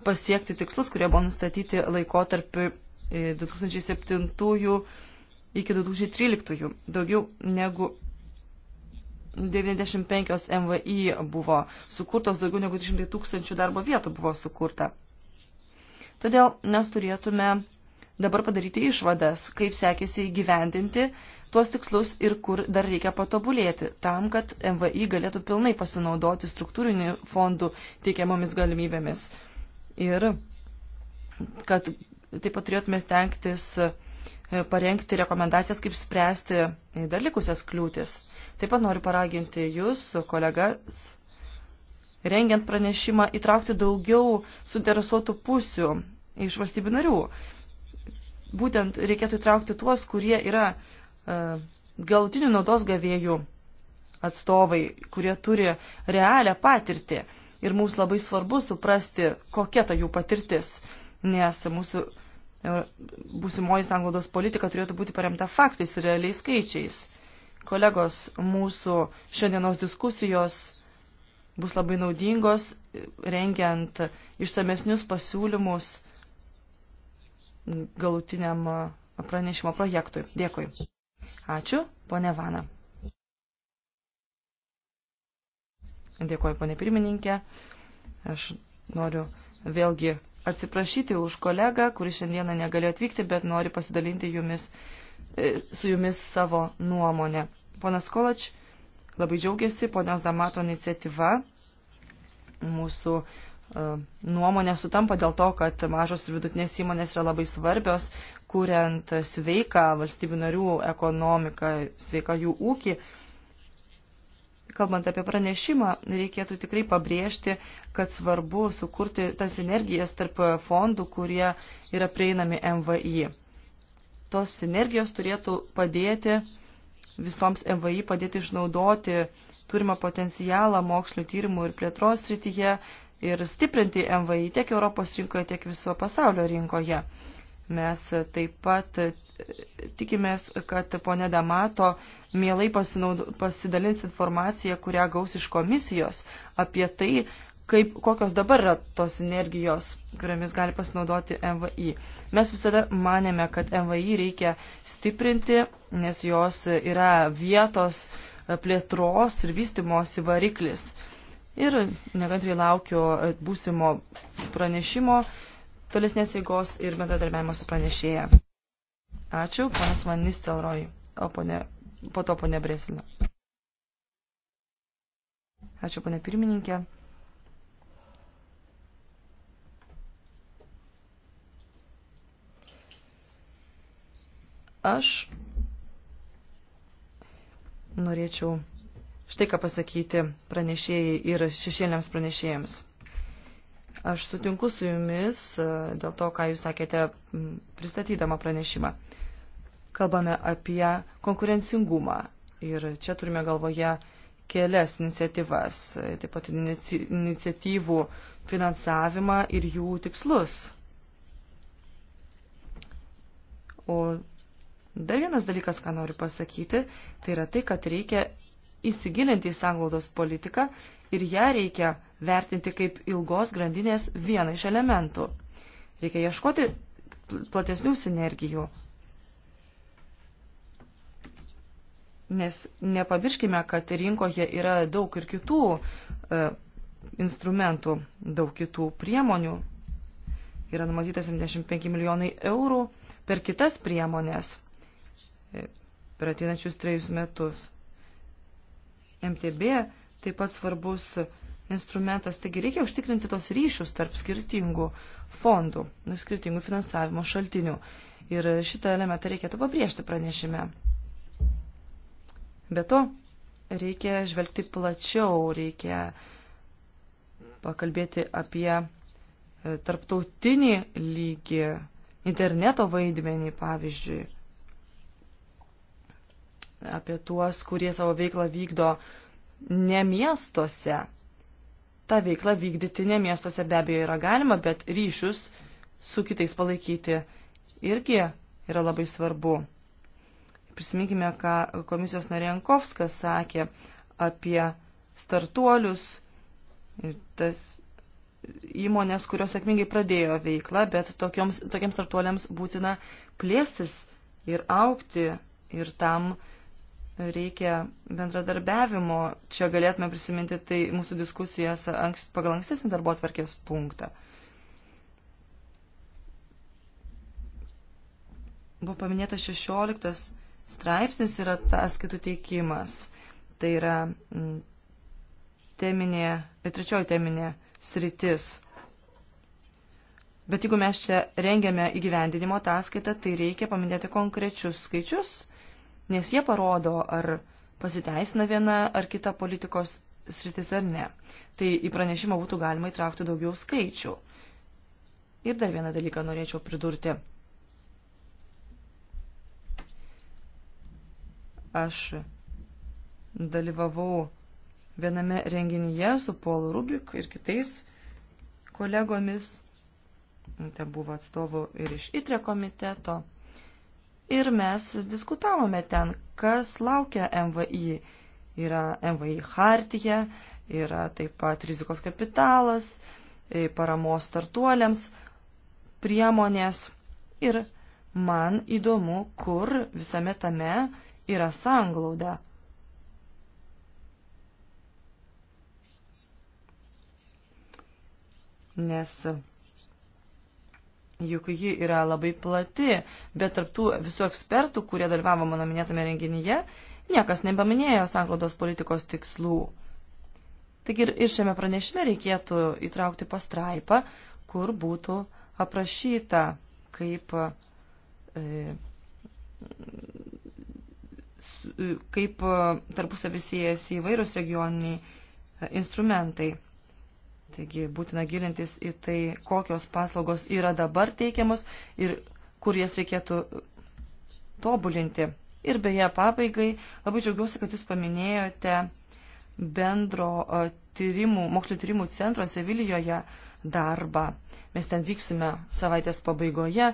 pasiekti tikslus, kurie buvo nustatyti laikotarpiu 2007 e, iki 2013. Daugiau negu 95 MVI buvo sukurtos, daugiau negu 300 tūkstančių darbo vietų buvo sukurta. Todėl mes turėtume dabar padaryti išvadas, kaip sekėsi įgyvendinti tuos tikslus ir kur dar reikia patobulėti, tam, kad MVI galėtų pilnai pasinaudoti struktūrinių fondų teikiamomis galimybėmis. Ir kad taip pat turėtume stengtis uh, E, parengti rekomendacijas, kaip spręsti e, dar likusias kliūtis. Taip pat noriu paraginti jūs, kolegas, rengiant pranešimą įtraukti daugiau suinteresuotų pusių iš valstybių narių. Būtent reikėtų įtraukti tuos, kurie yra uh, galutinių naudos gavėjų atstovai, kurie turi realią patirtį. Ir mums labai svarbu suprasti, kokia ta jų patirtis, nes mūsų uh, būsimoji sanglaudos politika turėtų būti paremta faktais ir realiais skaičiais. Kolegos, mūsų šiandienos diskusijos bus labai naudingos, rengiant išsamesnius pasiūlymus galutiniam pranešimo projektui. Dėkui. Ačiū, ponė Vana. Dėkuoju, ponė pirmininkė. Aš noriu vėlgi atsiprašyti už kolegą, kuris šiandieną negalėjo atvykti, bet nori pasidalinti jumis, e, su jumis savo nuomonę. Ponas Kolač labai džiaugiasi ponios Damato iniciatyva. Mūsų e, nuomonė sutampa dėl to, kad mažos ir vidutinės įmonės yra labai svarbios, kuriant sveiką valstybių narių ekonomiką, sveiką jų ūkį kalbant apie pranešimą, reikėtų tikrai pabrėžti, kad svarbu sukurti tas sinergijas tarp fondų, kurie yra prieinami MVI. Tos sinergijos turėtų padėti visoms MVI padėti išnaudoti turimą potencialą mokslių tyrimų ir plėtros srityje ir stiprinti MVI tiek Europos rinkoje, tiek viso pasaulio rinkoje. Mes taip pat tikimės, kad ponė Damato mielai pasidalins informaciją, kurią gaus iš komisijos apie tai, kaip, kokios dabar yra tos energijos, kuriamis gali pasinaudoti MVI. Mes visada manėme, kad MVI reikia stiprinti, nes jos yra vietos plėtros ir vystimosi variklis. Ir nekantriai laukiu būsimo pranešimo, tolesnės eigos ir bendradarbiavimo su pranešėja. Ačiū, ponas Van Nistelroj, o ponė, po to ponė Breslina. Ačiū, ponė pirmininkė. Aš norėčiau štai ką pasakyti pranešėjai ir šešėliams pranešėjams. Aš sutinku su jumis e, dėl to, ką jūs sakėte pristatydama pranešimą. Kalbame apie konkurencingumą ir čia turime galvoje kelias iniciatyvas, e, taip pat iniciatyvų finansavimą ir jų tikslus. O dar vienas dalykas, ką noriu pasakyti, tai yra tai, kad reikia įsigilinti į sanglaudos politiką ir ją reikia vertinti kaip ilgos grandinės vieną iš elementų. Reikia ieškoti platesnių sinergijų. Nes nepamirškime, kad rinkoje yra daug ir kitų e, instrumentų, daug kitų priemonių. Yra numatytas 75 milijonai eurų per kitas priemonės e, per atinačius trejus metus. MTB taip pat svarbus instrumentas. Taigi reikia užtikrinti tos ryšius tarp skirtingų fondų, skirtingų finansavimo šaltinių. Ir šitą elementą reikėtų pabrėžti pranešime. Be to, reikia žvelgti plačiau, reikia pakalbėti apie e, tarptautinį lygį, interneto vaidmenį, pavyzdžiui, apie tuos, kurie savo veiklą vykdo ne miestuose, tą veiklą vykdyti ne miestuose be abejo yra galima, bet ryšius su kitais palaikyti irgi yra labai svarbu. Prisiminkime, ką komisijos narė Ankovskas sakė apie startuolius ir tas įmonės, kurios sėkmingai pradėjo veiklą, bet tokioms, tokiems startuoliams būtina plėstis ir aukti ir tam uh, reikia bendradarbiavimo. Čia galėtume prisiminti tai mūsų diskusijas ankst, pagal ankstesnį darbo atvarkės punktą. Buvo paminėta 16 straipsnis yra tas kitų teikimas. Tai yra teminė, e, trečioji teminė sritis. Bet jeigu mes čia rengiame įgyvendinimo ataskaitą, tai reikia paminėti konkrečius skaičius nes jie parodo, ar pasiteisina viena ar kita politikos sritis ar ne. Tai į pranešimą būtų galima įtraukti daugiau skaičių. Ir dar vieną dalyką norėčiau pridurti. Aš dalyvavau viename renginyje su Paul Rubik ir kitais kolegomis. Ten buvo atstovų ir iš ITRE komiteto, ir mes diskutavome ten, kas laukia MVI. Yra MVI hartija, yra taip pat rizikos kapitalas, e, paramos startuoliams, priemonės. Ir man įdomu, kur visame tame yra sanglauda. Nes juk ji yra labai plati, bet tarptų visų ekspertų, kurie dalyvavo mano minėtame renginyje, niekas nepaminėjo sanklaudos politikos tikslų. Taigi ir šiame pranešime reikėtų įtraukti pastraipą, kur būtų aprašyta, kaip, e, kaip tarpusavį siejasi įvairūs regioniniai e, instrumentai. Taigi būtina gilintis į tai, kokios paslaugos yra dabar teikiamos ir kur jas reikėtų tobulinti. Ir beje, pabaigai labai džiaugiuosi, kad jūs paminėjote bendro tyrimų, mokslo tyrimų centro Sevilijoje darbą. Mes ten vyksime savaitės pabaigoje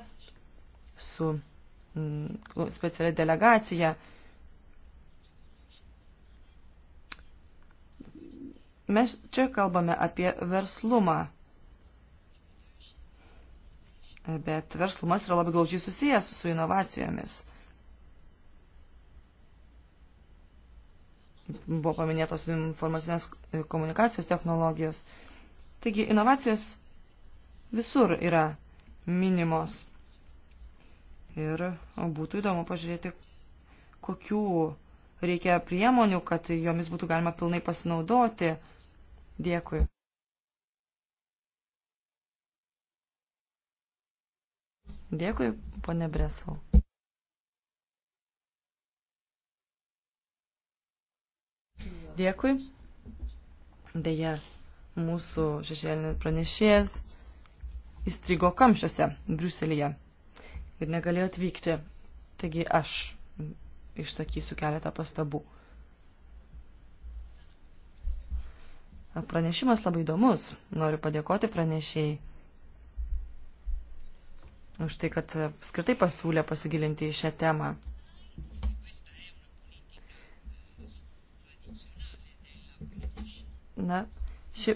su specialia delegacija Mes čia kalbame apie verslumą. Bet verslumas yra labai glaužiai susijęs su inovacijomis. Buvo paminėtos informacinės komunikacijos technologijos. Taigi inovacijos visur yra minimos. Ir būtų įdomu pažiūrėti, kokių reikia priemonių, kad jomis būtų galima pilnai pasinaudoti. Dėkui. Dėkui, ponė Bresau. Dėkui. Deja, mūsų šešėlinis pranešėjas įstrigo kamščiuose Briuselėje ir negalėjo atvykti. Taigi aš išsakysiu keletą pastabų. Pranešimas labai įdomus. Noriu padėkoti pranešėjai už tai, kad skirtai pasiūlė pasigilinti į šią temą. Na, ši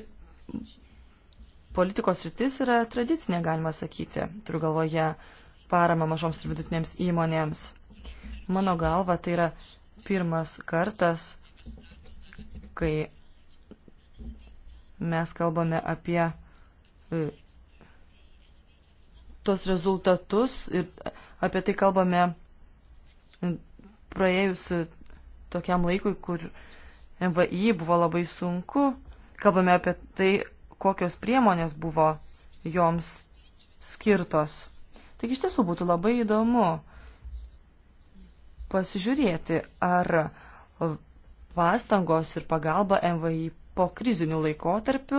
politikos rytis yra tradicinė, galima sakyti, turiu galvoje paramą mažoms ir vidutinėms įmonėms. Mano galva, tai yra pirmas kartas, kai mes kalbame apie e, tos rezultatus ir apie tai kalbame e, praėjus tokiam laikui, kur MVI buvo labai sunku, kalbame apie tai, kokios priemonės buvo joms skirtos. Taigi iš tiesų būtų labai įdomu pasižiūrėti, ar pastangos ir pagalba MVI po krizinių laikotarpių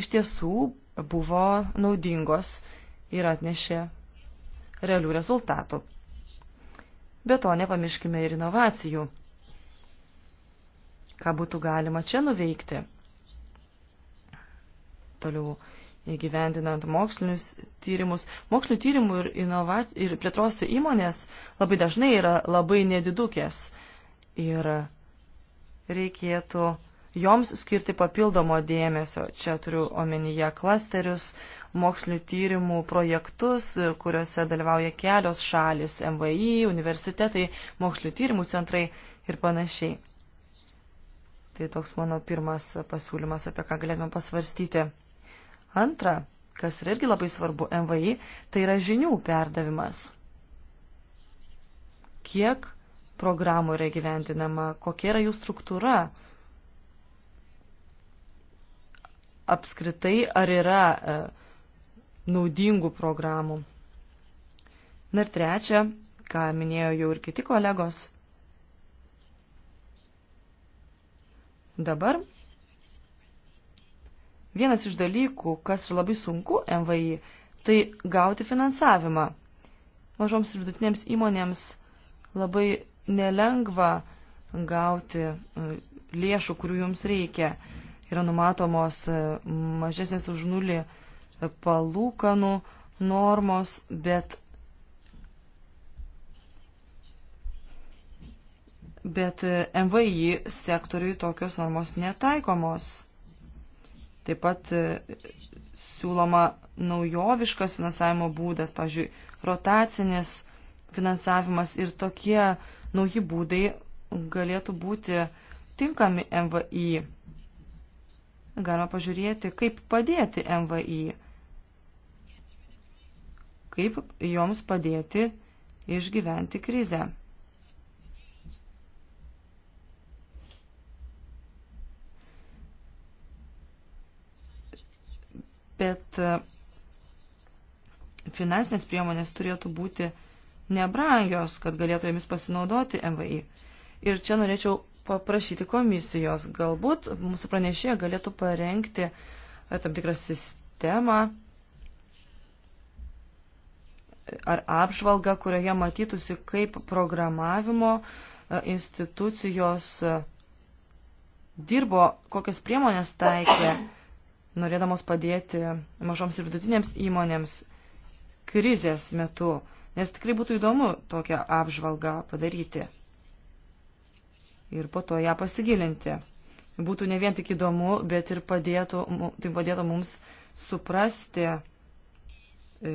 iš tiesų buvo naudingos ir atnešė realių rezultatų. Be to nepamirškime ir inovacijų. Ką būtų galima čia nuveikti? Toliau įgyvendinant mokslinius tyrimus. Mokslinių tyrimų ir, inovac... ir plėtros įmonės labai dažnai yra labai nedidukės ir reikėtų joms skirti papildomo dėmesio. Čia turiu omenyje klasterius, mokslinių tyrimų projektus, kuriuose dalyvauja kelios šalis - MVI, universitetai, mokslinių tyrimų centrai ir panašiai. Tai toks mano pirmas pasiūlymas, apie ką galėtume pasvarstyti. Antra, kas yra irgi labai svarbu MVI, tai yra žinių perdavimas. Kiek programų yra gyventinama, kokia yra jų struktūra, apskritai, ar yra e, naudingų programų. Na ir trečia, ką minėjo jau ir kiti kolegos, dabar vienas iš dalykų, kas yra labai sunku MVI, tai gauti finansavimą. Mažoms ir vidutinėms įmonėms labai nelengva gauti e, lėšų, kurių jums reikia yra numatomos e, mažesnės už nulį e, palūkanų normos, bet, bet e, MVI sektoriui tokios normos netaikomos. Taip pat siūloma naujoviškas finansavimo būdas, pavyzdžiui, rotacinis finansavimas ir tokie nauji būdai galėtų būti tinkami MVI galima pažiūrėti, kaip padėti MVI, kaip joms padėti išgyventi krizę. Bet e, finansinės priemonės turėtų būti nebrangios, kad galėtų jomis pasinaudoti MVI. Ir čia norėčiau paprašyti komisijos. Galbūt mūsų pranešėja galėtų parengti e, tam tikrą sistemą ar apžvalgą, kurioje matytųsi, kaip programavimo e, institucijos e, dirbo, kokias priemonės taikė, norėdamos padėti mažoms ir vidutinėms įmonėms krizės metu, nes tikrai būtų įdomu tokią apžvalgą padaryti ir po to ją pasigilinti. Būtų ne vien tik įdomu, bet ir padėtų, tai padėtų mums suprasti, e,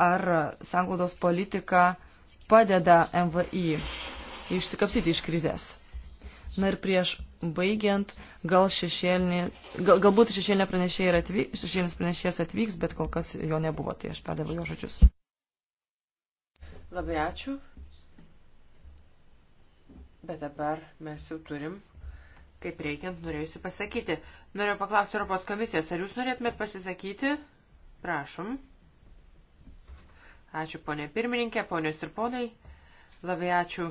ar sanglaudos politika padeda MVI išsikapsyti iš krizės. Na ir prieš baigiant, gal šešėlinė, gal, galbūt šešėlinė pranešėja ir atvyks, šešėlinis pranešėjas atvyks, bet kol kas jo nebuvo, tai aš perdaviau jo žodžius. Labai ačiū bet dabar mes jau turim, kaip reikiant, norėjusi pasakyti. Noriu paklausti Europos komisijos, ar jūs norėtumėt pasisakyti? Prašom. Ačiū ponė pirmininkė, ponios ir ponai. Labai ačiū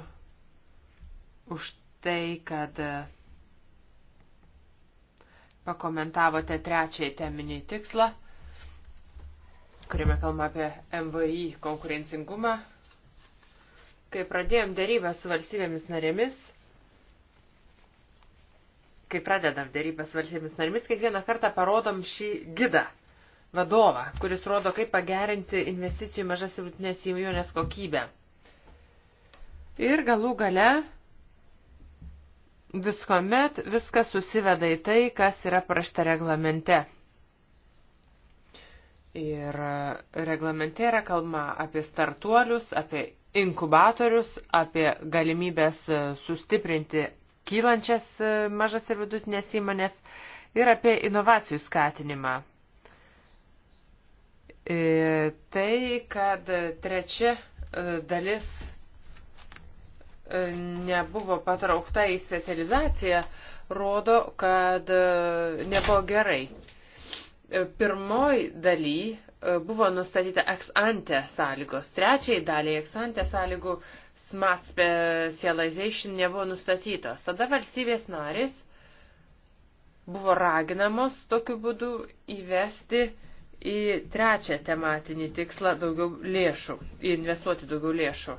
už tai, kad e, pakomentavote trečiąjį teminį tikslą, kuriame kalbame apie MVI konkurencingumą Kai pradėjom dėrybę su valstybėmis narėmis, kai pradedam dėrybę su valstybėmis narėmis, kiekvieną kartą parodom šį gidą, vadovą, kuris rodo, kaip pagerinti investicijų mažas ir vidutinės įmonės kokybę. Ir galų gale viskomet viskas susiveda į tai, kas yra prašta reglamente. Ir reglamente yra kalba apie startuolius, apie inkubatorius, apie galimybės sustiprinti kylančias mažas ir vidutinės įmonės ir apie inovacijų skatinimą. E, tai, kad trečia e, dalis e, nebuvo patraukta į specializaciją, rodo, kad nebuvo gerai. E, Pirmoji daly e, buvo nustatyta ex ante sąlygos. Trečiai daliai ex ante sąlygų smart specialization nebuvo nustatytos. Tada valstybės narės buvo raginamos tokiu būdu įvesti į trečią tematinį tikslą daugiau lėšų, investuoti daugiau lėšų.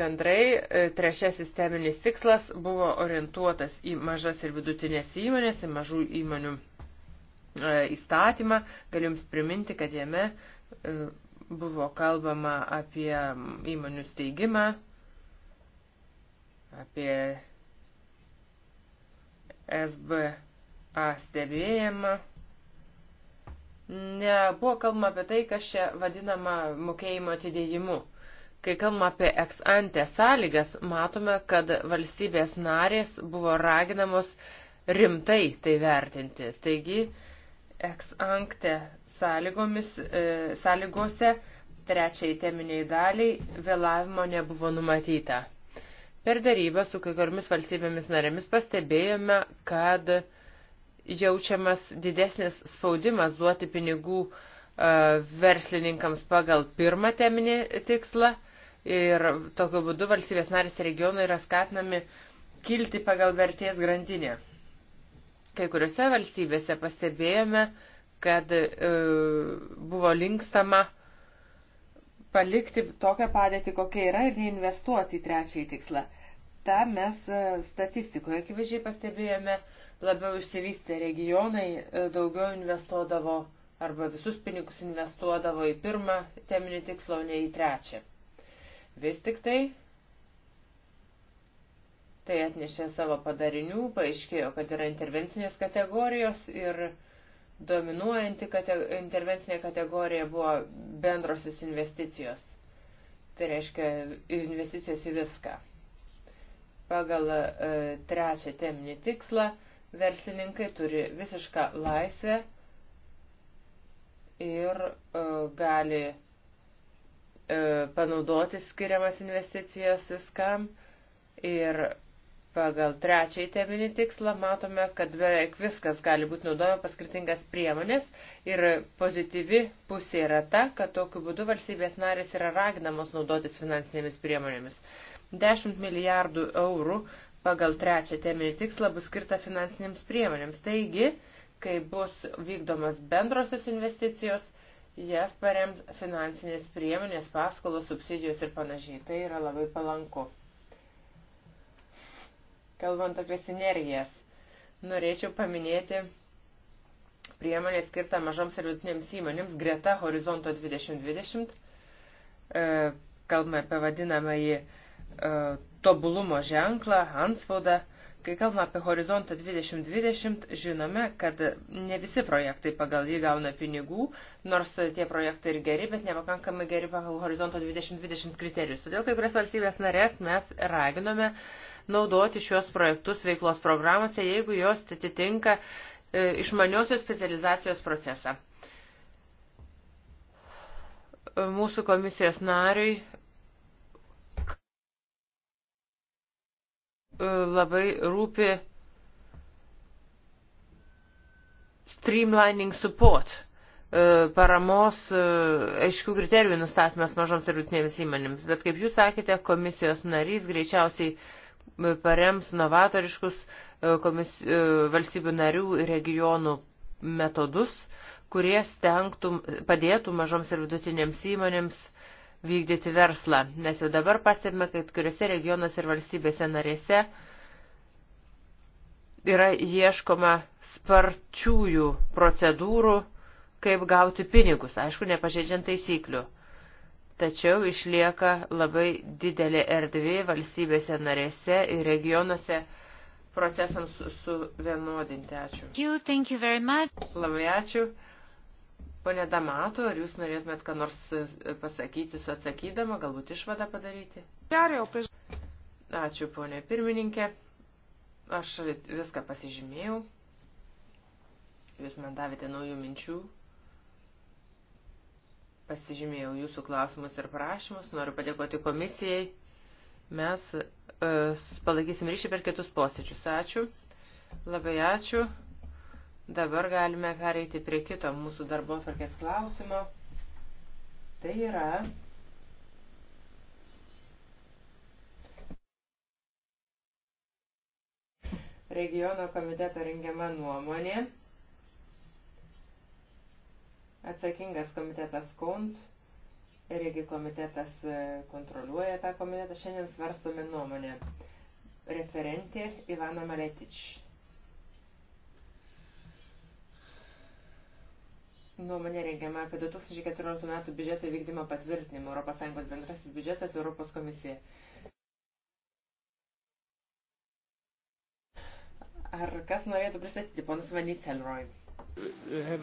Bendrai e, trečias sisteminis tikslas buvo orientuotas į mažas ir vidutinės įmonės, į mažų įmonių E, įstatymą, galiu Jums priminti, kad jame e, buvo kalbama apie įmonių steigimą, apie SBA stebėjimą. Nebuvo kalbama apie tai, kas čia vadinama mokėjimo atidėjimu. Kai kalbame apie ex ante sąlygas, matome, kad valstybės narės buvo raginamos rimtai tai vertinti. Taigi, uh, ex ante sąlygomis, e, sąlygose trečiai teminiai daliai vėlavimo nebuvo numatyta. Per darybą su kai kuriomis valstybėmis narėmis pastebėjome, kad jaučiamas didesnis spaudimas duoti pinigų e, verslininkams pagal pirmą teminį tikslą ir tokiu būdu valstybės narės regionai yra skatinami kilti pagal vertės grandinę. Kai kuriuose valstybėse pastebėjome, kad e, buvo linkstama palikti tokią padėtį, kokia yra, ir neinvestuoti į trečiąjį tikslą. Ta mes e, statistikoje akivaizdžiai pastebėjome, labiau išsivystę regionai e, daugiau investuodavo arba visus pinigus investuodavo į pirmą teminį tikslą, o ne į trečią. Vis tik tai Tai atnešė savo padarinių, paaiškėjo, kad yra intervencinės kategorijos ir dominuojanti kate, intervencinė kategorija buvo bendrosios investicijos. Tai reiškia investicijos į viską. Pagal e, trečią teminį tikslą verslininkai turi visišką laisvę ir e, gali e, panaudoti skiriamas investicijas viskam ir Pagal trečiąjį teminį tikslą matome, kad beveik viskas gali būti naudojama paskirtingas priemonės ir pozityvi pusė yra ta, kad tokiu būdu valstybės narės yra raginamos naudotis finansinėmis priemonėmis. 10 milijardų eurų pagal trečią teminį tikslą bus skirta finansinėms priemonėms. Taigi, kai bus vykdomas bendrosios investicijos, jas parems finansinės priemonės, paskolos, subsidijos ir panašiai. Tai yra labai palanku. Kalbant apie sinergijas, norėčiau paminėti priemonę skirtą mažoms ir vidutinėms įmonėms greta Horizonto 2020. E, kalbame apie vadinamąjį e, tobulumo ženklą, anspaudą. Kai kalbame apie Horizontą 2020, žinome, kad ne visi projektai pagal jį gauna pinigų, nors tie projektai ir geri, bet nepakankamai geri pagal Horizonto 2020 kriterijus. Todėl kai kurias valstybės narės mes raginome uh, naudoti šios projektus veiklos programuose, jeigu jos atitinka e, išmaniosios specializacijos procesą. Mūsų komisijos nariui e, labai rūpi streamlining support, e, paramos aiškių kriterijų nustatymas mažoms ir vidutinėms įmonėms. Bet kaip jūs sakėte, komisijos narys greičiausiai parems novatoriškus e, komis, e, valstybių narių ir regionų metodus, kurie stengtų, padėtų mažoms ir vidutinėms įmonėms vykdyti verslą. Nes jau dabar pasiekme, kad kuriuose regionuose ir valstybėse narėse yra ieškoma sparčiųjų procedūrų, kaip gauti pinigus, aišku, nepažeidžiant taisyklių tačiau išlieka labai didelė erdvė valstybėse narėse ir regionuose procesams suvienodinti. Ačiū. Thank you, thank you very much. Labai ačiū. Pone Damato, ar jūs norėtumėt ką nors e, pasakyti su atsakydama, galbūt išvadą padaryti? Ačiū, ponė pirmininkė. Aš viską pasižymėjau. Jūs man davėte naujų minčių. Pasižymėjau jūsų klausimus ir prašymus. Noriu padėkoti komisijai. Mes e, palaikysim ryšį per kitus posėdžius. Ačiū. Labai ačiū. Dabar galime pereiti prie kito mūsų darbo tvarkės klausimo. Tai yra. Regiono komiteto rengiama nuomonė atsakingas komitetas KONT, regi komitetas e, kontroliuoja tą komitetą, šiandien svarstome nuomonę. Referentė Ivana Maletič. Nuomonė rengiama apie 2014 metų biudžeto vykdymo patvirtinimą ES bendrasis biudžetas Europos komisija. Ar kas norėtų pristatyti, ponas Vanys Helroy? Eh,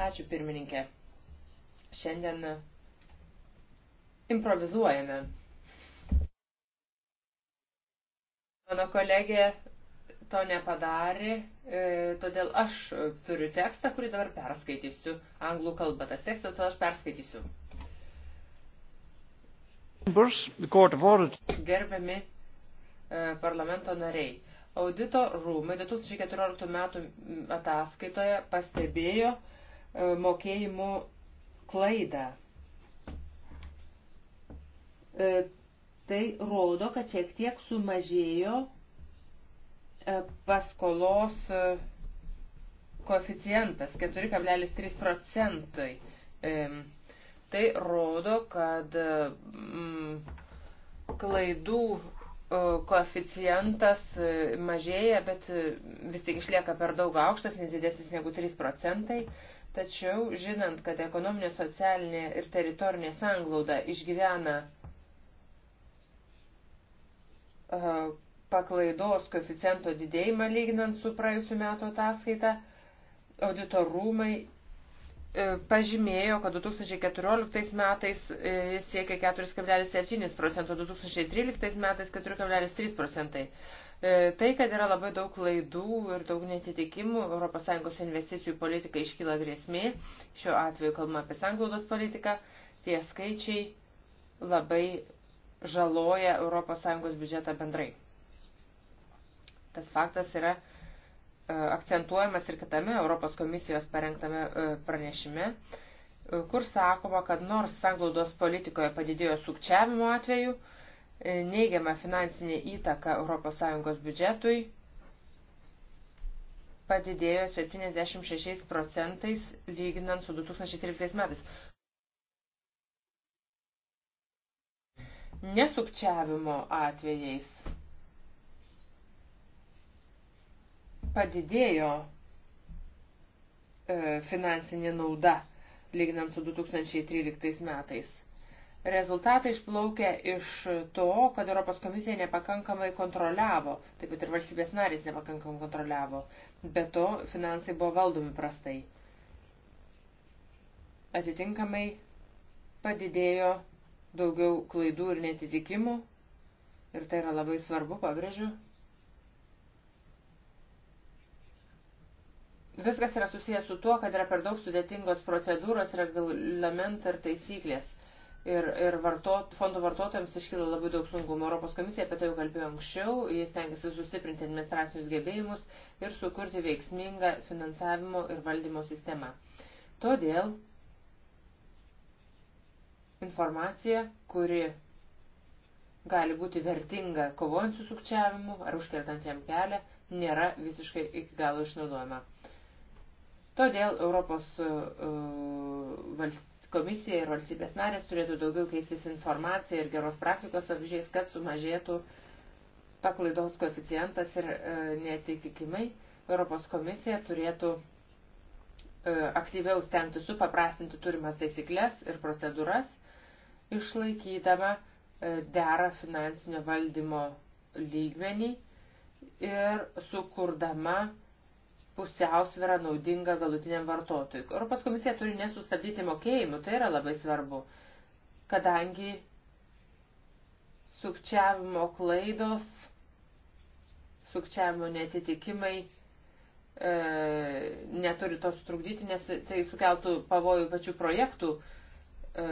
Ačiū pirmininkė. Šiandien eh, improvizuojame. Mano kolegė to nepadarė, e, todėl aš turiu tekstą, kurį dabar perskaitysiu. Anglų kalba tas tekstas, o aš perskaitysiu. Gerbiami e, parlamento nariai, Audito rūmai 2014 metų ataskaitoje pastebėjo e, mokėjimų klaidą. E, tai rodo, kad šiek tiek sumažėjo e, paskolos koeficientas 4,3 procentai. Tai rodo, kad mm, klaidų koeficientas e, mažėja, bet e, vis tik išlieka per daug aukštas, nes didesnis negu 3 procentai. Tačiau, žinant, kad ekonominė, socialinė ir teritorinė sanglauda išgyvena e, paklaidos koeficiento didėjimą lyginant su praėjusiu metu ataskaita, auditorumai E, pažymėjo, kad 2014 metais siekia 4,7 procentų, 2013 metais 4,3 procentai. E, tai, kad yra labai daug klaidų ir daug netitikimų, ES investicijų politika iškyla grėsmė, šiuo atveju kalbama apie sanglaudos politiką, tie skaičiai labai žaloja ES biudžetą bendrai. Tas faktas yra E, akcentuojamas ir kitame Europos komisijos parengtame e, pranešime, e, kur sakoma, kad nors sanglaudos politikoje padidėjo sukčiavimo atveju, neigiama finansinė įtaka ES biudžetui padidėjo 76 procentais lyginant su 2013 metais. Nesukčiavimo atvejais padidėjo e, finansinė nauda, lyginant su 2013 metais. Rezultatai išplaukia iš to, kad Europos komisija nepakankamai kontroliavo, taip pat ir valstybės narys nepakankamai kontroliavo, be to finansai buvo valdomi prastai. Atitinkamai padidėjo daugiau klaidų ir netitikimų ir tai yra labai svarbu, pabrėžiu, Viskas yra susijęs su tuo, kad yra per daug sudėtingos procedūros, reglamentai ir taisyklės. Ir, ir vartot, fondų vartotojams iškyla labai daug sunkumų. Europos komisija apie tai jau kalbėjo anksčiau, jis tengiasi sustiprinti administracinius gebėjimus ir sukurti veiksmingą finansavimo ir valdymo sistemą. Todėl informacija, kuri gali būti vertinga kovojant su sukčiavimu ar užkertant jam kelią, nėra visiškai iki galo išnaudojama. Todėl Europos e, e, komisija ir valstybės narės turėtų daugiau keistis informaciją ir geros praktikos apžiais, kad sumažėtų paklaidos koeficientas ir e, netitikimai. Europos komisija turėtų aktyviau stengti supaprastinti turimas taisyklės ir procedūras, išlaikydama derą finansinio valdymo lygmenį ir sukurdama uh, pusiausvyrą naudingą galutiniam vartotojui. Europos komisija turi nesustabdyti mokėjimų, tai yra labai svarbu, kadangi sukčiavimo klaidos, sukčiavimo netitikimai e, neturi to sutrukdyti, nes tai sukeltų pavojų pačių projektų e,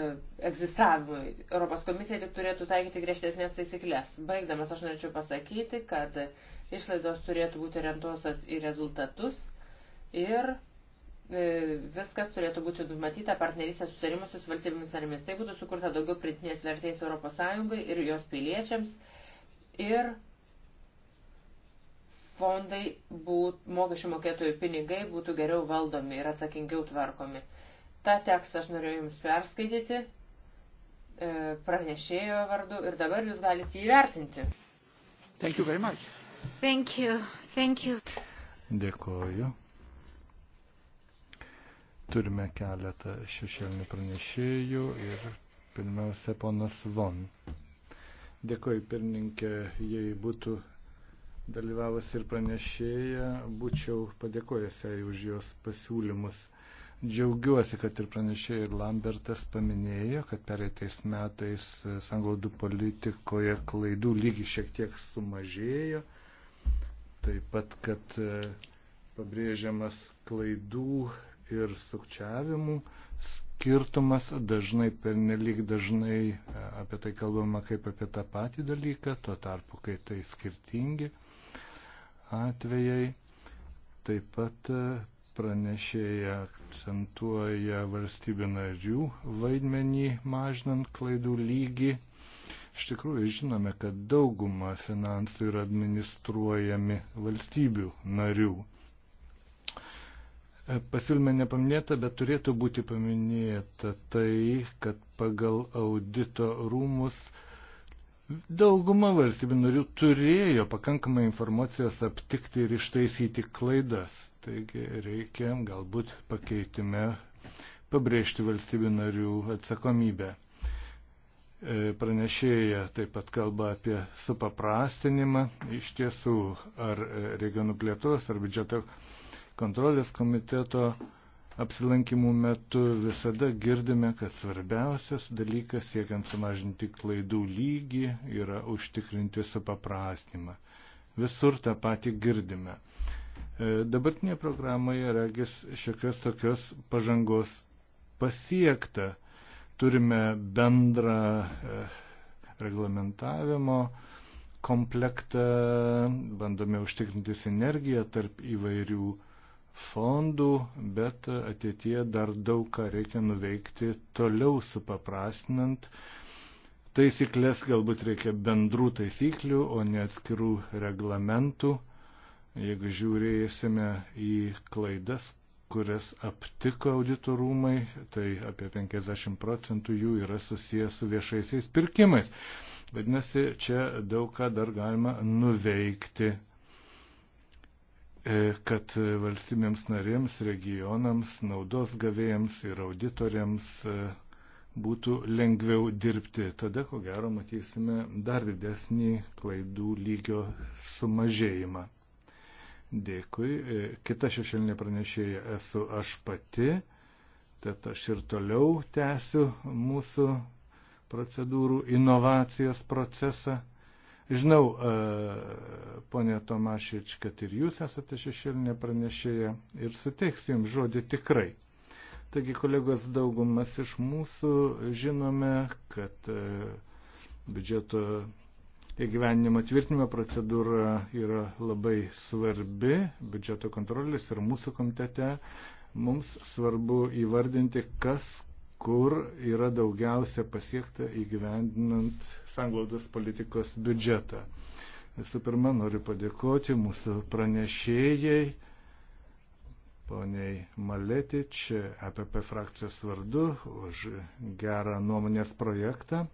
egzistavimui. Europos komisija tik turėtų taikyti griežtesnės taisyklės. Baigdamas aš norėčiau pasakyti, kad Išlaidos turėtų būti orientuosios į rezultatus ir e, viskas turėtų būti numatyta partnerystės susitarimuose su valstybėmis narėmis. Tai būtų sukurta daugiau pridėtinės vertės ES ir jos piliečiams ir fondai būt, mokesčių mokėtojų pinigai būtų geriau valdomi ir atsakingiau tvarkomi. Ta tekstą aš norėjau Jums perskaityti e, pranešėjo vardu ir dabar Jūs galite įvertinti. Thank you very much. Thank you. Thank you. Dėkoju. Turime keletą šešėlinių pranešėjų ir pirmiausia ponas Von. Dėkoju pirmininkė, jei būtų dalyvavęs ir pranešėja, būčiau padėkojęs jai už jos pasiūlymus. Džiaugiuosi, kad ir pranešėja ir Lambertas paminėjo, kad pereitais metais sanglaudų politikoje klaidų lygi šiek tiek sumažėjo taip pat, kad e, pabrėžiamas klaidų ir sukčiavimų skirtumas dažnai per nelik dažnai e, apie tai kalbama kaip apie tą patį dalyką, tuo tarpu, kai tai skirtingi atvejai. Taip pat e, pranešėja akcentuoja valstybių narių vaidmenį mažinant klaidų lygį Iš tikrųjų žinome, kad dauguma finansų yra administruojami valstybių narių. E, pasiūlyme nepaminėta, bet turėtų būti paminėta tai, kad pagal audito rūmus dauguma valstybių narių turėjo pakankamai informacijos aptikti ir ištaisyti klaidas. Taigi reikia galbūt pakeitime pabrėžti valstybių narių atsakomybę. E, pranešėja taip pat kalba apie supaprastinimą. Iš tiesų, ar e, regionų plėtros, ar biudžeto kontrolės komiteto apsilankimų metu visada girdime, kad svarbiausias dalykas siekiant sumažinti klaidų lygį yra užtikrinti supaprastinimą. Visur tą patį girdime. E, dabartinėje programoje regis šiokios tokios pažangos pasiekta turime bendrą e, reglamentavimo komplektą, bandome užtikrinti sinergiją tarp įvairių fondų, bet ateitie dar daug ką reikia nuveikti toliau supaprastinant. Taisyklės galbūt reikia bendrų taisyklių, o ne atskirų reglamentų. Jeigu žiūrėsime į klaidas, kurias aptiko auditorumai, tai apie 50 procentų jų yra susijęs su viešaisiais pirkimais. Vadinasi, čia daug ką dar galima nuveikti, e, kad valstybėms narėms, regionams, naudos gavėjams ir auditoriams e, būtų lengviau dirbti. Tada, ko gero, matysime dar didesnį klaidų lygio sumažėjimą. Dėkui. E, kita šešėlinė pranešėja esu aš pati, tad aš ir toliau tęsiu mūsų procedūrų inovacijos procesą. Žinau, e, ponė Tomašič, kad ir jūs esate šešėlinė pranešėja ir suteiksiu jums žodį tikrai. Taigi, kolegos, daugumas iš mūsų žinome, kad e, biudžeto įgyvenimo tvirtinimo procedūra yra labai svarbi biudžeto kontrolės ir mūsų komitete. Mums svarbu įvardinti, kas kur yra daugiausia pasiekta įgyvendinant sanglaudos politikos biudžetą. Visų pirma, noriu padėkoti mūsų pranešėjai, poniai Maletič, APP e frakcijos vardu, už gerą nuomonės projektą.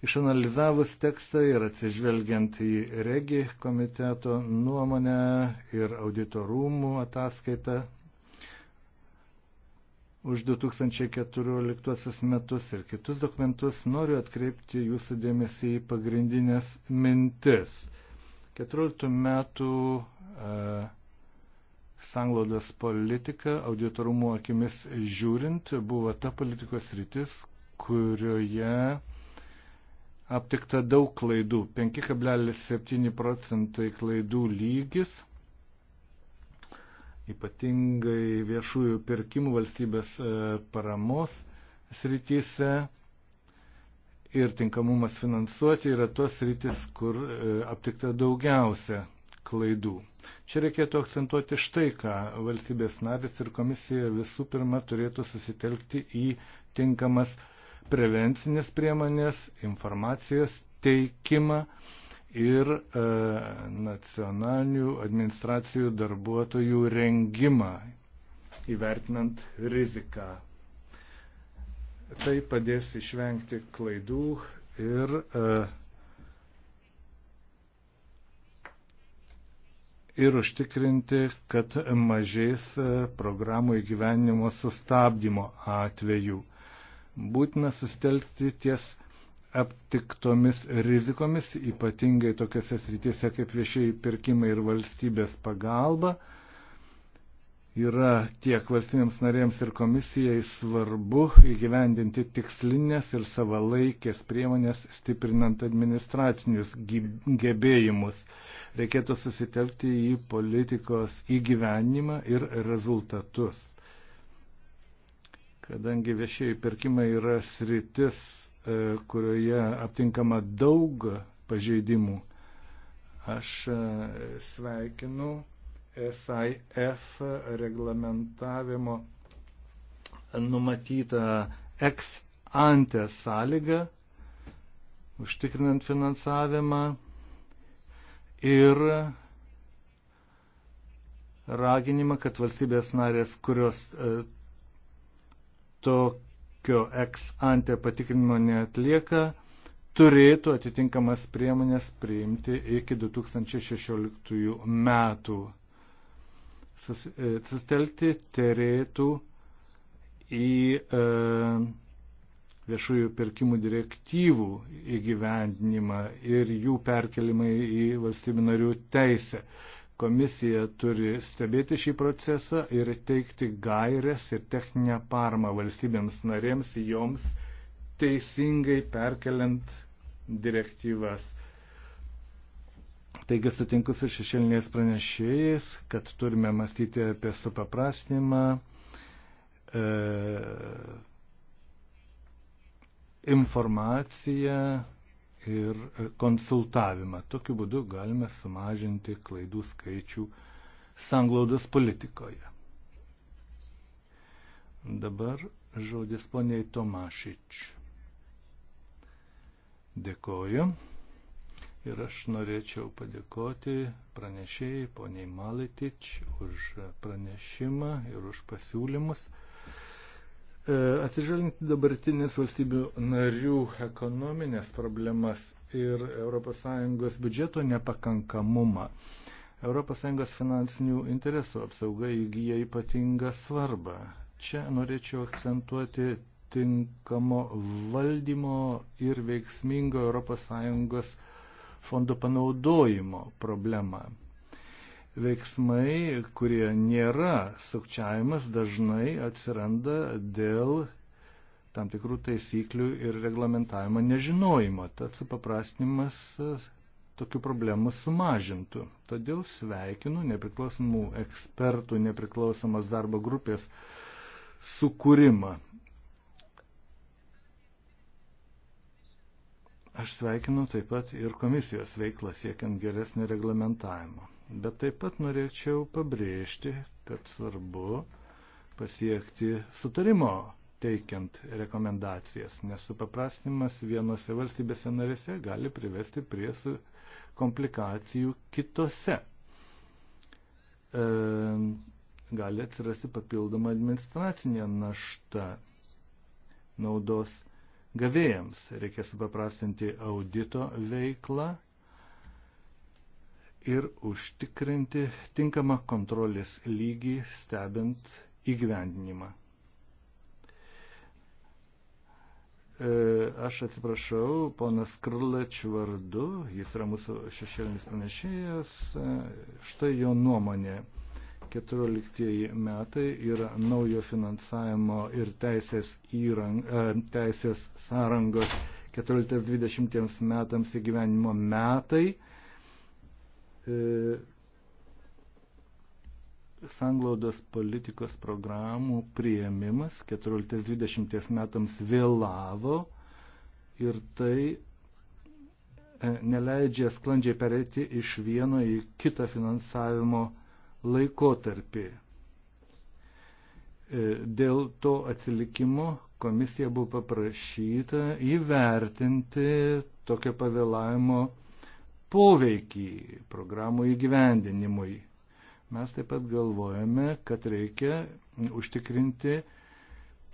Išanalizavus tekstą ir atsižvelgiant į regi komiteto nuomonę ir auditorumų ataskaitą už 2014 metus ir kitus dokumentus, noriu atkreipti jūsų dėmesį į pagrindinės mintis. 14 metų e, sanglaudos politika auditorumų akimis žiūrint buvo ta politikos rytis, kurioje aptikta daug klaidų. 5,7 procentai klaidų lygis, ypatingai viešųjų pirkimų valstybės e, paramos srityse ir tinkamumas finansuoti yra tos rytis, kur e, aptikta daugiausia klaidų. Čia reikėtų akcentuoti štai ką. Valstybės narės ir komisija visų pirma turėtų susitelkti į tinkamas uh, prevencinės priemonės, informacijos teikimą ir e, nacionalinių administracijų darbuotojų rengimą, įvertinant riziką. Tai padės išvengti klaidų ir e, ir užtikrinti, kad mažės e, programų įgyvenimo sustabdymo atveju būtina sustelkti ties aptiktomis rizikomis, ypatingai tokiuose srityse kaip viešieji pirkimai ir valstybės pagalba. Yra tiek valstybėms narėms ir komisijai svarbu įgyvendinti tikslinės ir savalaikės priemonės, stiprinant administracinius gebėjimus. Reikėtų susitelkti į politikos įgyvenimą ir rezultatus kadangi viešieji pirkimai yra sritis, e, kurioje aptinkama daug pažeidimų. Aš e, sveikinu SIF reglamentavimo numatytą ex ante sąlygą, užtikrinant finansavimą ir raginimą, kad valstybės narės, kurios e, tokio ex ante patikrinimo neatlieka, turėtų atitinkamas priemonės priimti iki 2016 metų. E, Sustelti terėtų į e, viešųjų pirkimų direktyvų įgyvendinimą ir jų perkelimą į valstybių narių teisę. Komisija turi stebėti šį procesą ir teikti gairias ir techninę paramą valstybėms narėms joms teisingai perkeliant direktyvas. Taigi sutinku su šešėlinės pranešėjais, kad turime mąstyti apie supaprastinimą, e, informaciją, ir konsultavimą. Tokiu būdu galime sumažinti klaidų skaičių sanglaudos politikoje. Dabar žodis poniai Tomašič. Dėkoju. Ir aš norėčiau padėkoti pranešėjai poniai Malitič už pranešimą ir už pasiūlymus. E, atsižvelgiant dabartinės valstybių narių ekonominės problemas ir ES biudžeto nepakankamumą, ES finansinių interesų apsauga įgyja ypatingą svarbą. Čia norėčiau akcentuoti tinkamo valdymo ir veiksmingo ES fondo panaudojimo problemą veiksmai, kurie nėra sukčiavimas, dažnai atsiranda dėl tam tikrų taisyklių ir reglamentavimo nežinojimo. Tad supaprastinimas e, tokių problemų sumažintų. Todėl sveikinu nepriklausomų ekspertų, nepriklausomas darbo grupės sukūrimą. Aš sveikinu taip pat ir komisijos veiklą siekiant geresnį reglamentavimą. Bet taip pat norėčiau pabrėžti, kad svarbu pasiekti sutarimo teikiant rekomendacijas, nes supaprastinimas vienose valstybėse narėse gali privesti prie komplikacijų kitose. E, gali atsirasti papildoma administracinė našta naudos gavėjams. Reikia supaprastinti audito veiklą ir užtikrinti tinkamą kontrolės lygį stebint įgyvendinimą. E, aš atsiprašau, ponas Krlač vardu, jis yra mūsų šešėlinis pranešėjas, e, štai jo nuomonė. 14 metai yra naujo finansavimo ir teisės, įrang, e, teisės sąrangos 14-20 metams įgyvenimo metai E, sanglaudos politikos programų prieimimas 14-20 metams vėlavo ir tai e, neleidžia sklandžiai perėti iš vieno į kitą finansavimo laikotarpį. E, dėl to atsilikimo komisija buvo paprašyta įvertinti tokio pavėlavimo poveikį programų įgyvendinimui. Mes taip pat galvojame, kad reikia užtikrinti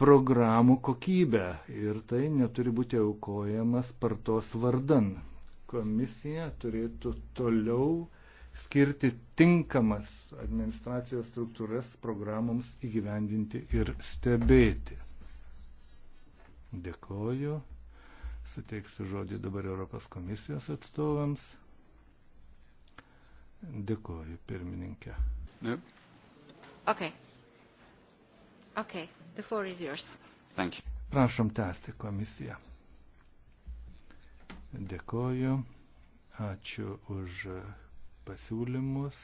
programų kokybę ir tai neturi būti aukojama spartos vardan. Komisija turėtų toliau skirti tinkamas administracijos struktūras programoms įgyvendinti ir stebėti. Dėkoju. Suteiksiu žodį dabar Europos komisijos atstovams. Dėkuoju, pirmininkė. Ne? Okay. Okay. The floor is yours. Thank you. Prašom tęsti komisiją. Dėkuoju. Ačiū už pasiūlymus,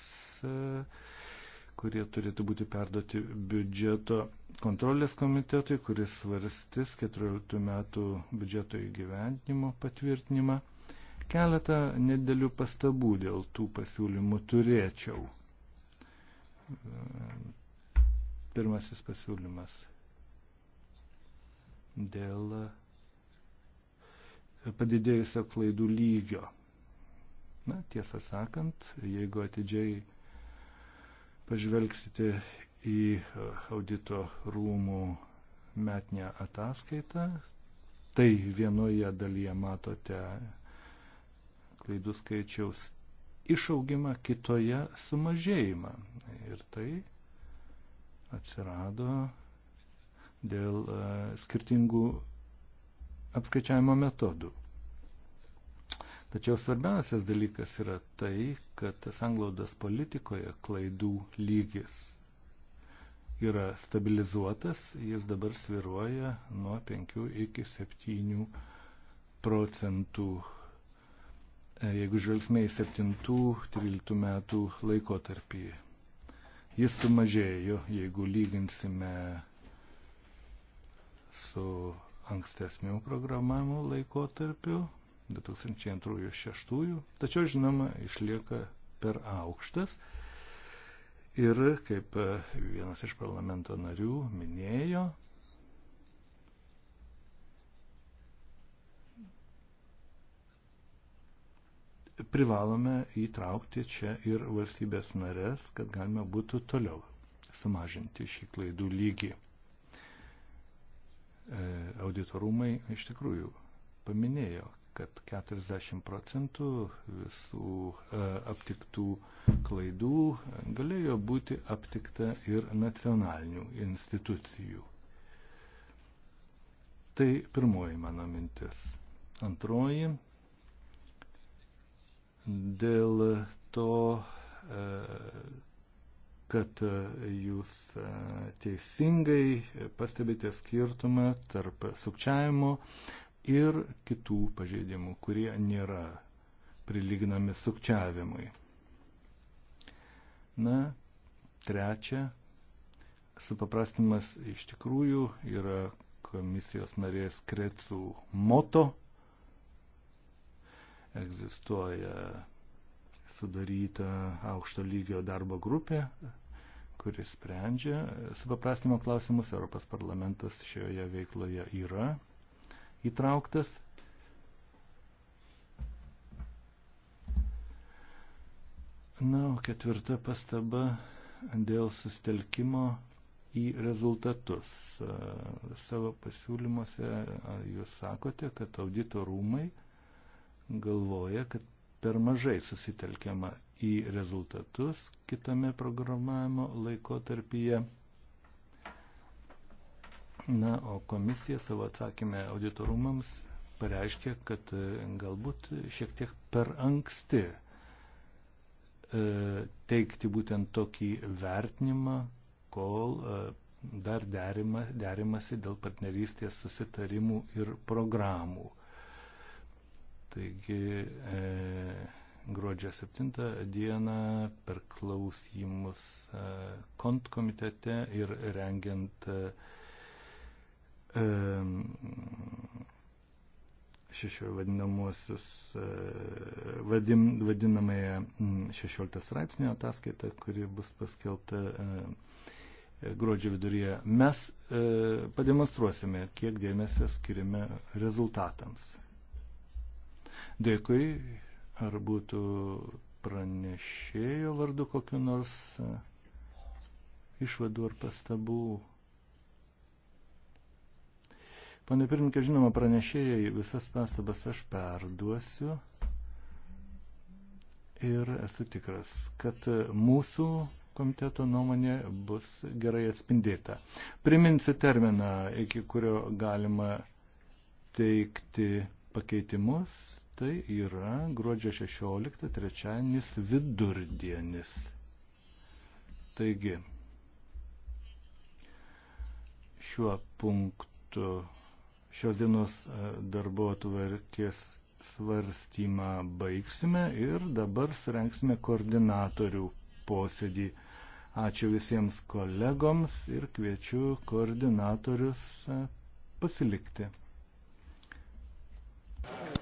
kurie turėtų būti perduoti biudžeto kontrolės komitetui, kuris svarstis 14 metų biudžeto įgyvendinimo patvirtinimą. Keletą nedėlių pastabų dėl tų pasiūlymų turėčiau. Pirmasis pasiūlymas dėl padidėjusio klaidų lygio. Na, tiesą sakant, jeigu atidžiai pažvelgsite į audito rūmų metinę ataskaitą, tai vienoje dalyje matote klaidų skaičiaus išaugimą, kitoje sumažėjimą. Ir tai atsirado dėl e, skirtingų apskaičiavimo metodų. Tačiau svarbiausias dalykas yra tai, kad sanglaudos politikoje klaidų lygis yra stabilizuotas, jis dabar sviruoja nuo 5 iki 7 procentų E, jeigu žvelgsime į 7-13 metų laikotarpį. Jis sumažėjo, jeigu lyginsime su ankstesniu programavimo laikotarpiu 2002-2006, tačiau žinoma išlieka per aukštas. Ir kaip e, vienas iš parlamento narių minėjo, privalome įtraukti čia ir valstybės narės, kad galima būtų toliau sumažinti šį klaidų lygį. E, auditorumai iš tikrųjų paminėjo, kad 40 procentų visų e, aptiktų klaidų galėjo būti aptikta ir nacionalinių institucijų. Tai pirmoji mano mintis. Antroji dėl to, e, kad jūs e, teisingai pastebite skirtumą tarp sukčiavimo ir kitų pažeidimų, kurie nėra prilyginami sukčiavimui. Na, trečia, supaprastimas iš tikrųjų yra komisijos narės Krecų moto Egzistuoja sudaryta aukšto lygio darbo grupė, kuris sprendžia supaprastimo klausimus. Europos parlamentas šioje veikloje yra įtrauktas. Na, o ketvirta pastaba dėl sustelkimo į rezultatus. Savo pasiūlymuose jūs sakote, kad audito rūmai galvoja, kad per mažai susitelkiama į rezultatus kitame programavimo laikotarpyje. Na, o komisija savo atsakymę auditorumams pareiškė, kad e, galbūt šiek tiek per anksti e, teikti būtent tokį vertinimą, kol e, dar derima, derimasi dėl partnerystės susitarimų ir programų. Taigi e, gruodžio 7 dieną per klausimus e, kont komitete ir rengiant e, 16 e, vadinamuosius, e, vadim, vadinamąją 16 straipsnio ataskaitą, kuri bus paskelbta e, gruodžio viduryje. Mes pademonstruosime, kiek dėmesio skirime rezultatams. Dėkui. Ar būtų pranešėjo vardu kokiu nors e, išvadų ar pastabų? Pane pirmininkė, žinoma, pranešėjai visas pastabas aš perduosiu ir esu tikras, kad mūsų komiteto nuomonė bus gerai atspindėta. Priminsiu terminą, iki kurio galima teikti pakeitimus tai yra gruodžio 16 trečiadienis vidurdienis. Taigi, šiuo punktu šios dienos e, darbo tvarkės svarstymą baigsime ir dabar surenksime koordinatorių posėdį. Ačiū visiems kolegoms ir kviečiu koordinatorius e, pasilikti. Thank you.